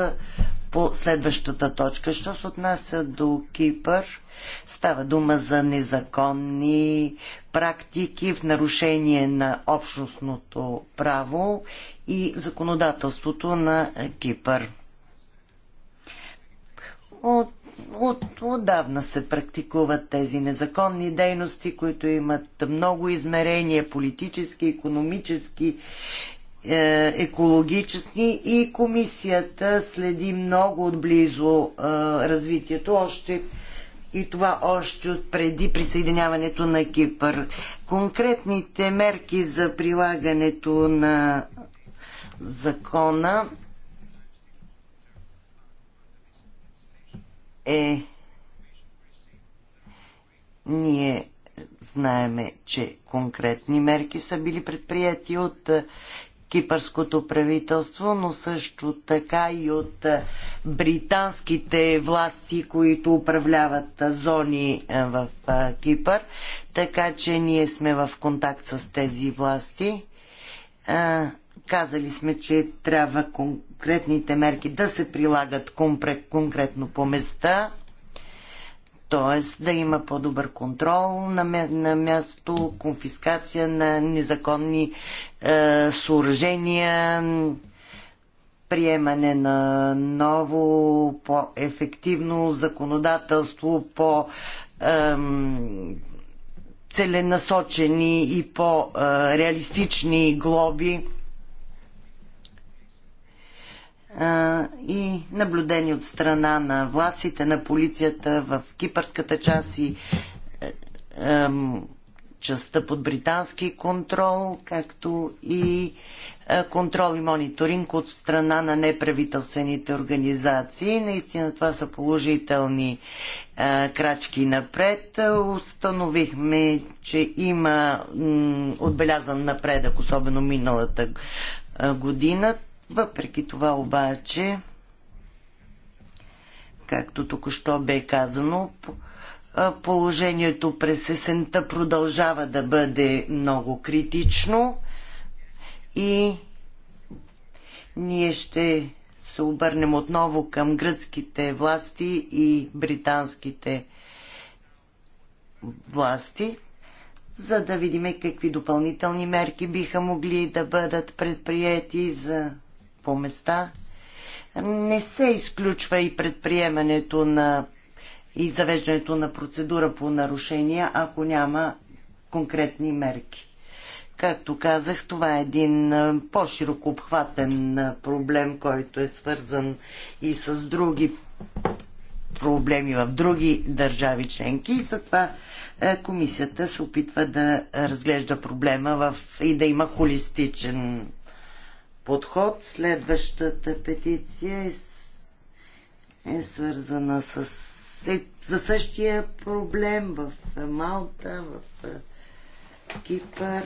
по следващата точка. Що се отнася до Кипър, става дума за незаконни практики в нарушение на общностното право и законодателството на Кипър. От от, отдавна се практикуват тези незаконни дейности, които имат много измерения политически, економически, е, екологически и комисията следи много отблизо е, развитието, още и това още от преди присъединяването на Кипър. Конкретните мерки за прилагането на закона е ние знаеме, че конкретни мерки са били предприяти от е, кипърското правителство, но също така и от е, британските власти, които управляват е, зони в Кипър. Така че ние сме в контакт с тези власти. Казали сме, че трябва конкретно конкретните мерки да се прилагат конкретно по места, т.е. да има по-добър контрол на, място, конфискация на незаконни е, съоръжения, приемане на ново, по-ефективно законодателство, по е, целенасочени и по-реалистични е, глоби и наблюдени от страна на властите, на полицията в кипърската част и е, частта под британски контрол, както и е, контрол и мониторинг от страна на неправителствените организации. Наистина това са положителни а, е, крачки напред. Установихме, че има м, отбелязан напредък, особено миналата година. Въпреки това обаче, както току-що бе казано, положението през есента продължава да бъде много критично и ние ще се обърнем отново към гръцките власти и британските власти, за да видим какви допълнителни мерки биха могли да бъдат предприяти за по места. Не се изключва и предприемането на и завеждането на процедура по нарушения, ако няма конкретни мерки. Както казах, това е един по-широко обхватен проблем, който е свързан и с други проблеми в други държави членки и затова комисията се опитва да разглежда проблема в, и да има холистичен подход. Следващата петиция е, е свързана с е, за същия проблем в Малта, в Кипър.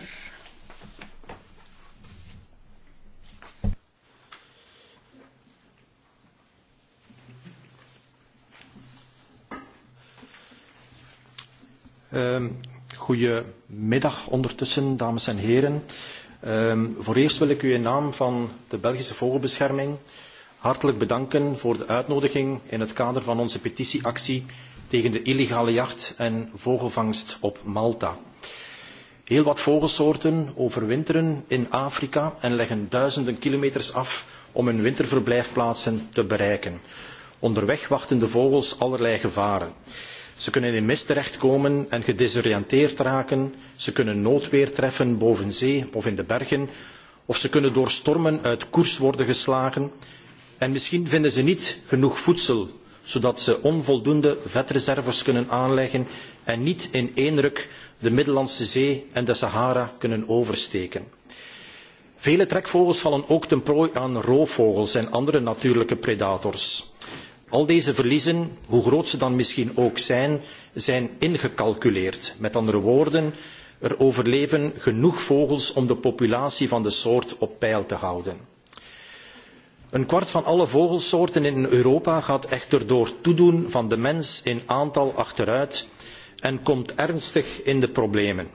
Ehm, goedemiddag ondertussen, dames en heren. Uh, voor eerst wil ik u in naam van de Belgische Vogelbescherming hartelijk bedanken voor de uitnodiging in het kader van onze petitieactie tegen de illegale jacht en vogelvangst op Malta. Heel wat vogelsoorten overwinteren in Afrika en leggen duizenden kilometers af om hun winterverblijfplaatsen te bereiken. Onderweg wachten de vogels allerlei gevaren. Ze kunnen in mist terechtkomen en gedesoriënteerd raken Ze kunnen noodweer treffen boven zee of in de bergen. Of ze kunnen door stormen uit koers worden geslagen. En misschien vinden ze niet genoeg voedsel, zodat ze onvoldoende vetreserves kunnen aanleggen en niet in één ruk de Middellandse Zee en de Sahara kunnen oversteken. Vele trekvogels vallen ook ten prooi aan roofvogels en andere natuurlijke predators. Al deze verliezen, hoe groot ze dan misschien ook zijn, zijn ingecalculeerd. Met andere woorden, Er overleven genoeg vogels om de populatie van de soort op peil te houden. Een kwart van alle vogelsoorten in Europa gaat echter door toedoen van de mens in aantal achteruit en komt ernstig in de problemen.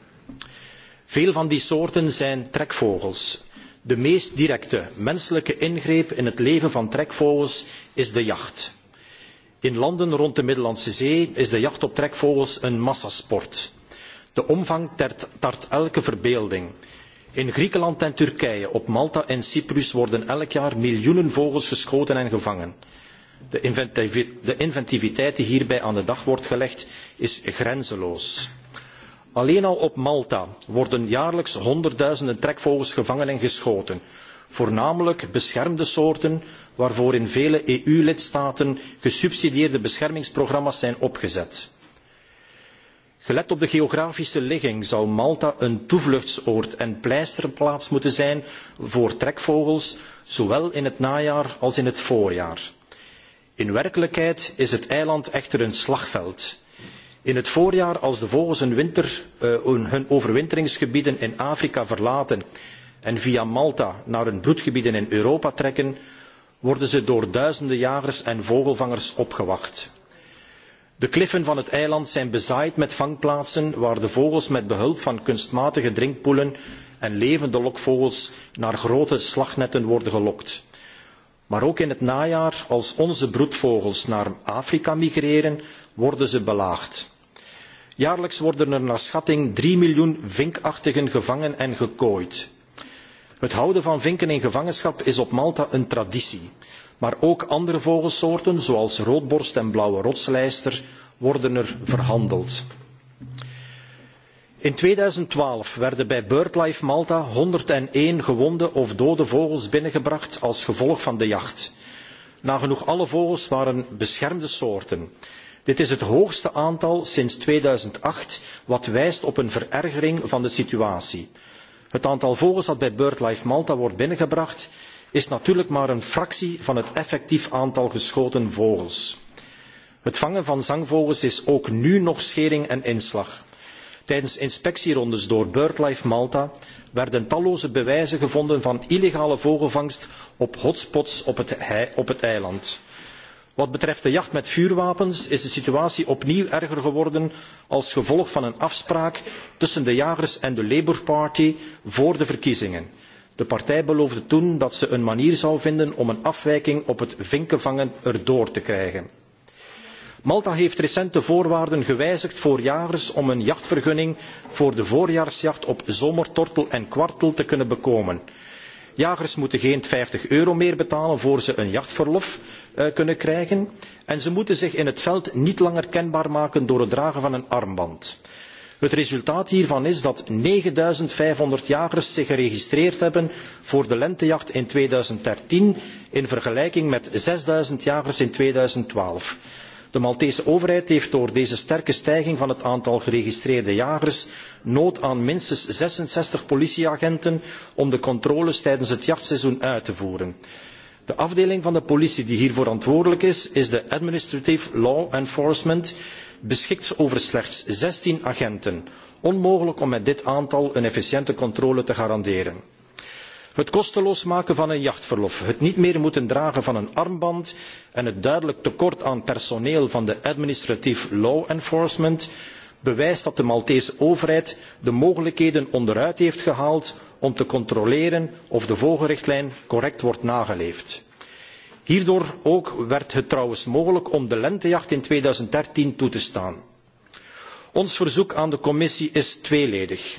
Veel van die soorten zijn trekvogels. De meest directe menselijke ingreep in het leven van trekvogels is de jacht. In landen rond de Middellandse Zee is de jacht op trekvogels een massasport. De omvang tart elke verbeelding. In Griekenland en Turkije, op Malta en Cyprus worden elk jaar miljoenen vogels geschoten en gevangen. De inventiviteit die hierbij aan de dag wordt gelegd is grenzeloos. Alleen al op Malta worden jaarlijks honderdduizenden trekvogels gevangen en geschoten, voornamelijk beschermde soorten waarvoor in vele EU-lidstaten gesubsidieerde beschermingsprogramma's zijn opgezet. Gelet op de geografische ligging zou Malta een toevluchtsoord en pleisterplaats moeten zijn voor trekvogels, zowel in het najaar als in het voorjaar. In werkelijkheid is het eiland echter een slagveld. In het voorjaar, als de vogels hun, overwinteringsgebieden in Afrika verlaten en via Malta naar hun broedgebieden in Europa trekken, worden ze door duizenden jagers en vogelvangers opgewacht. De kliffen van het eiland zijn bezaaid met vangplaatsen waar de vogels met behulp van kunstmatige drinkpoelen en levende lokvogels naar grote slagnetten worden gelokt. Maar ook in het najaar, als onze broedvogels naar Afrika migreren, worden ze belaagd. Jaarlijks worden er naar schatting drie miljoen vinkachtigen gevangen en gekooid. Het houden van vinken in gevangenschap is op Malta een traditie. Maar ook andere vogelsoorten, zoals roodborst en blauwe rotslijster, worden er verhandeld. In 2012 werden bij BirdLife Malta 101 gewonde of dode vogels binnengebracht als gevolg van de jacht. Nagenoeg alle vogels waren beschermde soorten. Dit is het hoogste aantal sinds 2008, wat wijst op een verergering van de situatie. Het aantal vogels dat bij BirdLife Malta wordt binnengebracht is natuurlijk maar een fractie van het effectief aantal geschoten vogels. Het vangen van zangvogels is ook nu nog schering en inslag. Tijdens inspectierondes door BirdLife Malta werden talloze bewijzen gevonden van illegale vogelvangst op hotspots op het, eiland. Wat betreft de jacht met vuurwapens is de situatie opnieuw erger geworden als gevolg van een afspraak tussen de jagers en de Labour Party voor de verkiezingen. De partij beloofde toen dat ze een manier zou vinden om een afwijking op het vinkenvangen erdoor te krijgen. Malta heeft recent de voorwaarden gewijzigd voor jagers om een jachtvergunning voor de voorjaarsjacht op zomertortel en kwartel te kunnen bekomen. Jagers moeten geen vijftig euro meer betalen voor ze een jachtverlof kunnen krijgen en ze moeten zich in het veld niet langer kenbaar maken door het dragen van een armband. Het resultaat hiervan is dat 9500 jagers zich geregistreerd hebben voor de lentejacht in 2013 in vergelijking met 6000 jagers in 2012. De Maltese overheid heeft door deze sterke stijging van het aantal geregistreerde jagers nood aan minstens 66 politieagenten om de controles tijdens het jachtseizoen uit te voeren. De afdeling van de politie die hiervoor verantwoordelijk is, is de Administrative Law Enforcement beschikt over slechts zestien agenten. Onmogelijk om met dit aantal een efficiënte controle te garanderen. Het kosteloos maken van een jachtverlof, het niet meer moeten dragen van een armband en het duidelijk tekort aan personeel van de administratief law enforcement bewijst dat de Maltese overheid de mogelijkheden onderuit heeft gehaald om te controleren of de vogelrichtlijn correct wordt nageleefd. Hierdoor ook werd het trouwens mogelijk om de lentejacht in 2013 toe te staan. Ons verzoek aan de commissie is tweeledig.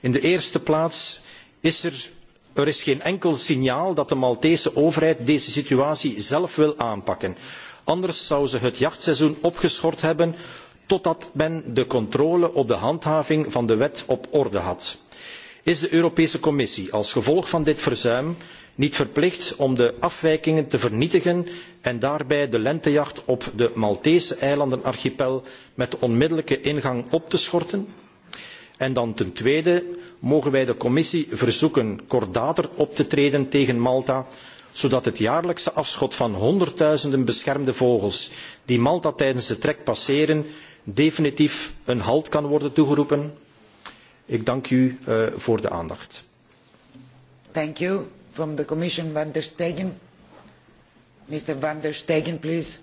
In de eerste plaats is er, er is geen enkel signaal dat de Maltese overheid deze situatie zelf wil aanpakken. Anders zou ze het jachtseizoen opgeschort hebben totdat men de controle op de handhaving van de wet op orde had is de Europese Commissie als gevolg van dit verzuim niet verplicht om de afwijkingen te vernietigen en daarbij de lentejacht op de Maltese eilandenarchipel met onmiddellijke ingang op te schorten? En dan ten tweede mogen wij de Commissie verzoeken kordater op te treden tegen Malta, zodat het jaarlijkse afschot van honderdduizenden beschermde vogels die Malta tijdens de trek passeren definitief een halt kan worden toegeroepen? Ik dank u voor de aandacht. Thank you. From the Commission, Van der Stegen. Mr. Van der Stegen, please.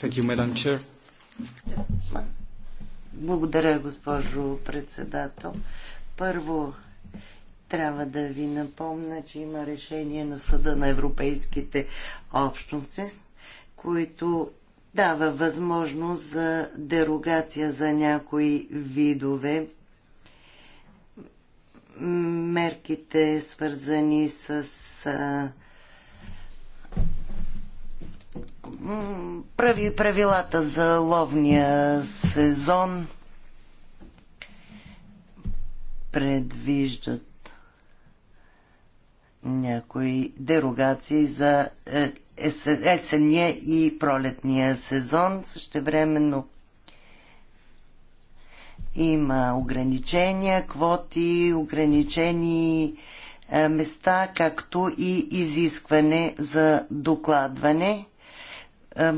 Thank you, Madam Chair. Благодаря, госпожо председател. Първо, трябва да ви напомня, че има решение на Съда на Европейските общности, които дава възможност за дерогация за някои видове мерките, свързани с прави, правилата за ловния сезон предвиждат някои дерогации за е, есенния и пролетния сезон. Същевременно има ограничения, квоти, ограничени е, места, както и изискване за докладване. Е,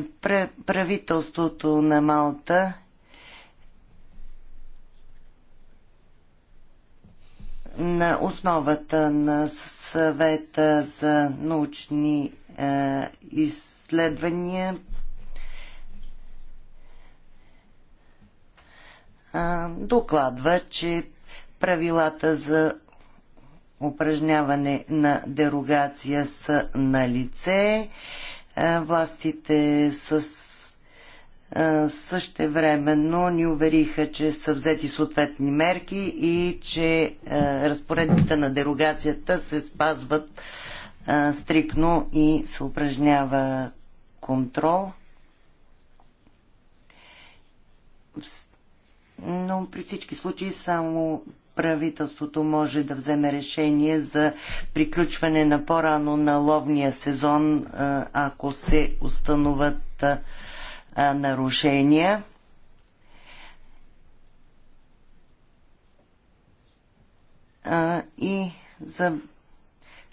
правителството на Малта на основата на съвета за научни е, изследвания докладва, че правилата за упражняване на дерогация са на лице. Е, властите с е, същевременно ни увериха, че са взети съответни мерки и че разпоредбите на дерогацията се спазват а, стрикно и се упражнява контрол. Но при всички случаи само правителството може да вземе решение за приключване на по-рано на ловния сезон, ако се установят нарушения. И за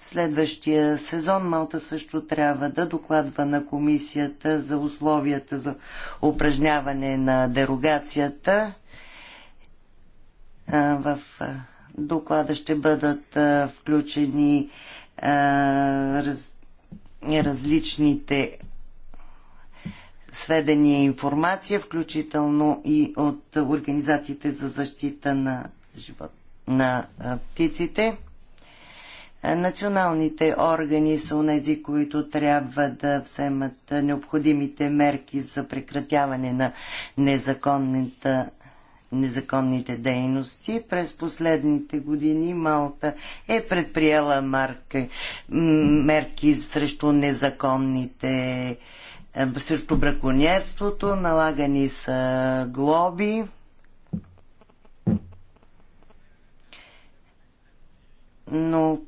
следващия сезон Малта също трябва да докладва на комисията за условията за упражняване на дерогацията. В доклада ще бъдат включени раз, различните сведения и информация, включително и от организациите за защита на живот на птиците. Националните органи са унези, които трябва да вземат необходимите мерки за прекратяване на незаконната незаконните дейности. През последните години Малта е предприела марки, мерки срещу незаконните, срещу браконьерството, налагани са глоби. Но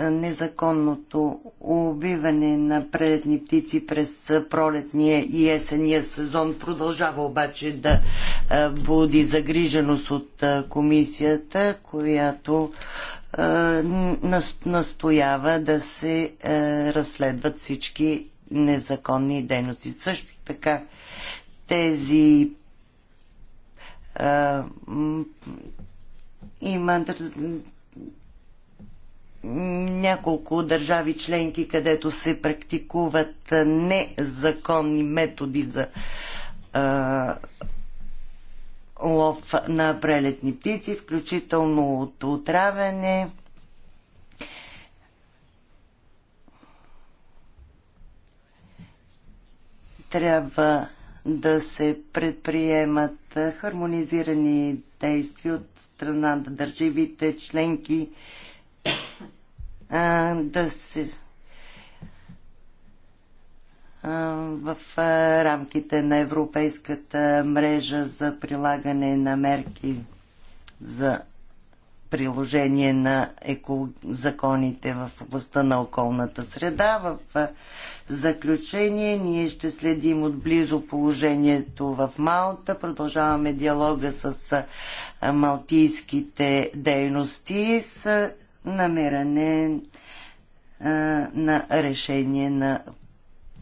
незаконното убиване на прелетни птици през пролетния и есения сезон продължава обаче да буди загриженост от комисията, която настоява да се разследват всички незаконни дейности. Също така тези има няколко държави членки, където се практикуват незаконни методи за а, лов на прелетни птици, включително от отравяне. Трябва да се предприемат хармонизирани действия от страна на държавите членки а, да се в рамките на Европейската мрежа за прилагане на мерки за приложение на еко... законите в областта на околната среда. В заключение ние ще следим отблизо положението в Малта. Продължаваме диалога с малтийските дейности. С намиране а, на решение на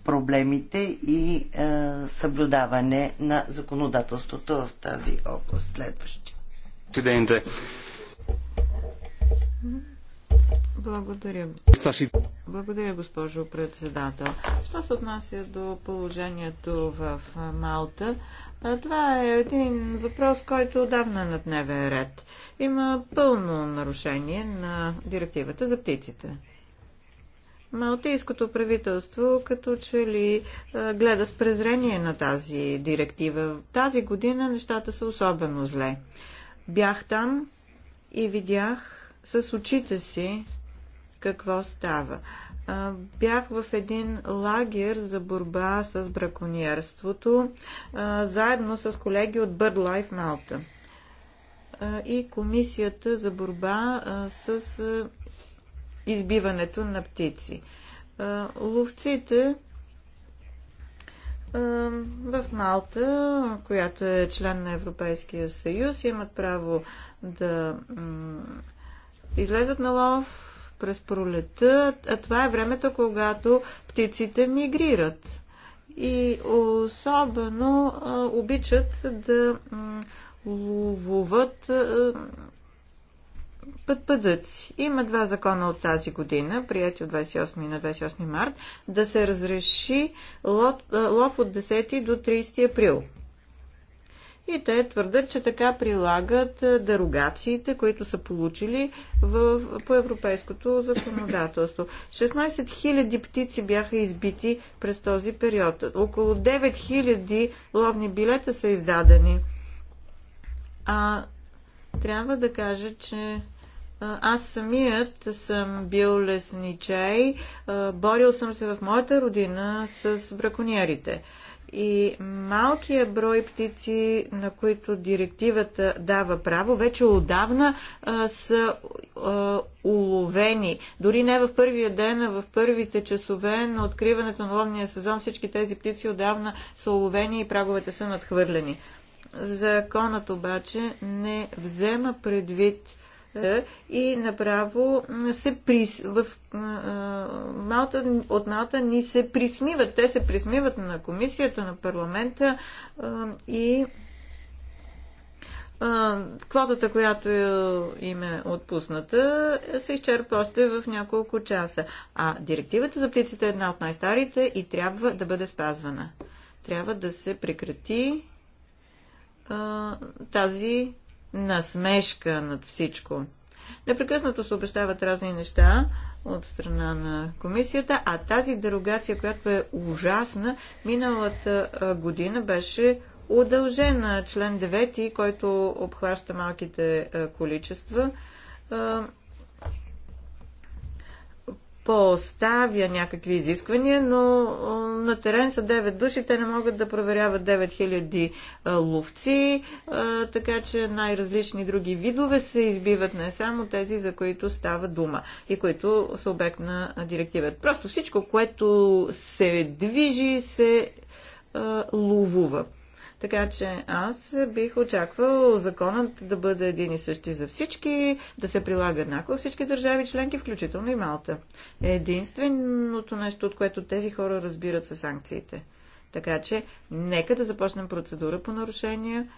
проблемите и а, съблюдаване на законодателството в тази област. Следващи. Благодаря. Благодаря, госпожо председател. Що се отнася до положението в Малта, това е един въпрос, който отдавна на е на дневен ред. Има пълно нарушение на директивата за птиците. Малтийското правителство като че ли е, гледа с презрение на тази директива. Тази година нещата са особено зле. Бях там и видях с очите си какво става бях в един лагер за борба с браконьерството, заедно с колеги от BirdLife Malta и Комисията за борба с избиването на птици. Ловците в Малта, която е член на Европейския съюз, имат право да излезат на лов през пролета, а това е времето, когато птиците мигрират. И особено а, обичат да ловуват а, пътпъдъци. Има два закона от тази година, прияти от 28 на 28 март, да се разреши лов от 10 до 30 април. И те твърдят, че така прилагат е, дерогациите, които са получили в, по европейското законодателство. 16 000 птици бяха избити през този период. Около 9 000 ловни билета са издадени. А трябва да кажа, че аз самият съм бил лесничай, борил съм се в моята родина с браконьерите и малкия брой птици, на които директивата дава право, вече отдавна а, са а, уловени. Дори не в първия ден, а в първите часове на откриването на ловния сезон всички тези птици отдавна са уловени и праговете са надхвърлени. Законът обаче не взема предвид е, и направо се прис... в Малта, от Малта ни се присмиват. Те се присмиват на комисията, на парламента и квотата, която им е отпусната, се изчерпа още в няколко часа. А директивата за птиците е една от най-старите и трябва да бъде спазвана. Трябва да се прекрати тази насмешка над всичко. Непрекъснато се обещават разни неща от страна на комисията, а тази дерогация, която е ужасна, миналата година беше удължена член 9, който обхваща малките количества поставя някакви изисквания, но на терен са 9 души, те не могат да проверяват 9000 ловци, така че най-различни други видове се избиват не само тези, за които става дума и които са обект на директивата. Просто всичко, което се движи, се ловува. Така че аз бих очаквал законът да бъде един и същи за всички, да се прилага еднакво всички държави членки, включително и Малта. Единственото нещо, от което тези хора разбират са санкциите. Така че нека да започнем процедура по нарушения,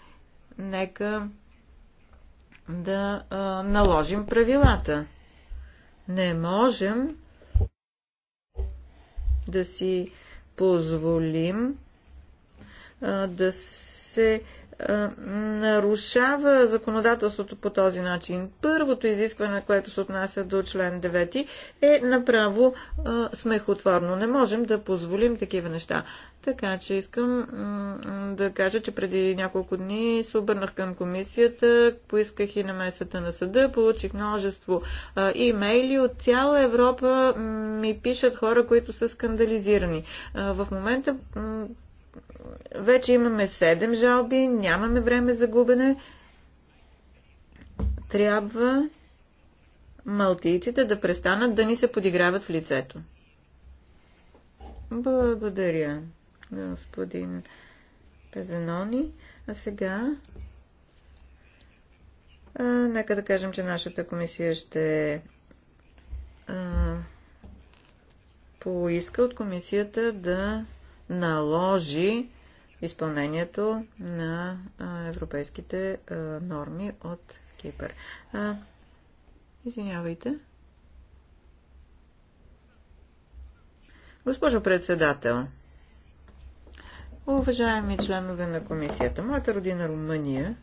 нека да а, наложим правилата. Не можем да си позволим да се нарушава законодателството по този начин. Първото изискване, което се отнася до член 9, е направо смехотворно. Не можем да позволим такива неща. Така че искам да кажа, че преди няколко дни се обърнах към комисията, поисках и на месата на съда, получих множество а, имейли. От цяла Европа ми пишат хора, които са скандализирани. А, в момента вече имаме 7 жалби, нямаме време за губене. Трябва малтийците да престанат да ни се подиграват в лицето. Благодаря, господин Пезенони. А сега а, нека да кажем, че нашата комисия ще а, поиска от комисията да наложи изпълнението на европейските норми от Кипър. Извинявайте. Госпожо председател, уважаеми членове на комисията, моята родина Румъния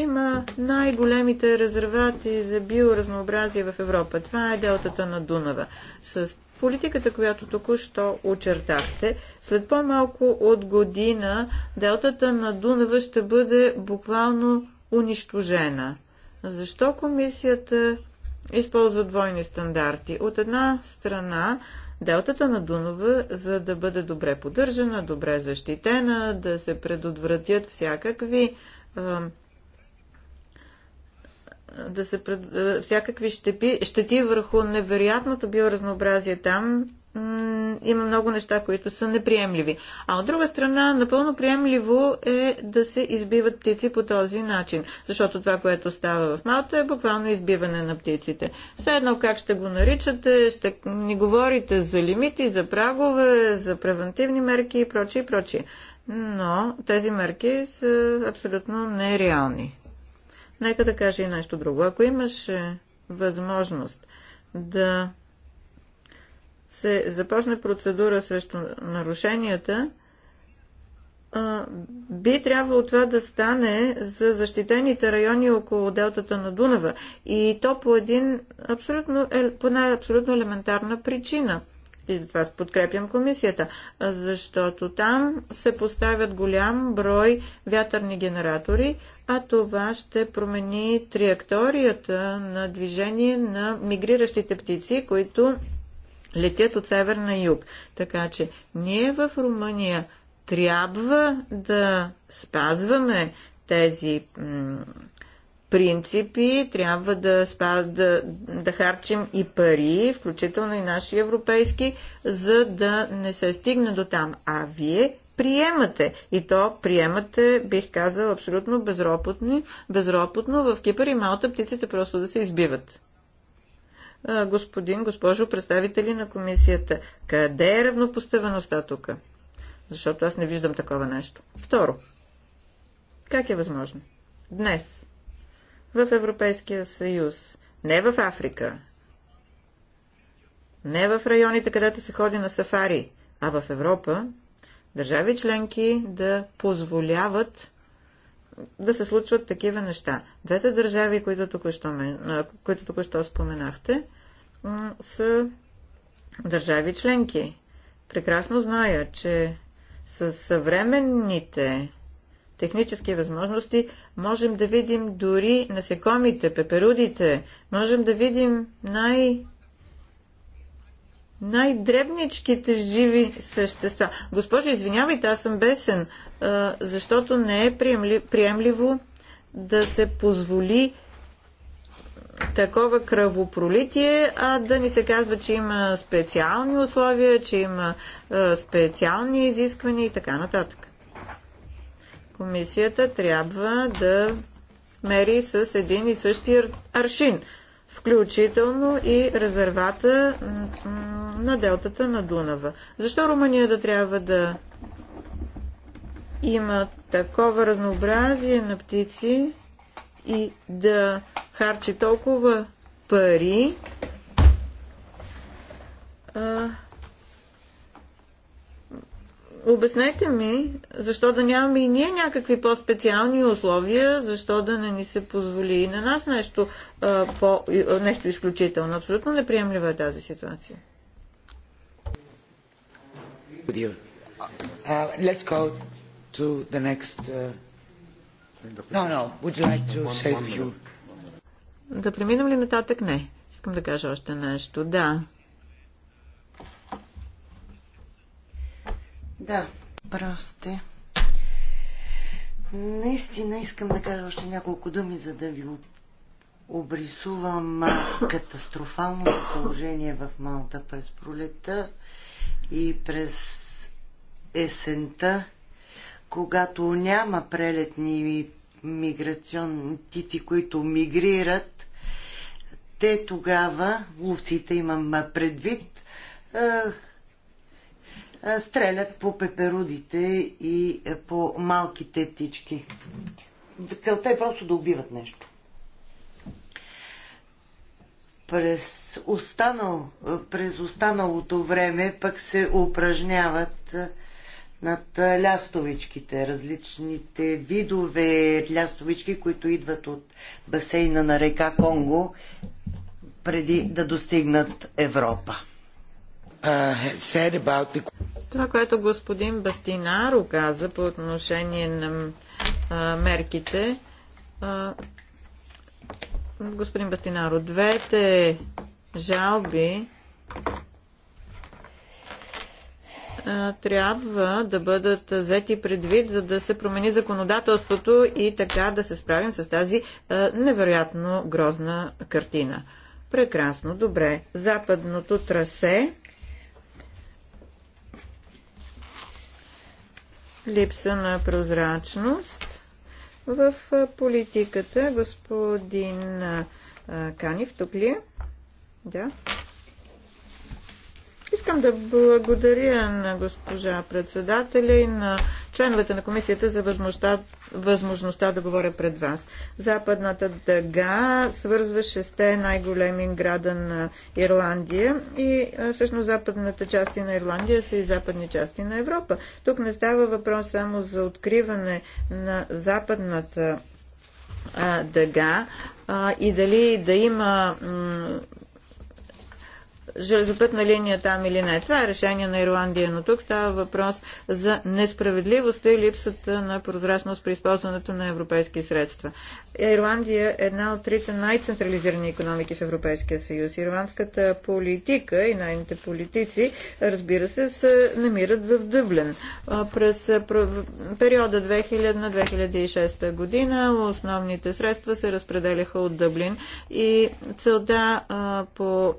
има най-големите резервати за биоразнообразие в Европа. Това е делтата на Дунава. С политиката, която току-що очертахте, след по-малко от година делтата на Дунава ще бъде буквално унищожена. Защо комисията използва двойни стандарти? От една страна, Делтата на Дунова, за да бъде добре поддържана, добре защитена, да се предотвратят всякакви да се пред... всякакви щепи, щети върху невероятното биоразнообразие там. Има много неща, които са неприемливи. А от друга страна, напълно приемливо е да се избиват птици по този начин. Защото това, което става в Малта е буквално избиване на птиците. Все едно как ще го наричате, ще ни говорите за лимити, за прагове, за превентивни мерки и прочие, и прочие. Но тези мерки са абсолютно нереални. Нека да кажа и нещо друго. Ако имаше възможност да се започне процедура срещу нарушенията, би трябвало това да стане за защитените райони около делтата на Дунава. И то по, един абсолютно, е, по една абсолютно елементарна причина. И затова подкрепям комисията, защото там се поставят голям брой вятърни генератори, а това ще промени траекторията на движение на мигриращите птици, които летят от север на юг. Така че ние в Румъния трябва да спазваме тези принципи, трябва да, спа, да, да харчим и пари, включително и наши европейски, за да не се стигне до там. А вие приемате. И то приемате, бих казал, абсолютно безропотно, безропотно в Кипър и Малта птиците просто да се избиват. Господин, госпожо, представители на комисията, къде е равнопоставеността тук? Защото аз не виждам такова нещо. Второ, как е възможно? Днес в Европейския съюз, не в Африка, не в районите, където се ходи на сафари, а в Европа държави членки да позволяват да се случват такива неща. Двете държави, които току-що, които току-що споменахте, са държави членки. Прекрасно зная, че с съвременните технически възможности можем да видим дори насекомите, пеперудите, можем да видим най- най-дребничките живи същества. Госпожо, извинявайте, аз съм бесен, защото не е приемливо да се позволи такова кръвопролитие, а да ни се казва, че има специални условия, че има специални изисквания и така нататък. Комисията трябва да мери с един и същи аршин включително и резервата на делтата на Дунава. Защо Румъния да трябва да има такова разнообразие на птици и да харчи толкова пари? Обяснете ми, защо да нямаме и ние някакви по-специални условия, защо да не ни се позволи и на нас нещо, а, по, нещо изключително. Абсолютно неприемлива е тази ситуация. Uh, next, uh... no, no. Like да преминем ли нататък? Не. Искам да кажа още нещо. Да. Да, прав сте. Наистина искам да кажа още няколко думи, за да ви обрисувам катастрофалното положение в Малта през пролета и през есента, когато няма прелетни миграционни птици, които мигрират, те тогава, ловците имам предвид, стрелят по пеперудите и е, по малките птички. Целта е просто да убиват нещо. През, останал, е, през останалото време пък се упражняват е, над лястовичките, различните видове лястовички, които идват от басейна на река Конго преди да достигнат Европа. Uh, Това, което господин Бастинаро каза по отношение на мерките, господин Бастинаро, двете жалби трябва да бъдат взети предвид, за да се промени законодателството и така да се справим с тази невероятно грозна картина. Прекрасно, добре. Западното трасе липса на прозрачност в политиката. Господин Канев, тук ли е? Да. Искам да благодаря на госпожа председателя и на членовете на комисията за възможността, възможността да говоря пред вас. Западната дъга свързва шесте най-големи града на Ирландия и всъщност западната части на Ирландия са и западни части на Европа. Тук не става въпрос само за откриване на западната дъга и дали да има железопътна линия там или не. Това е решение на Ирландия, но тук става въпрос за несправедливостта и липсата на прозрачност при използването на европейски средства. Ирландия е една от трите най-централизирани економики в Европейския съюз. Ирландската политика и нейните политици, разбира се, се намират в Дъблен. През периода 2000-2006 година основните средства се разпределяха от Дъблин и целта по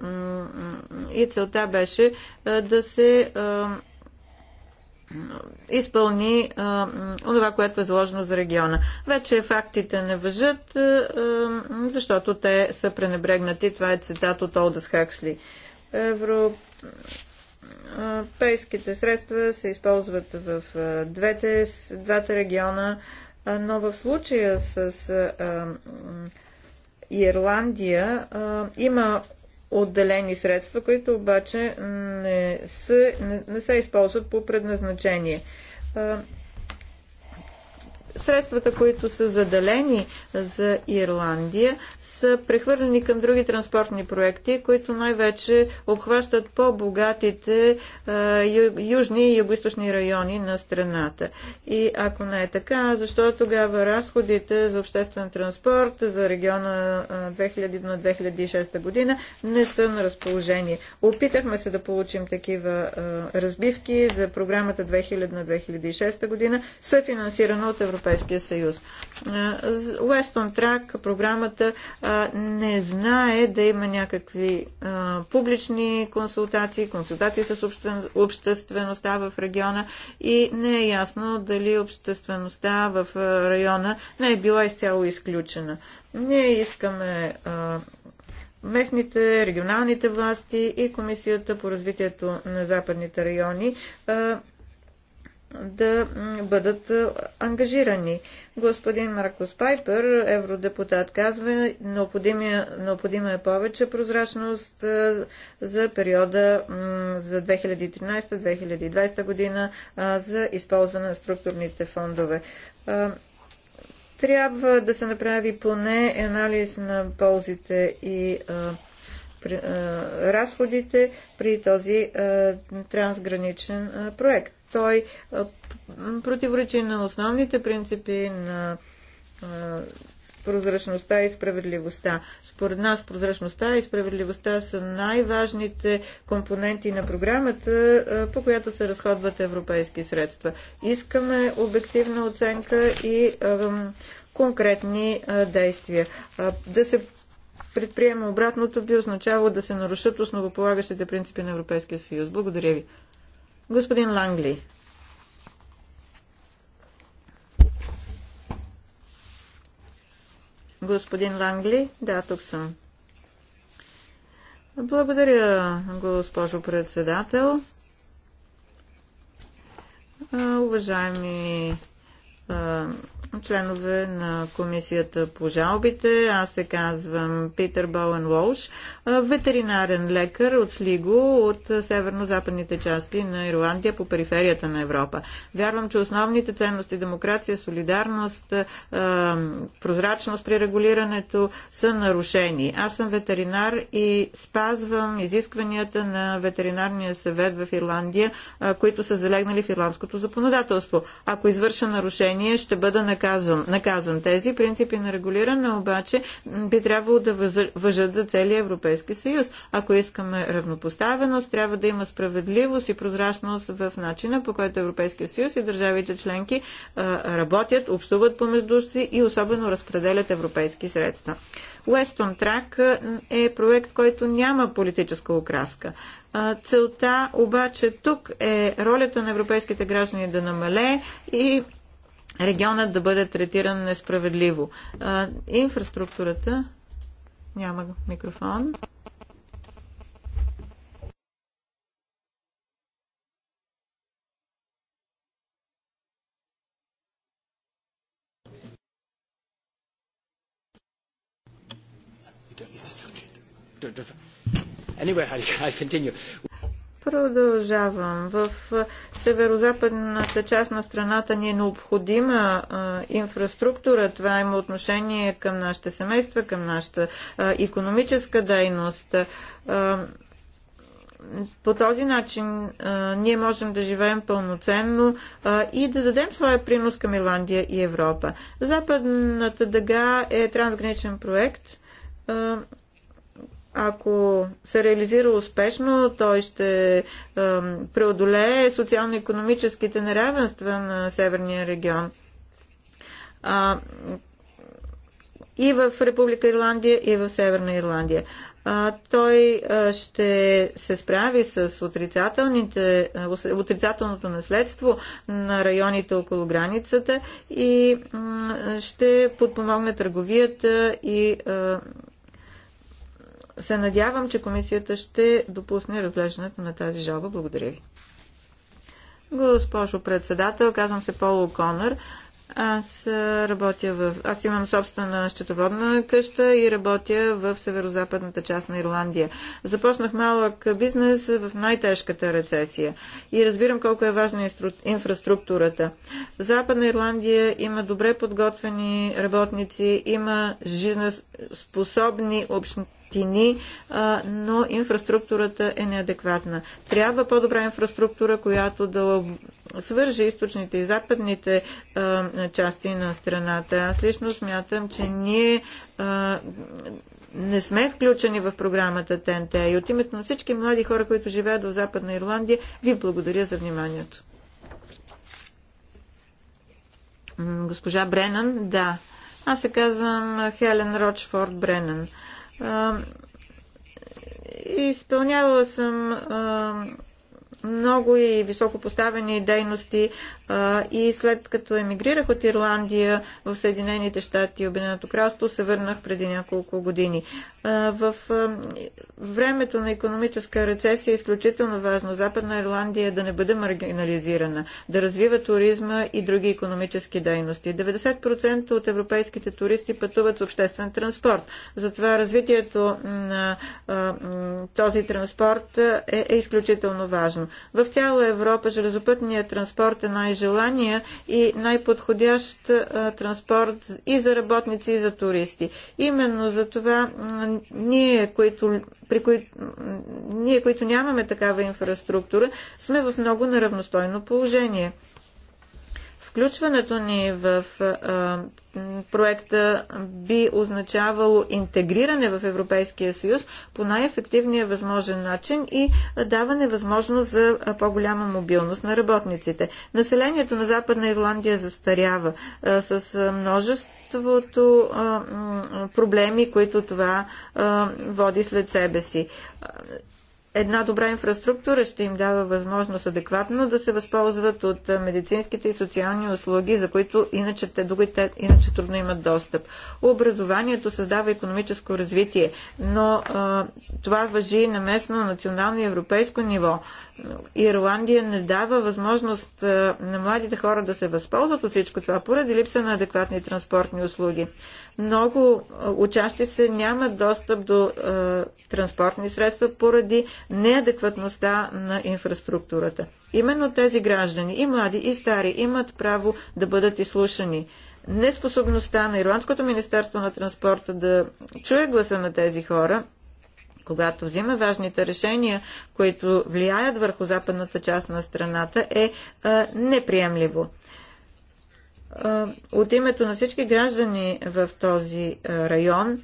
и целта беше да се изпълни това, което е заложено за региона. Вече фактите не въжат, защото те са пренебрегнати. Това е цитат от Олдъс Хаксли. Европейските средства се използват в двете, двата региона, но в случая с Ирландия има отделени средства, които обаче не, са, не, не се използват по предназначение средствата, които са заделени за Ирландия, са прехвърлени към други транспортни проекти, които най-вече обхващат по-богатите южни и югоисточни райони на страната. И ако не е така, защо тогава разходите за обществен транспорт за региона 2000 на 2006 година не са на разположение? Опитахме се да получим такива разбивки за програмата 2000 на 2006 година, съфинансирана от Европейския Европейския съюз. West Track, програмата, не знае да има някакви публични консултации, консултации с обществеността в региона и не е ясно дали обществеността в района не е била изцяло изключена. Ние искаме местните, регионалните власти и Комисията по развитието на западните райони да бъдат ангажирани. Господин Маркус Пайпер, евродепутат, казва, необходима, необходима е повече прозрачност за периода за 2013-2020 година за използване на структурните фондове. Трябва да се направи поне анализ на ползите и разходите при този трансграничен проект той е, противоречи на основните принципи на е, прозрачността и справедливостта. Според нас прозрачността и справедливостта са най-важните компоненти на програмата, е, по която се разходват европейски средства. Искаме обективна оценка и конкретни действия. Да се предприема обратното би означавало да се нарушат основополагащите принципи на Европейския съюз. Благодаря ви. Господин Лангли. Господин Лангли, да, тук съм. Благодаря, госпожо председател. Уважаеми членове на комисията по жалбите. Аз се казвам Питър Боуен Лоуш, ветеринарен лекар от Слиго, от северно-западните части на Ирландия по периферията на Европа. Вярвам, че основните ценности демокрация, солидарност, прозрачност при регулирането са нарушени. Аз съм ветеринар и спазвам изискванията на ветеринарния съвет в Ирландия, които са залегнали в ирландското законодателство. Ако извърша нарушение, ще бъда наказан наказан, наказан. Тези принципи на регулиране обаче би трябвало да въжат за целия Европейски съюз. Ако искаме равнопоставеност, трябва да има справедливост и прозрачност в начина по който Европейския съюз и държавите членки работят, общуват помежду си и особено разпределят европейски средства. Weston Track е проект, който няма политическа окраска. Целта обаче тук е ролята на европейските граждани да намалее и регионът да бъде третиран несправедливо. Инфраструктурата. Няма микрофон. Anyway, I'll, I'll continue. Продължавам. В северо-западната част на страната ни е необходима а, инфраструктура. Това има отношение към нашите семейства, към нашата а, економическа дейност. А, по този начин а, ние можем да живеем пълноценно а, и да дадем своя принос към Ирландия и Европа. Западната дъга е трансграничен проект. А, ако се реализира успешно, той ще преодолее социално-економическите неравенства на Северния регион. А, и в Република Ирландия, и в Северна Ирландия. А, той а, ще се справи с отрицателните, отрицателното наследство на районите около границата и ще подпомогне търговията и се надявам, че комисията ще допусне разглеждането на тази жалба. Благодаря ви. Госпожо председател, казвам се Пол О'Конър. Аз работя в... Аз имам собствена счетоводна къща и работя в северо-западната част на Ирландия. Започнах малък бизнес в най-тежката рецесия и разбирам колко е важна инфраструктурата. Западна Ирландия има добре подготвени работници, има жизнеспособни общности евтини, но инфраструктурата е неадекватна. Трябва по-добра инфраструктура, която да свържи източните и западните части на страната. Аз лично смятам, че ние не сме включени в програмата ТНТ. И от името на всички млади хора, които живеят в Западна Ирландия, ви благодаря за вниманието. Госпожа Бренън, да. Аз се казвам Хелен Рочфорд Бренън. Изпълнявала съм много и високо поставени дейности и след като емигрирах от Ирландия в Съединените щати и Обединеното кралство, се върнах преди няколко години. В времето на економическа рецесия е изключително важно Западна Ирландия да не бъде маргинализирана, да развива туризма и други економически дейности. 90% от европейските туристи пътуват с обществен транспорт. Затова развитието на този транспорт е, е изключително важно. В цяла Европа железопътният транспорт е най-желания и най-подходящ транспорт и за работници, и за туристи. Именно за това ние, които при които, ние, които нямаме такава инфраструктура, сме в много неравностойно положение. Включването ни в а, проекта би означавало интегриране в Европейския съюз по най-ефективния възможен начин и даване възможност за по-голяма мобилност на работниците. Населението на Западна Ирландия застарява а, с множеството а, проблеми, които това води след себе си Една добра инфраструктура ще им дава възможност адекватно да се възползват от медицинските и социални услуги, за които иначе, те, до иначе трудно имат достъп. Образованието създава економическо развитие, но а, това въжи на местно, национално и европейско ниво. Ирландия не дава възможност на младите хора да се възползват от всичко това поради липса на адекватни транспортни услуги. Много учащи се нямат достъп до е, транспортни средства поради неадекватността на инфраструктурата. Именно тези граждани, и млади, и стари, имат право да бъдат изслушани. Неспособността на Ирландското Министерство на транспорта да чуе гласа на тези хора – когато взима важните решения, които влияят върху западната част на страната, е неприемливо. От името на всички граждани в този район,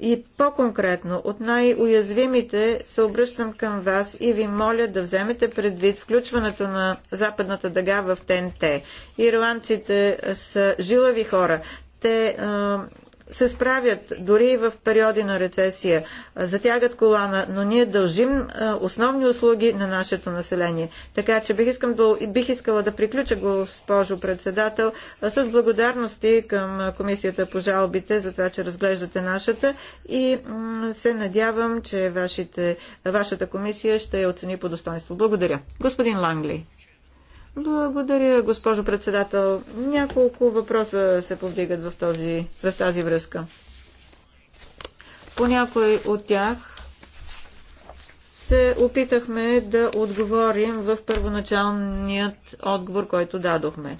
и по-конкретно, от най-уязвимите се обръщам към вас и ви моля да вземете предвид включването на западната дъга в ТНТ. Ирландците са жилави хора. Те а, се справят дори и в периоди на рецесия, затягат колана, но ние дължим основни услуги на нашето население. Така че бих, искам да, бих искала да приключа, госпожо председател, с благодарности към Комисията по жалбите за това, че разглеждате нашата и се надявам, че вашите, вашата комисия ще я оцени по достоинство. Благодаря. Господин Лангли. Благодаря, госпожо председател. Няколко въпроса се повдигат в, този, в тази връзка. По някой от тях се опитахме да отговорим в първоначалният отговор, който дадохме.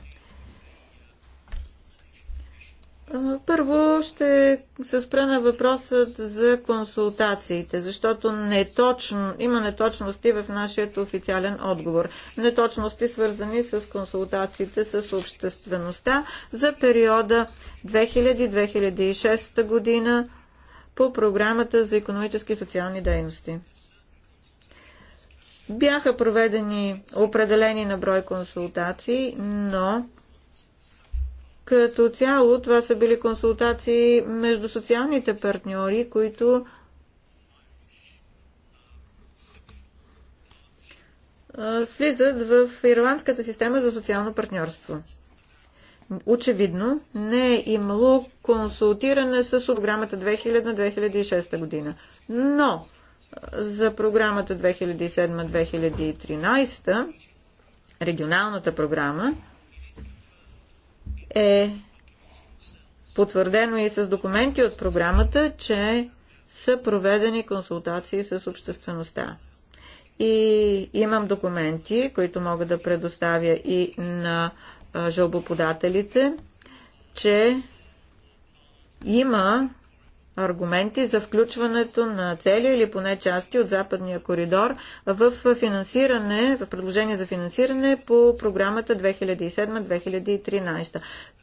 Първо ще се спра на въпросът за консултациите, защото неточно, има неточности в нашия официален отговор. Неточности свързани с консултациите с обществеността за периода 2000-2006 година по програмата за економически и социални дейности. Бяха проведени определени на брой консултации, но като цяло това са били консултации между социалните партньори, които влизат в ирландската система за социално партньорство. Очевидно не е имало консултиране с програмата 2000-2006 година. Но за програмата 2007-2013, регионалната програма, е потвърдено и с документи от програмата, че са проведени консултации с обществеността. И имам документи, които мога да предоставя и на жалбоподателите, че има аргументи за включването на цели или поне части от Западния коридор в финансиране, в предложение за финансиране по програмата 2007-2013.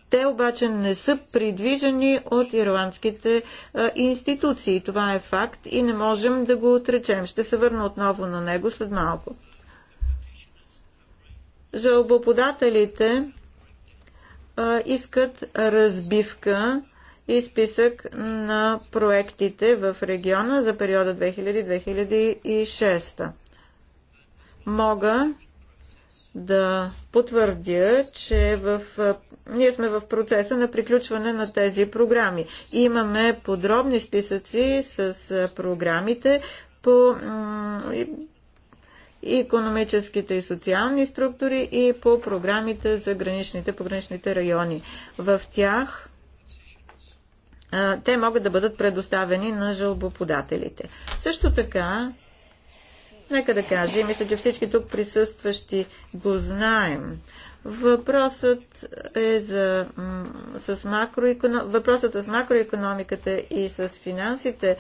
Те обаче не са придвижени от ирландските а, институции. Това е факт и не можем да го отречем. Ще се върна отново на него след малко. Жалбоподателите а, искат разбивка и списък на проектите в региона за периода 2000-2006. Мога да потвърдя, че в... ние сме в процеса на приключване на тези програми. Имаме подробни списъци с програмите по и економическите и социални структури и по програмите за граничните, пограничните райони. В тях те могат да бъдат предоставени на жалбоподателите. Също така, нека да кажа, и мисля, че всички тук присъстващи го знаем, Въпросът е за, с макроеконом... Въпросът е с макроекономиката и с финансите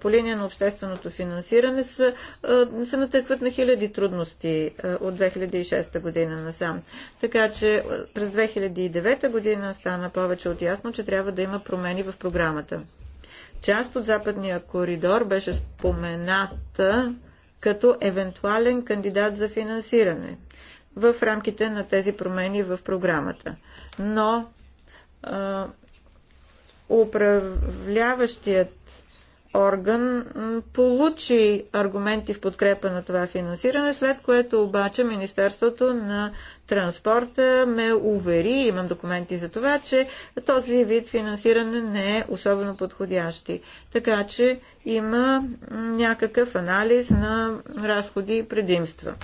по линия на общественото финансиране са, се натъкват на хиляди трудности от 2006 година насам. Така че през 2009 година стана повече от ясно, че трябва да има промени в програмата. Част от западния коридор беше спомената като евентуален кандидат за финансиране – в рамките на тези промени в програмата. Но а, управляващият орган получи аргументи в подкрепа на това финансиране, след което обаче Министерството на транспорта ме увери, имам документи за това, че този вид финансиране не е особено подходящи. Така че има някакъв анализ на разходи и предимства.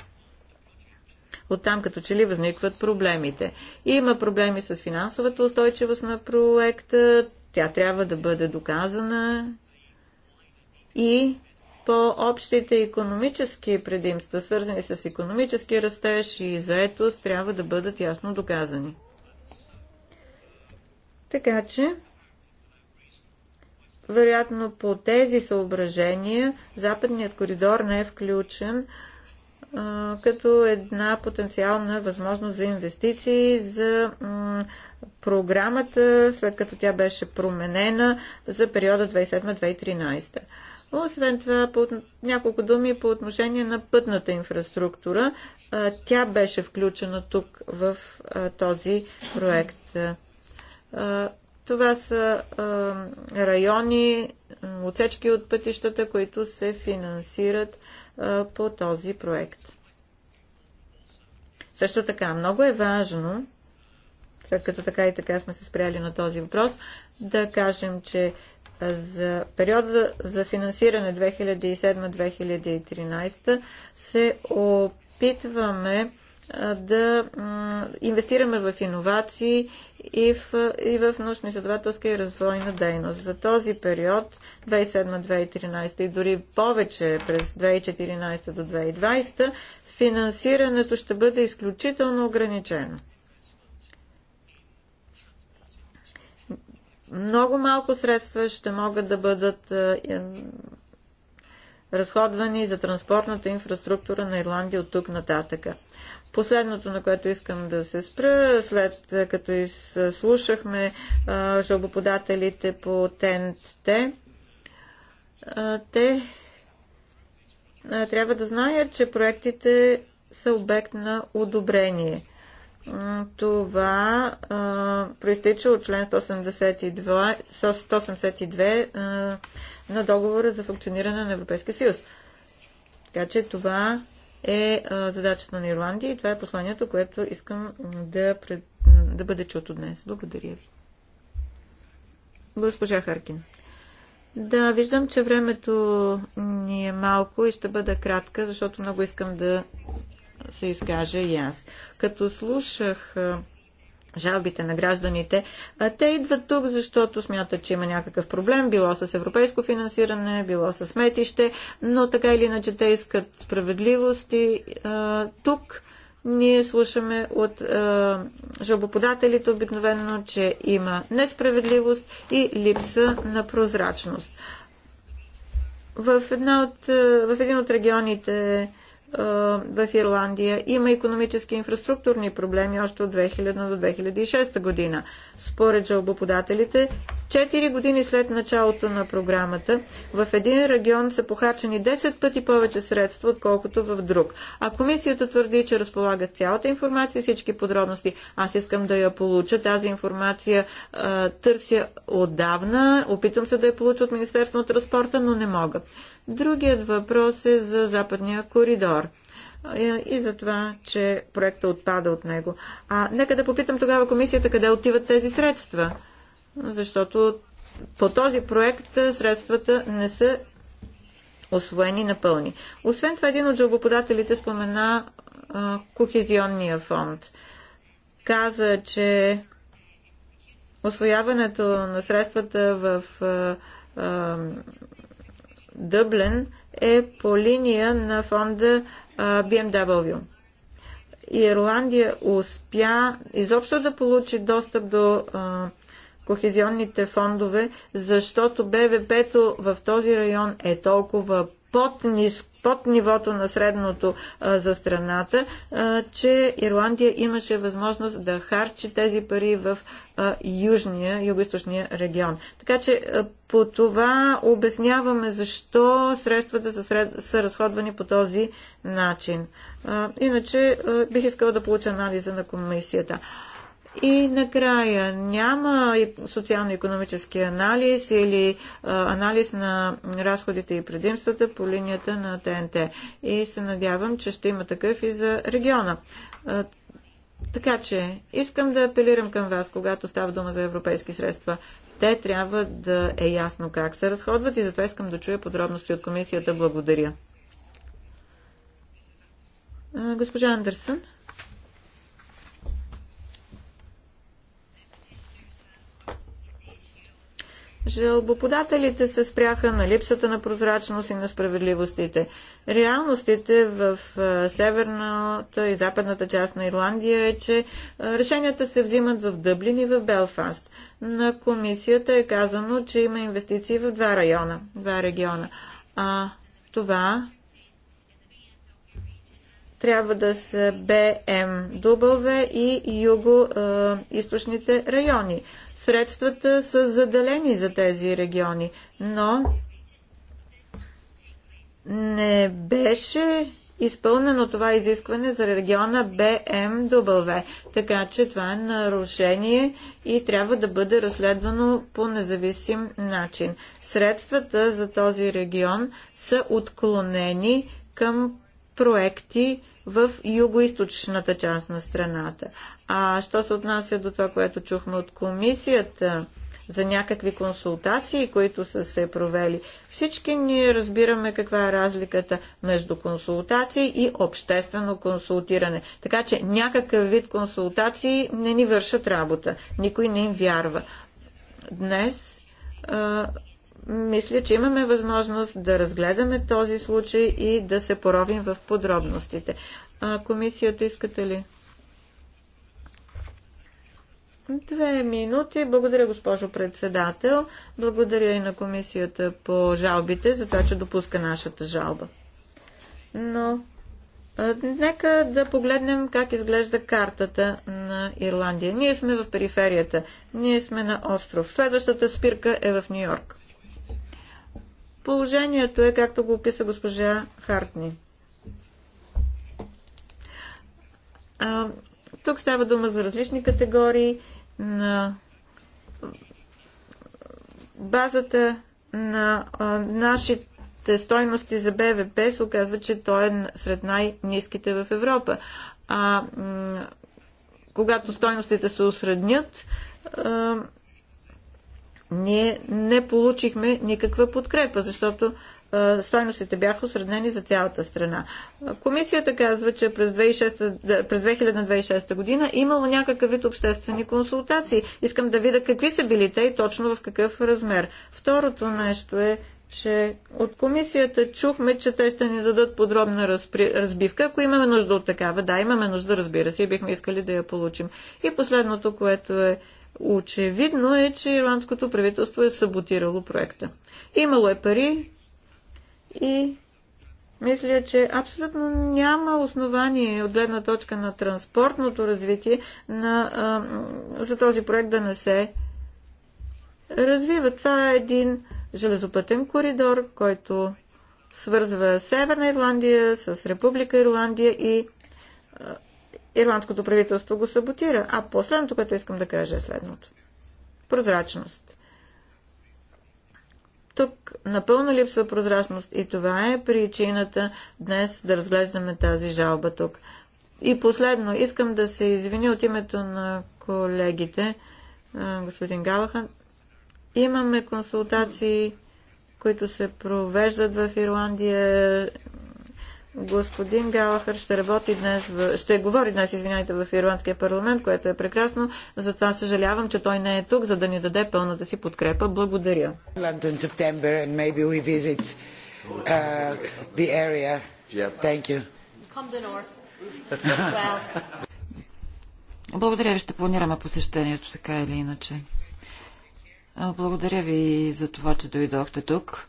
Оттам като че ли възникват проблемите. Има проблеми с финансовата устойчивост на проекта, тя трябва да бъде доказана и по общите економически предимства, свързани с економически растеж и заетост, трябва да бъдат ясно доказани. Така че, вероятно по тези съображения, Западният коридор не е включен като една потенциална възможност за инвестиции за програмата, след като тя беше променена за периода 2007-2013. Освен това, по няколко думи по отношение на пътната инфраструктура. Тя беше включена тук в този проект. Това са райони, отсечки от пътищата, които се финансират по този проект. Също така, много е важно, след като така и така сме се спряли на този въпрос, да кажем, че за периода за финансиране 2007-2013 се опитваме да инвестираме в иновации и в, и в научно-изследователска и развойна дейност. За този период, 2007-2013 и дори повече през 2014 до 2020, финансирането ще бъде изключително ограничено. Много малко средства ще могат да бъдат разходвани за транспортната инфраструктура на Ирландия от тук нататъка. Последното, на което искам да се спра, след е, като изслушахме е, жалбоподателите по ТНТ, е, те трябва да знаят, че проектите са обект на одобрение. Това а, проистича от член 182, 182 а, на договора за функциониране на Европейския съюз. Така че това е задачата на Ирландия и това е посланието, което искам да, пред... да бъде чуто днес. Благодаря ви. Госпожа Харкин. Да, виждам, че времето ни е малко и ще бъда кратка, защото много искам да се изкажа и аз. Като слушах жалбите на гражданите, те идват тук, защото смятат, че има някакъв проблем, било с европейско финансиране, било с сметище, но така или иначе те искат справедливост и тук ние слушаме от жалбоподателите обикновено, че има несправедливост и липса на прозрачност. В, една от, в един от регионите в Ирландия има економически и инфраструктурни проблеми още от 2000 до 2006 година. Според жалбоподателите, Четири години след началото на програмата в един регион са похарчени 10 пъти повече средства, отколкото в друг. А комисията твърди, че разполага с цялата информация, всички подробности. Аз искам да я получа. Тази информация а, търся отдавна. Опитам се да я получа от Министерство на транспорта, но не мога. Другият въпрос е за западния коридор и за това, че проекта отпада от него. А, нека да попитам тогава комисията къде отиват тези средства защото по този проект средствата не са освоени напълни. Освен това, един от жалбоподателите спомена а, Кохезионния фонд. Каза, че освояването на средствата в а, а, Дъблен е по линия на фонда а, BMW. Ирландия успя изобщо да получи достъп до а, кохезионните фондове, защото БВП-то в този район е толкова под, низ, под нивото на средното а, за страната, а, че Ирландия имаше възможност да харчи тези пари в а, южния, югоисточния регион. Така че а, по това обясняваме защо средствата са, сред, са разходвани по този начин. А, иначе а, бих искала да получа анализа на комисията. А, и накрая няма социално-економически анализ или а, анализ на разходите и предимствата по линията на ТНТ. И се надявам, че ще има такъв и за региона. А, така че искам да апелирам към вас, когато става дума за европейски средства. Те трябва да е ясно как се разходват и затова искам да чуя подробности от комисията. Благодаря. А, госпожа Андерсън. Жалбоподателите се спряха на липсата на прозрачност и на справедливостите. Реалностите в северната и западната част на Ирландия е, че решенията се взимат в Дъблин и в Белфаст. На комисията е казано, че има инвестиции в два района, два региона. А това трябва да са БМВ и юго-источните райони. Средствата са заделени за тези региони, но не беше изпълнено това изискване за региона БМВ. Така че това е нарушение и трябва да бъде разследвано по независим начин. Средствата за този регион са отклонени към проекти, в югоисточната част на страната. А що се отнася до това, което чухме от комисията, за някакви консултации, които са се провели. Всички ние разбираме каква е разликата между консултации и обществено консултиране. Така че някакъв вид консултации не ни вършат работа. Никой не им вярва. Днес мисля, че имаме възможност да разгледаме този случай и да се поровим в подробностите. А, комисията искате ли? Две минути. Благодаря, госпожо председател. Благодаря и на комисията по жалбите за това, че допуска нашата жалба. Но а, нека да погледнем как изглежда картата на Ирландия. Ние сме в периферията. Ние сме на остров. Следващата спирка е в Нью-Йорк. Положението е, както го описа госпожа Хартни. А, тук става дума за различни категории на базата на а, нашите стойности за БВП се оказва, че той е сред най-низките в Европа. А когато стойностите се осреднят, ние не получихме никаква подкрепа, защото стойностите бяха осреднени за цялата страна. Комисията казва, че през, 2006, през година имало някакъв вид обществени консултации. Искам да видя какви са били те и точно в какъв размер. Второто нещо е, че от комисията чухме, че те ще ни дадат подробна разбивка. Ако имаме нужда от такава, да, имаме нужда, разбира се, и бихме искали да я получим. И последното, което е Очевидно е, че ирландското правителство е саботирало проекта. Имало е пари и мисля, че абсолютно няма основание от гледна точка на транспортното развитие на, а, за този проект да не се развива. Това е един железопътен коридор, който свързва Северна Ирландия с Република Ирландия и ирландското правителство го саботира. А последното, което искам да кажа е следното. Прозрачност. Тук напълно липсва прозрачност и това е причината днес да разглеждаме тази жалба тук. И последно, искам да се извиня от името на колегите, господин Галахан. Имаме консултации, които се провеждат в Ирландия Господин Галахър ще работи днес, в... ще говори днес, извинявайте, в Ирландския парламент, което е прекрасно. Затова съжалявам, че той не е тук, за да ни даде пълната си подкрепа. Благодаря. Благодаря ви, ще планираме посещението така или иначе. Благодаря ви за това, че дойдохте тук.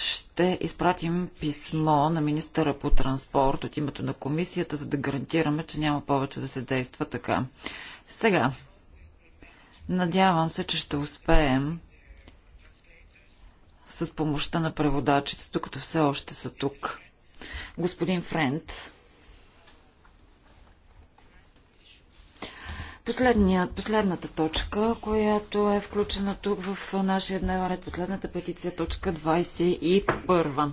ще изпратим писмо на министъра по транспорт от името на комисията, за да гарантираме, че няма повече да се действа така. Сега, надявам се, че ще успеем с помощта на преводачите, докато все още са тук. Господин Френд, Последния, последната точка, която е включена тук в нашия дневен ред, последната петиция, точка 21.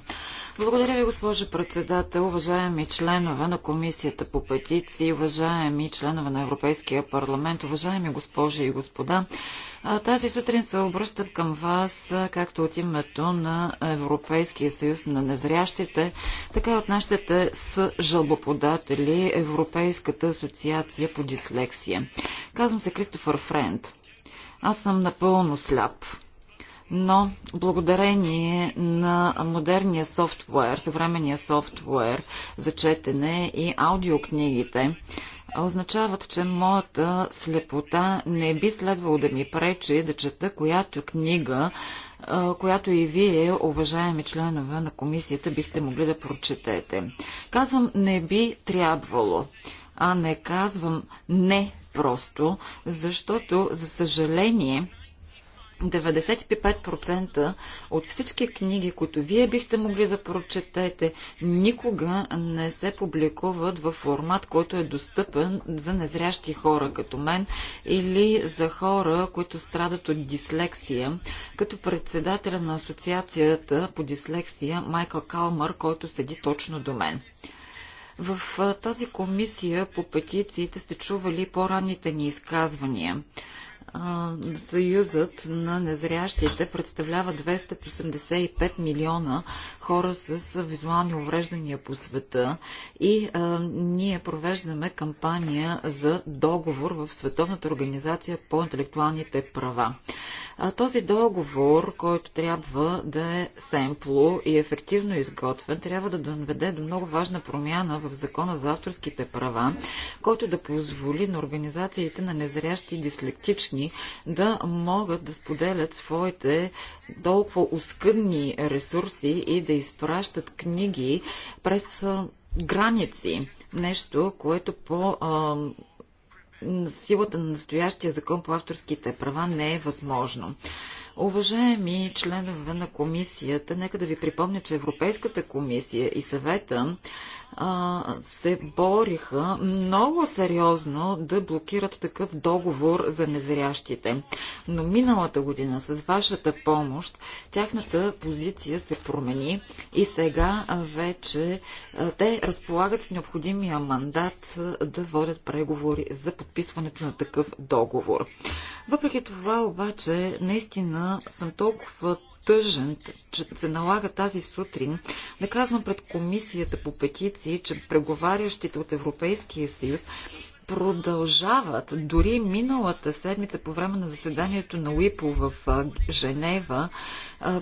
Благодаря ви, госпожо председател, уважаеми членове на Комисията по петиции, уважаеми членове на Европейския парламент, уважаеми госпожи и господа. Тази сутрин се обръщам към вас, както от името на Европейския съюз на незрящите, така и от нашите с жалбоподатели Европейската асоциация по дислексия. Казвам се Кристофър Френд. Аз съм напълно сляп но благодарение на модерния софтуер, съвременния софтуер за четене и аудиокнигите, означават, че моята слепота не би следвало да ми пречи да чета която книга, която и вие, уважаеми членове на комисията, бихте могли да прочетете. Казвам не би трябвало, а не казвам не просто, защото, за съжаление, 95% от всички книги, които вие бихте могли да прочетете, никога не се публикуват в формат, който е достъпен за незрящи хора като мен или за хора, които страдат от дислексия, като председателя на Асоциацията по дислексия Майкъл Калмър, който седи точно до мен. В тази комисия по петициите сте чували по-ранните ни изказвания. Съюзът на незрящите представлява 285 милиона хора с визуални увреждания по света и а, ние провеждаме кампания за договор в Световната организация по интелектуалните права. А, този договор, който трябва да е семпло и ефективно изготвен, трябва да доведе до много важна промяна в закона за авторските права, който да позволи на организациите на незрящи и дислектични да могат да споделят своите толкова оскъдни ресурси и да изпращат книги през граници. Нещо, което по силата на настоящия закон по авторските права не е възможно. Уважаеми членове на комисията, нека да ви припомня, че Европейската комисия и съвета а, се бориха много сериозно да блокират такъв договор за незрящите. Но миналата година с вашата помощ тяхната позиция се промени и сега вече а, те разполагат с необходимия мандат да водят преговори за подписването на такъв договор. Въпреки това обаче, наистина съм толкова тъжен, че се налага тази сутрин да казвам пред комисията по петиции, че преговарящите от Европейския съюз продължават. Дори миналата седмица по време на заседанието на УИПО в Женева,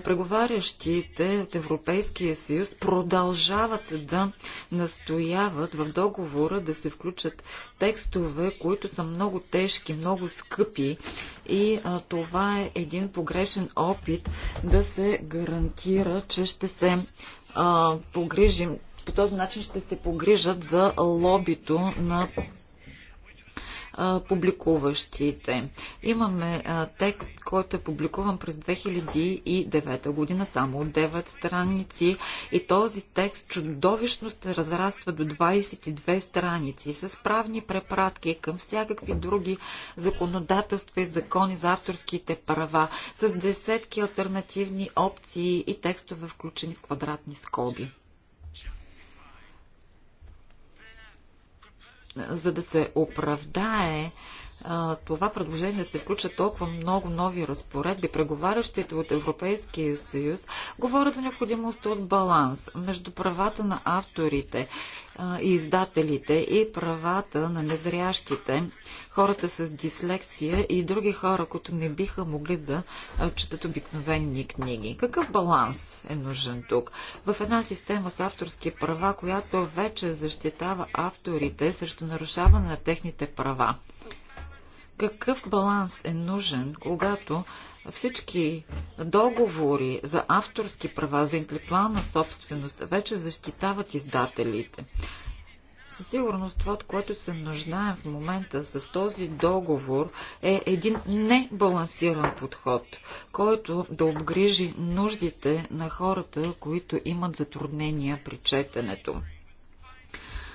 преговарящите от Европейския съюз продължават да настояват в договора да се включат текстове, които са много тежки, много скъпи и а, това е един погрешен опит да се гарантира, че ще се а, погрижим по този начин ще се погрижат за лобито на а, публикуващите. Имаме а, текст, който е публикуван през 2009 година, само от 9 страници и този текст чудовищно се разраства до 22 страници с правни препратки към всякакви други законодателства и закони за авторските права, с десетки альтернативни опции и текстове включени в квадратни скоби. за да се оправдае това предложение се включат толкова много нови разпоредби. Преговарящите от Европейския съюз говорят за необходимостта от баланс между правата на авторите и издателите и правата на незрящите, хората с дислексия и други хора, които не биха могли да четат обикновени книги. Какъв баланс е нужен тук? В една система с авторски права, която вече защитава авторите срещу нарушаване на техните права. Какъв баланс е нужен, когато всички договори за авторски права, за интелектуална собственост вече защитават издателите? Със сигурност това, от което се нуждаем в момента с този договор, е един небалансиран подход, който да обгрижи нуждите на хората, които имат затруднения при четенето.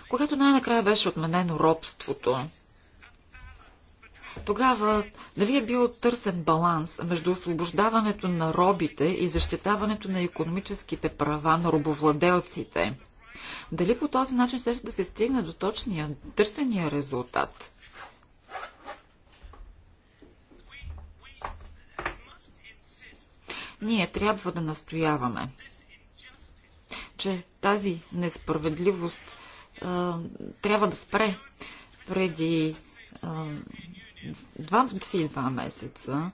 Когато най-накрая беше отменено робството, тогава дали е бил търсен баланс между освобождаването на робите и защитаването на економическите права на робовладелците? Дали по този начин ще да се стигне до точния търсения резултат? Ние трябва да настояваме, че тази несправедливост а, трябва да спре преди а, два-два месеца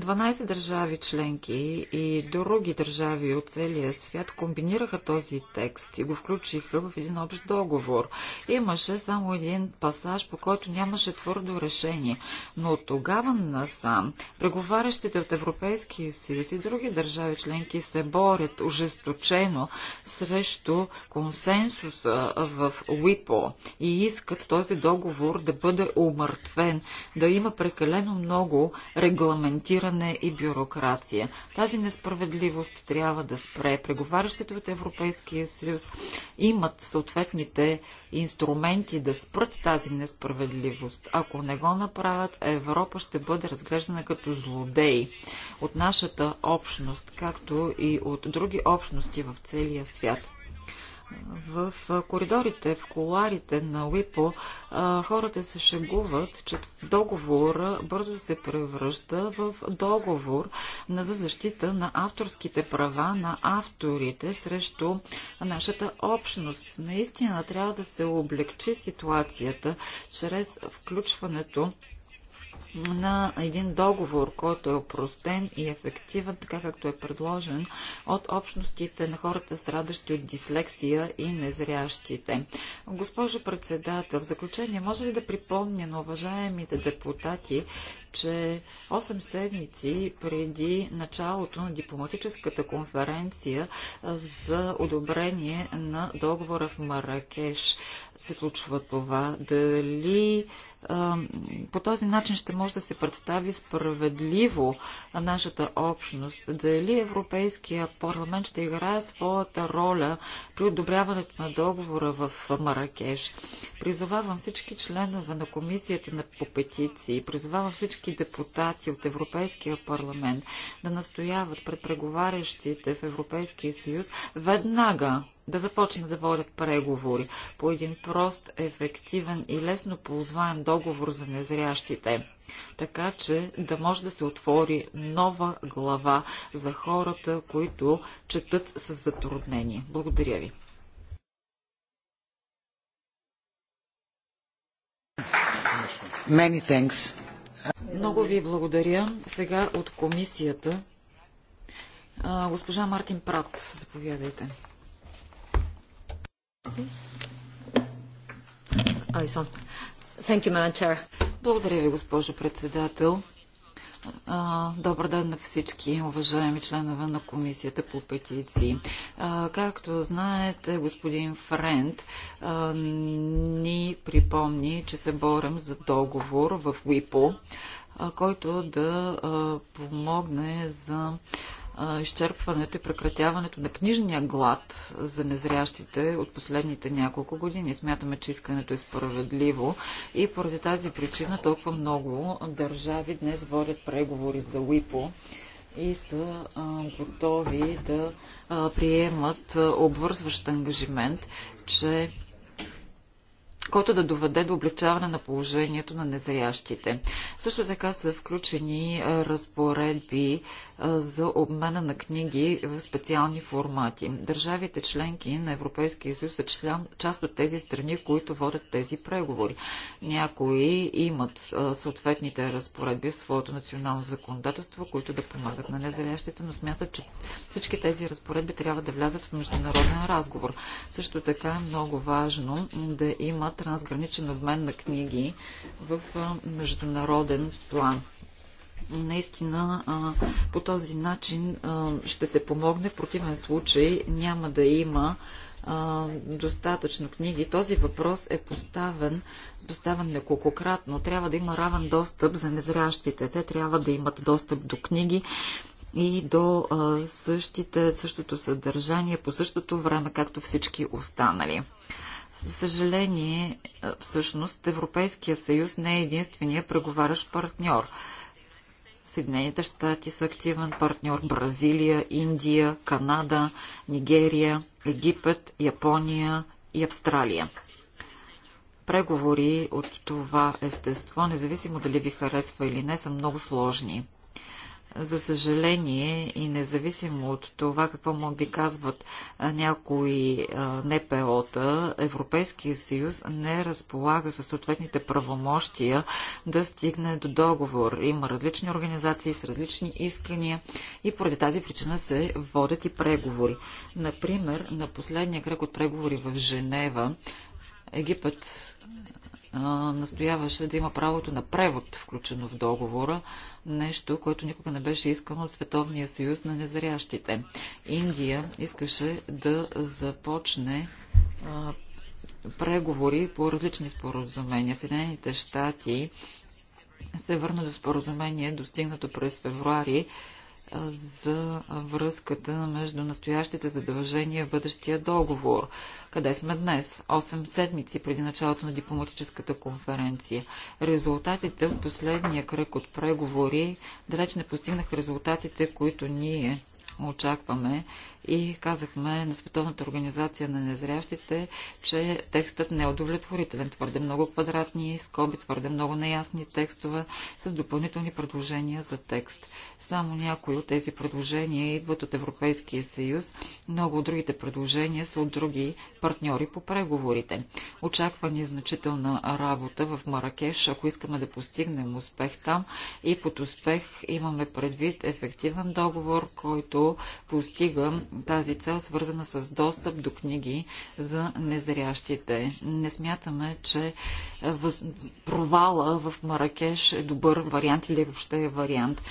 12 държави членки и други държави от целия свят комбинираха този текст и го включиха в един общ договор. Имаше само един пасаж, по който нямаше твърдо решение. Но от тогава насам преговарящите от Европейския съюз и други държави членки се борят ожесточено срещу консенсуса в УИПО и искат този договор да бъде умъртвен, да има прекалено много регламентирани дублиране и бюрокрация. Тази несправедливост трябва да спре. Преговарящите от Европейския съюз имат съответните инструменти да спрат тази несправедливост. Ако не го направят, Европа ще бъде разглеждана като злодей от нашата общност, както и от други общности в целия свят в коридорите, в коларите на УИПО хората се шегуват, че в договор бързо се превръща в договор за защита на авторските права на авторите срещу нашата общност. Наистина трябва да се облегчи ситуацията чрез включването на един договор, който е опростен и ефективен, така както е предложен от общностите на хората страдащи от дислексия и незрящите. Госпожо председател, в заключение, може ли да припомня на уважаемите депутати, че 8 седмици преди началото на дипломатическата конференция за одобрение на договора в Маракеш се случва това. Дали по този начин ще може да се представи справедливо нашата общност. Дали Европейския парламент ще играе своята роля при одобряването на договора в Маракеш. Призовавам всички членове на комисията на по петиции, призовавам всички депутати от Европейския парламент да настояват пред преговарящите в Европейския съюз веднага да започнат да водят преговори по един прост, ефективен и лесно ползваем договор за незрящите. Така че да може да се отвори нова глава за хората, които четат с затруднение. Благодаря ви. Many thanks. Много ви благодаря. Сега от комисията. Госпожа Мартин Прат, заповядайте. Oh, Благодаря ви, госпожо председател. Добър ден на всички, уважаеми членове на Комисията по петиции. Както знаете, господин Френд ни припомни, че се борим за договор в УИПО, който да помогне за изчерпването и прекратяването на книжния глад за незрящите от последните няколко години. Смятаме, че искането е справедливо и поради тази причина толкова много държави днес водят преговори за УИПО и са а, готови да а, приемат а, обвързващ ангажимент, че който да доведе до облегчаване на положението на незрящите. Също така са включени разпоредби за обмена на книги в специални формати. Държавите членки на Европейския съюз са член, част от тези страни, които водят тези преговори. Някои имат съответните разпоредби в своето национално законодателство, които да помагат на незрящите, но смятат, че всички тези разпоредби трябва да влязат в международен разговор. Също така е много важно да имат трансграничен обмен на книги в международен план. Наистина по този начин ще се помогне, в противен случай няма да има достатъчно книги. Този въпрос е поставен, поставен неколкократно. Трябва да има равен достъп за незрящите. Те трябва да имат достъп до книги и до същите, същото съдържание по същото време, както всички останали. За съжаление, всъщност Европейския съюз не е единствения преговарящ партньор. Съединените щати са активен партньор, Бразилия, Индия, Канада, Нигерия, Египет, Япония и Австралия. Преговори от това естество, независимо дали ви харесва или не, са много сложни. За съжаление и независимо от това какво му би казват някои НПО-та, Европейския съюз не разполага със съответните правомощия да стигне до договор. Има различни организации с различни искания и поради тази причина се водят и преговори. Например, на последния кръг от преговори в Женева Египет настояваше да има правото на превод, включено в договора, нещо, което никога не беше искано от Световния съюз на незрящите. Индия искаше да започне а, преговори по различни споразумения. Съединените щати се върна до споразумение, достигнато през февруари за връзката между настоящите задължения в бъдещия договор. Къде сме днес? 8 седмици преди началото на дипломатическата конференция. Резултатите в последния кръг от преговори далеч не постигнаха резултатите, които ние очакваме и казахме на Световната организация на незрящите, че текстът не е удовлетворителен. Твърде много квадратни скоби, твърде много неясни текстове с допълнителни предложения за текст. Само някои от тези предложения идват от Европейския съюз, много от другите предложения са от други партньори по преговорите. Очаква ни значителна работа в Маракеш, ако искаме да постигнем успех там и под успех имаме предвид ефективен договор, който постига тази цел, свързана с достъп до книги за незрящите. Не смятаме, че провала в Маракеш е добър вариант или въобще е вариант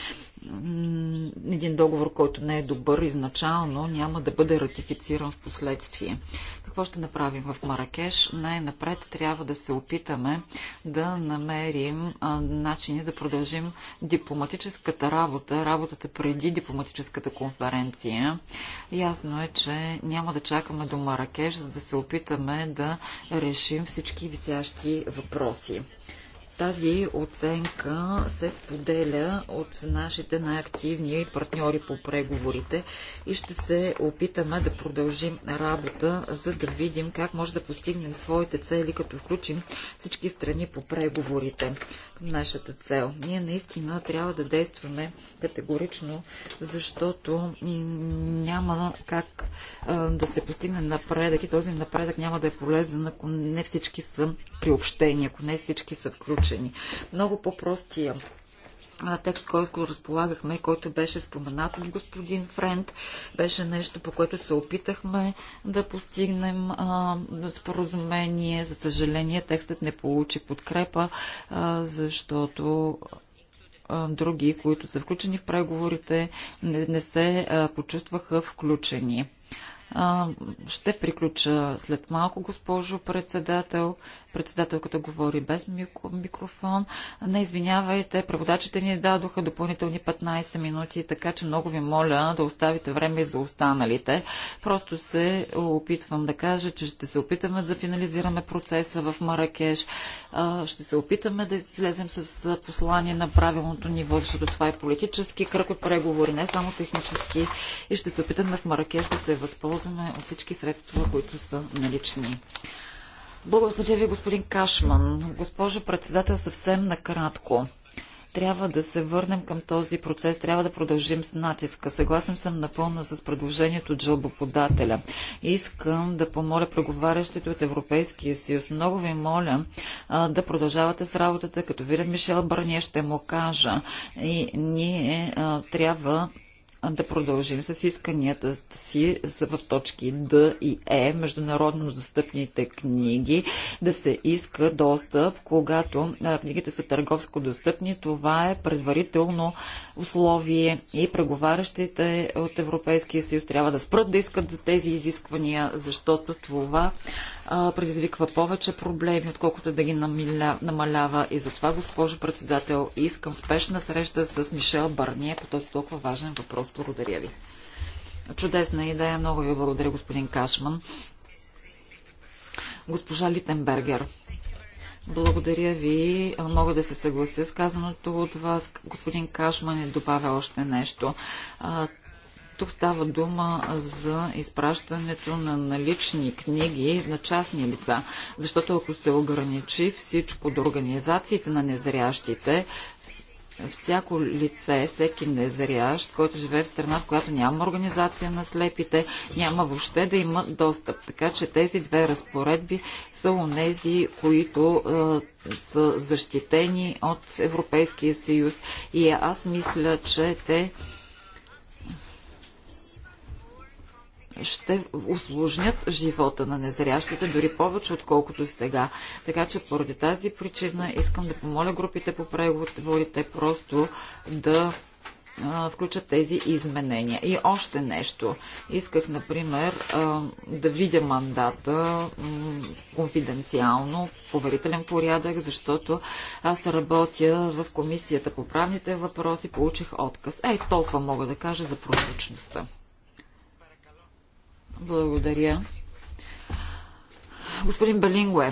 един договор, който не е добър изначално, няма да бъде ратифициран в последствие. Какво ще направим в Маракеш? Най-напред трябва да се опитаме да намерим начини да продължим дипломатическата работа, работата преди дипломатическата конференция. Ясно е, че няма да чакаме до Маракеш, за да се опитаме да решим всички висящи въпроси. Тази оценка се споделя от нашите най-активни партньори по преговорите и ще се опитаме да продължим работа, за да видим как може да постигнем своите цели, като включим всички страни по преговорите. Нашата цел. Ние наистина трябва да действаме категорично, защото няма как да се постигне напредък и този напредък няма да е полезен, ако не всички са приобщени, ако не всички са включени. Много по-простия текст, който разполагахме, който беше споменат от господин Френд, беше нещо, по което се опитахме да постигнем а, споразумение. За съжаление, текстът не получи подкрепа, а, защото а, други, които са включени в преговорите, не, не се а, почувстваха включени. Ще приключа след малко, госпожо председател. Председателката говори без микрофон. Не извинявайте, преводачите ни дадоха допълнителни 15 минути, така че много ви моля да оставите време за останалите. Просто се опитвам да кажа, че ще се опитаме да финализираме процеса в Маракеш. Ще се опитаме да излезем с послание на правилното ниво, защото това е политически кръг от преговори, не само технически. И ще се опитаме в Маракеш да се възползваме от всички средства, които са налични. Благодаря ви, господин Кашман. Госпожо председател, съвсем накратко трябва да се върнем към този процес, трябва да продължим с натиска. Съгласен съм напълно с предложението от жълбоподателя. Искам да помоля преговарящите от Европейския съюз. Много ви моля а, да продължавате с работата. Като видя Мишел Бърния, ще му кажа. И ние а, трябва да продължим с исканията си в точки Д и Е, международно достъпните книги, да се иска достъп, когато книгите са търговско достъпни. Това е предварително условие и преговарящите от Европейския съюз трябва да спрат да искат за тези изисквания, защото това предизвиква повече проблеми, отколкото да ги намалява. И затова, госпожо председател, искам спешна среща с Мишел Барние по този толкова важен въпрос. Благодаря ви. Чудесна идея. Много ви благодаря, господин Кашман. Госпожа Литенбергер. Благодаря ви. Мога да се съглася с казаното от вас. Господин Кашман е добавя още нещо. Тук става дума за изпращането на налични книги на частни лица, защото ако се ограничи всичко до организациите на незрящите, всяко лице, всеки незрящ, който живее в страна, в която няма организация на слепите, няма въобще да има достъп. Така че тези две разпоредби са нези, които е, са защитени от Европейския съюз. И аз мисля, че те ще усложнят живота на незрящите, дори повече отколкото сега. Така че поради тази причина искам да помоля групите по преговорите просто да включат тези изменения. И още нещо. Исках, например, да видя мандата конфиденциално, поверителен порядък, защото аз работя в комисията по правните въпроси, получих отказ. Ей, толкова мога да кажа за прозрачността. Благодаря. Господин Белингуе.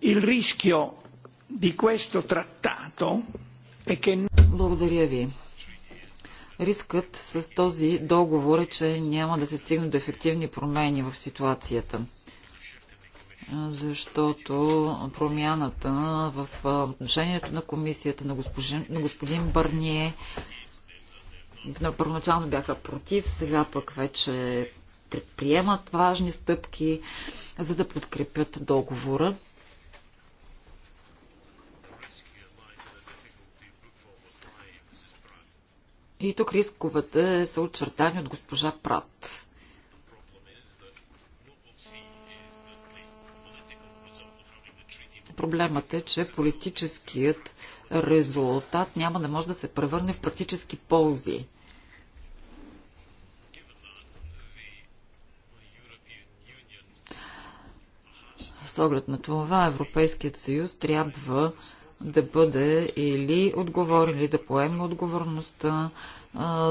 Il rischio di questo trattato è che... Благодаря ви. Рискът с този договор е, че няма да се стигне до ефективни промени в ситуацията защото промяната в отношението на комисията на господин, на господин Барние на първоначално бяха против, сега пък вече предприемат важни стъпки, за да подкрепят договора. И тук рисковете са очертани от госпожа Прат. Проблемът е, че политическият резултат няма да може да се превърне в практически ползи. С оглед на това Европейският съюз трябва да бъде или отговорен, или да поеме отговорността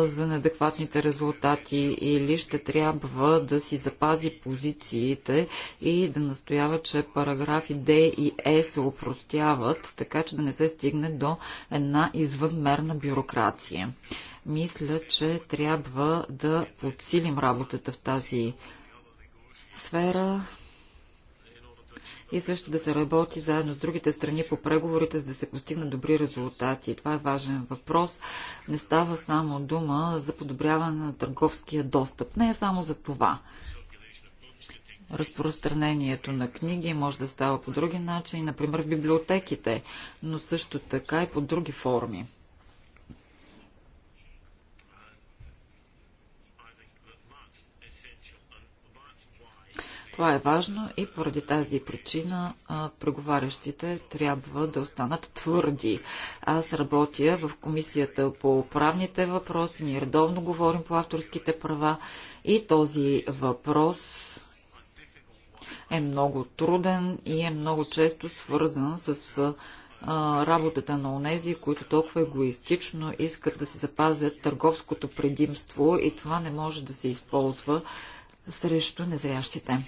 за неадекватните резултати, или ще трябва да си запази позициите и да настоява, че параграфи Д и Е се упростяват, така че да не се стигне до една извънмерна бюрокрация. Мисля, че трябва да подсилим работата в тази сфера и също да се работи заедно с другите страни по преговорите, за да се постигнат добри резултати. Това е важен въпрос. Не става само дума за подобряване на търговския достъп. Не е само за това. Разпространението на книги може да става по други начини, например в библиотеките, но също така и по други форми. Това е важно и поради тази причина преговарящите трябва да останат твърди. Аз работя в комисията по правните въпроси, ние редовно говорим по авторските права и този въпрос е много труден и е много често свързан с работата на онези, които толкова егоистично искат да си запазят търговското предимство и това не може да се използва срещу незрящите.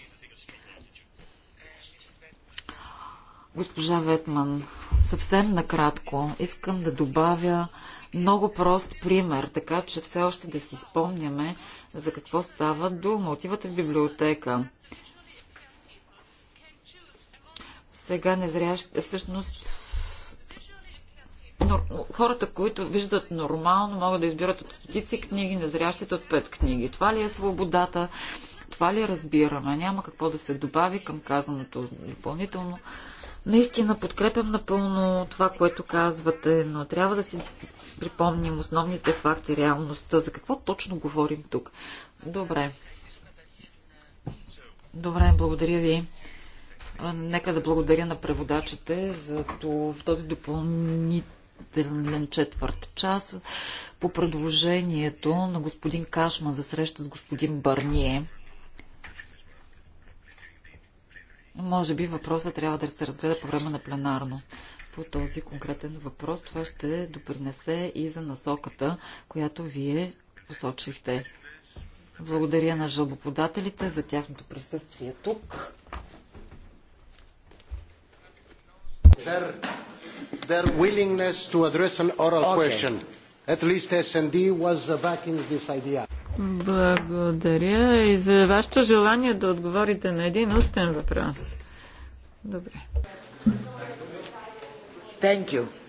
Госпожа Ветман, съвсем накратко искам да добавя много прост пример, така че все още да си спомняме за какво става дума. Отивате в библиотека. Сега незрящ... Всъщност хората, които виждат нормално, могат да избират от стотици книги, незрящите от пет книги. Това ли е свободата? Това ли разбираме? Няма какво да се добави към казаното допълнително. Наистина подкрепям напълно това, което казвате, но трябва да си припомним основните факти, реалността, за какво точно говорим тук. Добре. Добре, благодаря ви. Нека да благодаря на преводачите за този допълнителен четвърт час по предложението на господин Кашман за среща с господин Барние. Може би въпросът трябва да се разгледа по време на пленарно. По този конкретен въпрос това ще допринесе и за насоката, която вие посочихте. Благодаря на жалбоподателите за тяхното присъствие тук. Their, their to an oral okay. At least S&D was backing this idea. Благодаря и за вашето желание да отговорите на един устен въпрос. Добре. Thank you.